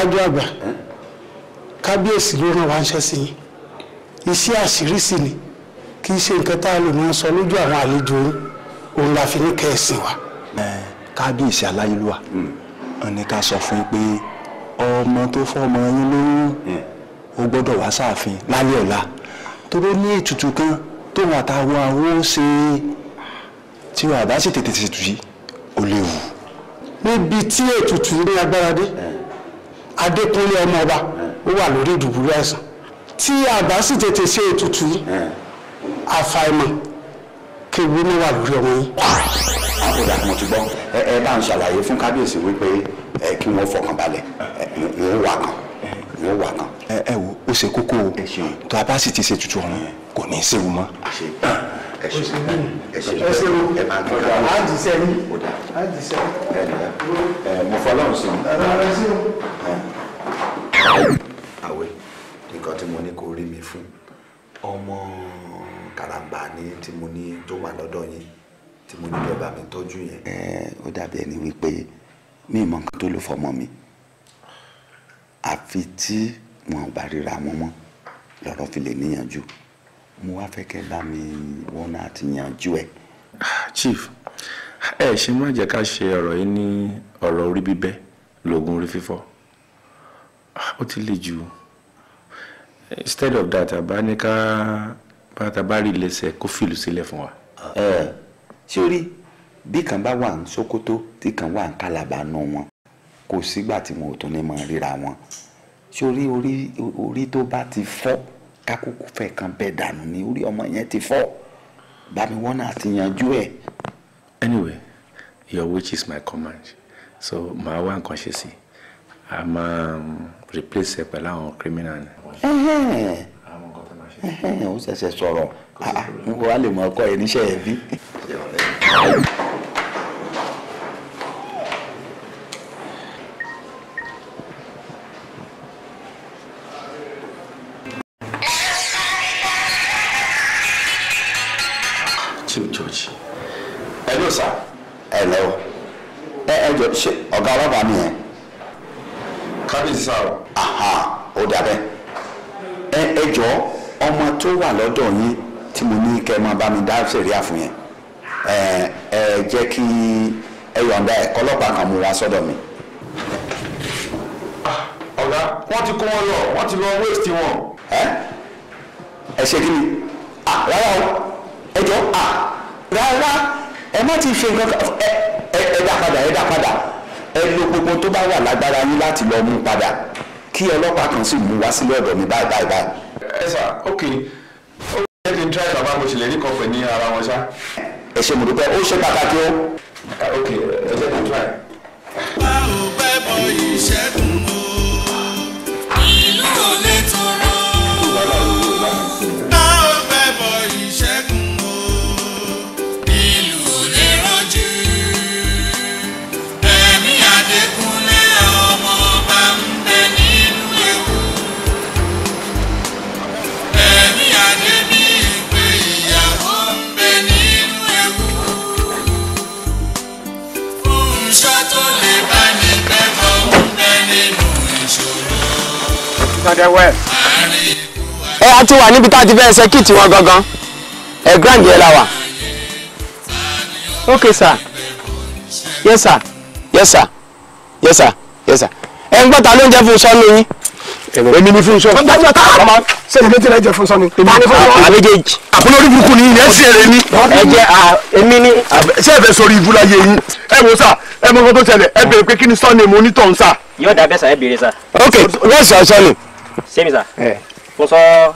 adájọ́ àgbà kábíyèsí ló ràn wá ń ṣe sí yín àṣírí sì ni kì í ṣe nǹkan tá a lè máa sọ lójú àwọn àlejò yín òun la fi ní kẹ́ẹ̀sìn wa. kábíyèsí aláyélúwà hmm. wọn ni ká sọ fún yín pé ọmọ tó fọmọ yín lóyún hmm. ó gbọ́dọ̀ wá sáàfin lálẹ́ ọ̀la torí ní ètùtù kan tó wà táwọn àwọn ó ṣe tí wàá bá sì tètè ṣètùtù yìí ó léwu. níbi tí ètùtù ní agbára dé. Mm adékúnlé ọmọọba ó wà lórí ìdùbúlẹ̀ àìsàn tí àbá sì tètè ṣe ètùtù àfàìmọ̀ kéwì ló wà lórí ọmọ yín. àbúrò àti mo ti gbọ́ ẹ bá ń ṣàlàyé fún kábíyèsí wípé kí wọ́n fọkàn balẹ̀ wọ́n wà kan wọ́n wà kan. ẹ wo ó ṣe kókó o tó a bá sì ti ṣe ètùtù ọ̀run kò ní í séwu mọ́ ẹ ṣe ẹ ṣe ẹ ṣe o ẹ máa kí ká á di sẹ́yìn á di sẹ́yìn. ẹ ẹ mo fọlọ́run sí i. ẹ ṣe o. àwẹ̀ nǹkan tí mo ní kó rí mi fún ọmọ karamba ni tí mo ní tó wà lọ́dọ̀ yín tí mo ní kẹ́ bá mi tọ́jú yẹn. ẹ ó dàbí ẹni mo wá fẹ́ kẹ́ bá mi wọn náà ti yanjú ẹ̀. Ah, chief ẹ ṣe má jẹ́ ká ṣe ọ̀rọ̀ yìí ní ọ̀rọ̀ orí bíbẹ́ lóògùn orí fífọ́ ah, ó ti le jù instead of that àbá ní ká bàtà bá rí lẹ́sẹ̀ kó fìlú sílẹ̀ fún wa. ṣé o rí bí kan bá wà ní Sokoto tí kan wà ní Kàlàbà nù wọn kò sígbà tí mo ò tún ní mọ ríra wọn ṣé o rí orí tó bá ti fọ́ kákókó fẹ́ kan bẹ́ẹ̀ dànù ní orí ọmọ yẹn ti fọ́ bámi wọ́n náà ti yanjú ẹ̀. anyway your wish is my command so màá wá nǹkan ṣe sí a máa um, replace ẹ pẹ̀lú àwọn criminal ni. ó ṣẹ̀ṣẹ̀ sọ̀rọ̀ n ah, kò ah, wá lè mọ ọkọ ẹ̀ níṣẹ́ ẹ̀ bí. E? ọ̀gá ọlọ́pàá ọmọ tó wà lọ́dọ̀ yín tí mo ní kẹ́ máa bá mi dá sẹ̀ríà fún yẹn ẹ ẹ kí ẹ kan wá mi. Ah, ọ̀gá wọ́n ti kó wọn lọ wọ́n ti lọ wọn. ẹ ẹ ṣe kí ni rárá o rárá má ti nǹkan ẹ dá padà dá padà. ẹ lo gbogbo tó bá wà lágbára yín láti lọ mú padà kí ọlọ́pàá kan sì mú wá sílé ọ̀dọ̀ mi báyìí báyìí báyìí. ẹ sà ok ó yẹ kí n try bàbá mo ṣe lè rí kọfẹ ní ara wọn ṣá. ẹ ṣe mo ó ṣe pàtàkì ó. ok ẹ jẹ́ kí n try. báwo bẹ́ẹ̀ bọ ìṣẹ́gun o ìlú ò lè. Ọ̀sàndẹ̀ West. ẹ a ti wà níbi tá a ti fẹ́ ẹsẹ̀ kíìtì wọn gangan ẹ grand yẹn la wà. ok sir yes sir yes sir yes sir yes sir ẹ ń gbọ́ta ló ń jẹ́ fún sọ́nù yín èmi ni fún sọ́nù. ọ̀gá ìjọba ọmọ sẹ́ni méjì náà jẹ́ fún sọ́nù. èmi ni fún sọ́nù. àbẹ́jẹ́jì. àpolórí burúkú ni ilẹ̀ ẹ̀sìn ẹ̀rẹ́ ni. ẹ jẹ́ èmi ni. ṣé ẹ fẹ́ sọrí ibú láyé yín. ẹ wo sà ẹ mọ nǹkan tó ṣẹlẹ̀ ẹ béèrè pé kí ni sọ́nù èmi onítọ̀ ń sẹ́mi sà fúnṣọ́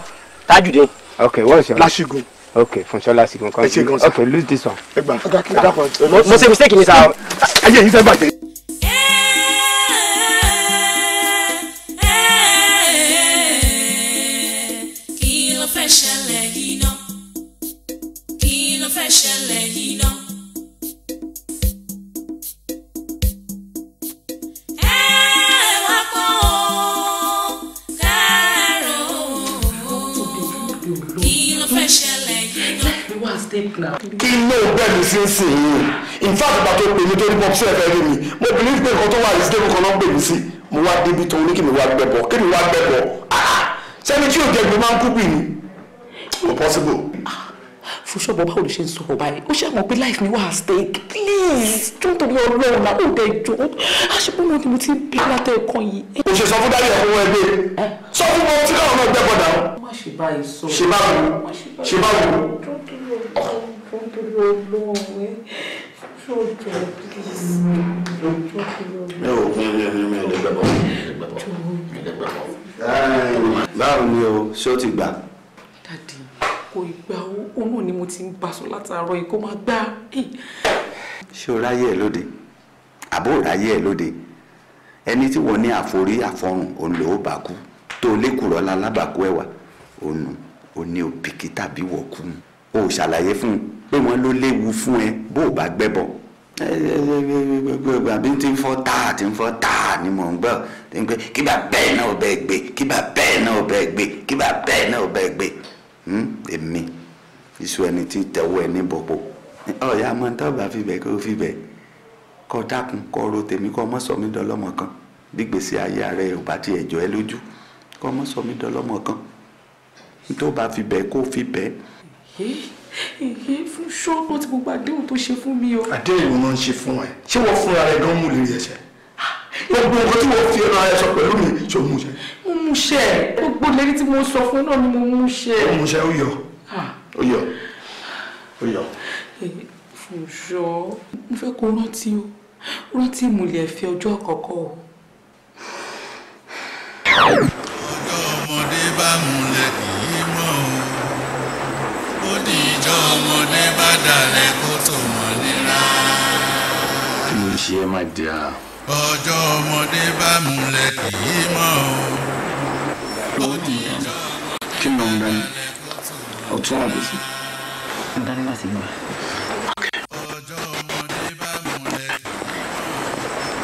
tájùdé. ok wọ́n ṣe lásìgò. ok fúnṣọ́ lásìgò kan okay lose this one. ẹ gbà ẹ dákun. mo ṣe mistake ni sa. ayé yìí fẹ́ bàjẹ́. mistake now. inú ọgbẹ́ mi sí ń sìn in fact ìgbà tó pè mí tó ní pop sí ẹ̀fẹ́ rí mi mo believe pé nǹkan tó wà ìsìlẹ̀ kan náà pè mí sí mo wá débi tó ní kí mi wá gbẹ̀bọ̀ kí mi wá gbẹ̀bọ̀ sẹ́ni ah, tí yóò jẹ́ gbé máa ń kú bì ní. possible. Fúnṣọ́bọ̀ báwo ló ṣe ń sọ̀rọ̀ báyìí? Ó ṣàmọ̀ pé life mi wà at stake. Please, jọ́ torí ọlọ́run náà ó dẹ̀ jọ. Aṣọ́bọ̀ náà ni mo ti bí látẹ̀ ẹ̀kan yìí. Mo ṣe sọ fún dáyọ̀ fún ẹgbẹ́. Sọ fún wọn tí káwọn náà gbẹ́ bọ̀dà. Má ṣe báyìí sọ. Ṣe bá wo? Ṣe bá wo? Jọ́ torí ọlọ́run ẹ̀. Eh. Fúnṣọ́jọ́ please. Mi ò mi mi mi ò lè gbẹ́ bọ̀. Láàrin ni o, ṣé ó ti gbà? kò ìgbà ó náà ni mo ti ń bá sọ látàárọ̀ yìí kó máa gbá. ṣé o ráyè ẹ lóde àbó ráyè ẹ lóde ẹni tí wọ́n ní àforí àfọrùn òun lòó bá kú tó lékùrọ̀ la lábàkú ẹ̀wà òun ò ní òbíkí tàbí wọ̀ kú o ṣàlàyé fún un pé wọ́n ló léwu fún ẹ bó o bá gbẹ́bọ̀ àbí tí ń fọ́ táà tí ń fọ́ táà ni mò ń gbọ́ tí ń pẹ́ kí bá bẹ́ẹ̀ náà ọbẹ̀ gbé kí bá bẹ́ẹ̀ náà ọbẹ̀ gbé kí bá bẹ́ẹ̀ náà ọbẹ̀ gbé Hmm? èmi iṣu ẹni tí tẹ̀wọ́ ẹ ní bọ̀pọ̀ ọ̀yà máa ń tọ́ba fíbẹ̀ kó fíbẹ̀ kọ́ dákun kọ́ ro tèmi kọ́ mọ́sọ̀mí dọ́lọ́mọ kan bí gbèsè ayé rẹ ò bá tiẹ̀ jọ ẹ lójú kọ́ mọ́sọ̀mí dọ́lọ́mọ kan tó bá fíbẹ̀ kó fíbẹ̀. fún ṣọ́ọ́ ti gbogbo àdéhùn tó ṣe fún mi o. àdéhùn ló ń ṣe fún ẹ ṣé wọ́n fúnra rẹ gan mú lórí ẹsẹ̀ gbogbo nǹkan tí wọ́n fi ẹran ẹ̀sọ́ pẹ̀lú mi ṣe mú ṣe. mo mú ṣe gbogbo lérí tí mo sọ fún náà ni mo mú ṣe. mo mú ṣe ó yọ ó yọ ó yọ. fòṣọ mo fẹ́ kó rántí o rántí ìmùlẹ̀ ẹ̀fẹ́ ọjọ́ àkọ́kọ́ o. ọ̀dọ́ ọmọdé bá múlẹ̀ kì í mọ̀ o ó ní ìjọ ọmọdé bá dalẹ̀ kó tó mọ̀ nira. kí ló ń ṣe é má dáa ọjọ́ ọmọdé bá múlẹ̀ kì í mọ̀ o. kí ni ọ̀hún dání ọ̀tún àbẹ̀sí. dání láti gbà.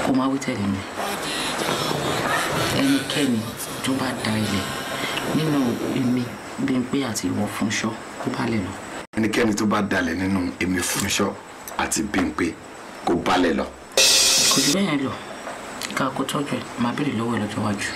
kó máa wí tẹ̀lé mi ẹnikẹ́ni tó bá da ilẹ̀ nínú èmi Bímpé àti ìwọ Fúnṣọ́ kó balẹ̀ lọ. ẹnikẹ́ni tó bá dalẹ̀ nínú èmi Fúnṣọ́ àti Bímpé kó balẹ̀ lọ bẹ́ẹ̀ lọ ká kó tọ́jú ẹ̀ máa béèrè lọ́wọ́ ẹ̀ lọ́jọ́ iwájú.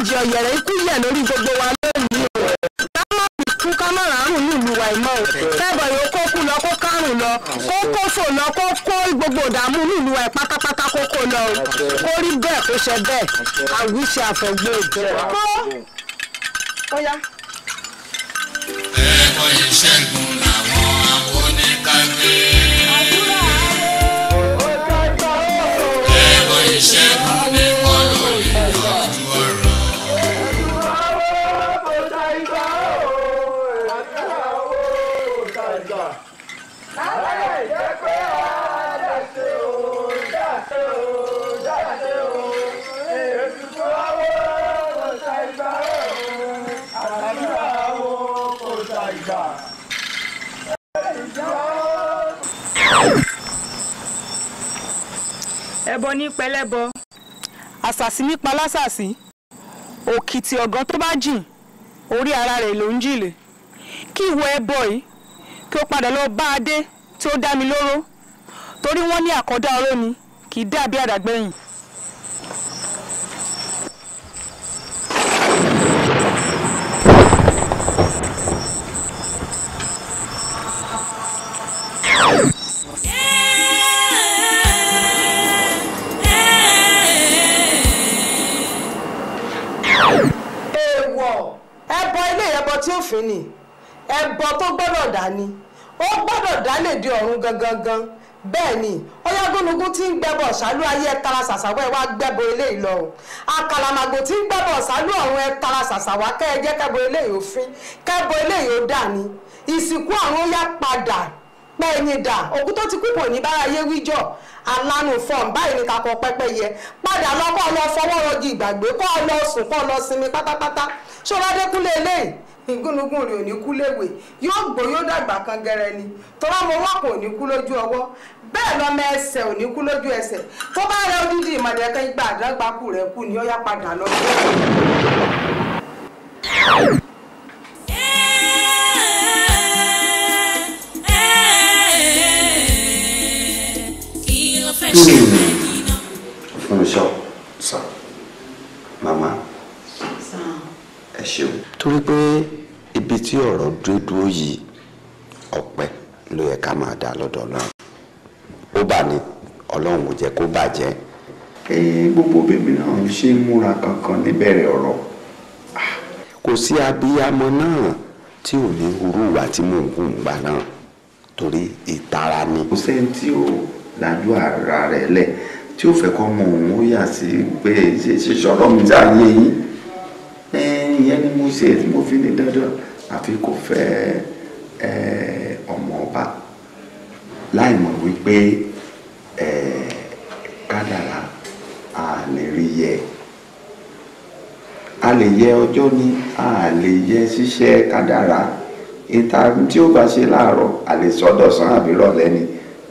ìjì ọ̀yẹ̀rẹ̀ ikú yẹ̀ lórí gbogbo wa lónìí o ká má kú ká nílùú wa ìmọ̀ o kẹ́bọ̀ yóò kó kú lọ kó kárùn lọ kó kófò lọ kó kó gbogbo ìdààmú nílùú wa pátápátá kó kó lọ o kó rí bẹ́ẹ̀ kó ṣe bẹ́ẹ̀ àwíṣe àfọ̀gbé ìjọba. ẹbọ ní pẹlẹbọ. àṣàsí nípa lásàsí òkìtì ọ̀gán tó bá jìn orí ara rẹ̀ ló ń jìlè kí ìwọ ẹbọ yìí kí ó padà lọ bá adé tí ó dá mi lóró torí wọ́n ní àkọ́dá oró ni kì í dàbí àdàgbẹ̀yìn. tí ó fín ni ẹbọ tó gbọ́dọ̀ dá ni ó gbọ́dọ̀ dá lè di ọ̀run gangan gan bẹ́ẹ̀ ni ọyá gúnugún tí ń gbẹ́bọ̀ ṣálú ayé ẹ tara ṣàṣàwọ́ ẹ wá gbẹ́bọ̀ eléyìí lọ àkàlàmàgbò tí ń gbẹ́bọ̀ ṣálú ọ̀run ẹ tara ṣàṣàwọ́ kẹ́ ẹ eléyìí òfin kẹ́bọ̀ eléyìí ó dà ni ìsìnkú àwọn ọyá padà pẹ́ẹ́yìn dà òkú tó ti kú kò ní báráyé wíjọ́ alánú fọ́ọ̀m báyìí ní kakọ pẹ́pẹ́yẹ padà lọ lọ fọwọ́ rọgì ìgbàgbé kọ́ lọ sùn kọ́ lọ sinmi pátápátá ṣọ́ra dẹ́kúnlé eléyìí ìgúnnugún rẹ̀ ò ní kú léwe yóò gbó yóò dàgbà kan gẹrẹ ni tọ́wọ́ mo wọ́ kò ní kú lójú ọwọ́ bẹ́ẹ̀ lọ́mọ ẹsẹ̀ ò ní kú lójú ẹsẹ̀ tó bá rẹ odidi ìmọ̀lẹ́ kan igba àdágbà kù rẹ kú ni ó yá padà lọ. Fúnmiṣọ́ sọ, màmá, ẹ ṣeun. Torí pé ibi tí ọ̀rọ̀ dúdúró yìí ọpẹ́ ló yẹ ká máa dá lọ́dọ̀ náà ó bà ní ọlọ́run ò jẹ́ kó bàjẹ́. gbogbo bèbí náà ń ṣe múra kankan níbẹ̀rẹ̀ ọ̀rọ̀. kò sí abiyamọ náà tí ò ní irú ìwà tí mò ń hù ń gbà náà torí ìtara ni. kò sẹ́ni tí ò lajú ara rẹ̀ lẹ̀ tí ó fẹ́ kọ́ mọ òun ó yà sí pé ṣe ṣọ́rọ́ mi jáde yín ìyẹn ni mo ṣe tí mo fi ní dandan àfi kò fẹ́ ọmọ ọba láì mọ̀ wípé kádàrá a lè rí yẹ a lè yẹ ọjọ́ ni a lè yẹ ṣíṣẹ́ kádàrá ìta tí ó bá ṣe láàárọ̀ a lè sọ́dọ̀sán àbírọ̀lẹ́ ni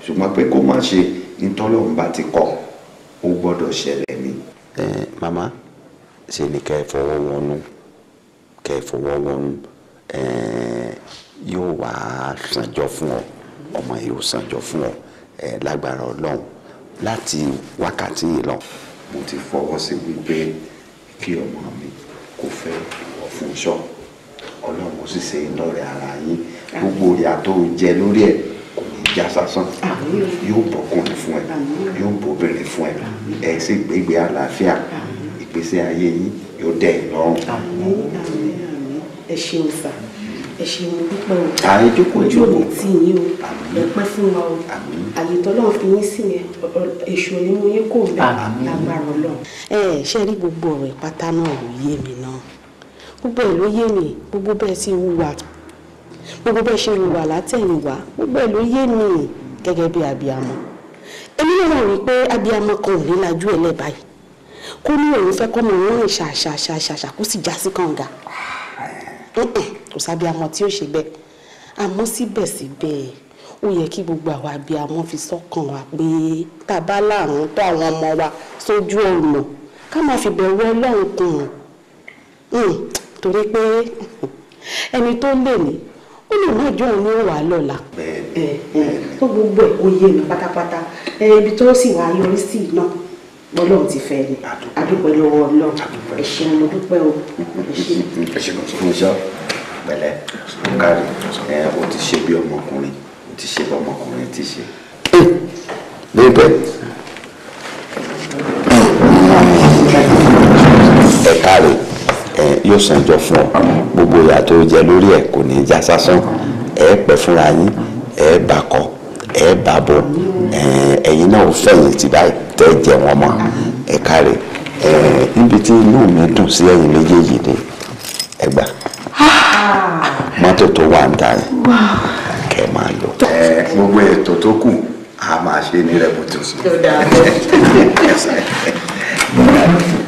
ṣùgbọ́n pé kó má ṣe ìtọ́lọ́run bá ti kọ́ ó gbọ́dọ̀ ṣẹlẹ̀ ni. ẹ màmá ṣe ni kẹ́ ẹ fọwọ́ wọnú kẹ́ ẹ fọwọ́ wọnú yóò wá sànjọ fún ọ ọmọ yóò sànjọ fún ọ lágbára ọlọ́run láti wákàtí yìí lọ. mo ti fọwọ́ sí wípé kí ọmọ mi kò fẹ́ ìwọ fún iṣọ́ ọlọ́run sì ṣe iná rẹ̀ ara yín gbogbo ìyà tó jẹ lórí ẹ̀ kò ní já sásán yóò bọ́kùnrin fún ẹ yóò bọ́bìnrin fún ẹ ẹ sì gbégbé àlàáfíà ìgbésí ayé yín yóò dẹ̀ ìlọrùn ẹ ṣeun sà ẹ ṣeun dúpẹ́ o ojú òní tí yín o ẹ pẹ́ fún wa o àyè tọ́lọ́run fi yín sí yẹn èṣù onímọ̀ yín kò bẹ̀ lágbára ọlọ́run. ẹ ṣe rí gbogbo ọ̀rọ̀ ìpátá náà ló yé mi náà gbogbo ẹ̀ ló yé mi gbogbo bẹ́ẹ̀ ti hùwà gbogbo bẹ́ẹ̀ ṣe hùwà látẹ̀yìnwá gbogbo ẹ̀ ló yé mi gẹ́gẹ́ bí abiyamọ èmi náà wà wípé abiyamọ kan ò ní lajú ẹ̀ lẹ́ báyìí kó ní òun fẹ́ kọ́ mọ̀ wọ́n ìṣàṣàṣàṣàṣà kó sì já sí kànga kò sábì àmọ́ tí ó ṣe bẹ́ẹ̀ àmọ́ síbẹ̀síbẹ̀ ó yẹ kí gbogbo àwa bí àmọ́ fi sọ́kàn wa pé tàbá láàrún tó àwọn ọmọ wa sójú ọ̀nà ká máa fi bẹ̀rù ọlọ́run kùn ún hmm, torí pé ẹni tó lè ní ó lè má jọ òun ní wà lọ́la. tó gbogbo ẹ̀ kò yé mi pátápátá ibi tó sì wà yọrí sí náà ọlọ́run ti fẹ́ ni adúpẹ́ lọ́wọ́ ọlọ́run ẹ ṣeun mo dúpẹ́ o ẹ ṣeun. ẹ ṣeun fún iṣẹ́ pẹ̀lẹ́ kárí ẹ o ti ṣe bí ọmọkùnrin o ti ṣe bí ọmọkùnrin ti ṣe. níbẹ̀ ẹ kárí ẹ yóò san ìjọ fún ọ gbogbo ìyà tó jẹ lórí ẹ kò ní í já sásán ẹ pẹ́ fúnra yín ẹ bá kọ ẹ bá bọ ẹ̀yin náà ò fẹ̀yìntì báyìí. tẹ́ jẹ wọ́n mọ́ ẹ káre níbi tí inú mi dùn sí ẹ̀yin méjèèjì ni ẹ gbà ah. mọ́tò tó wà ń ta kẹ́ ẹ máa gbogbo ètò tó kù a máa ṣe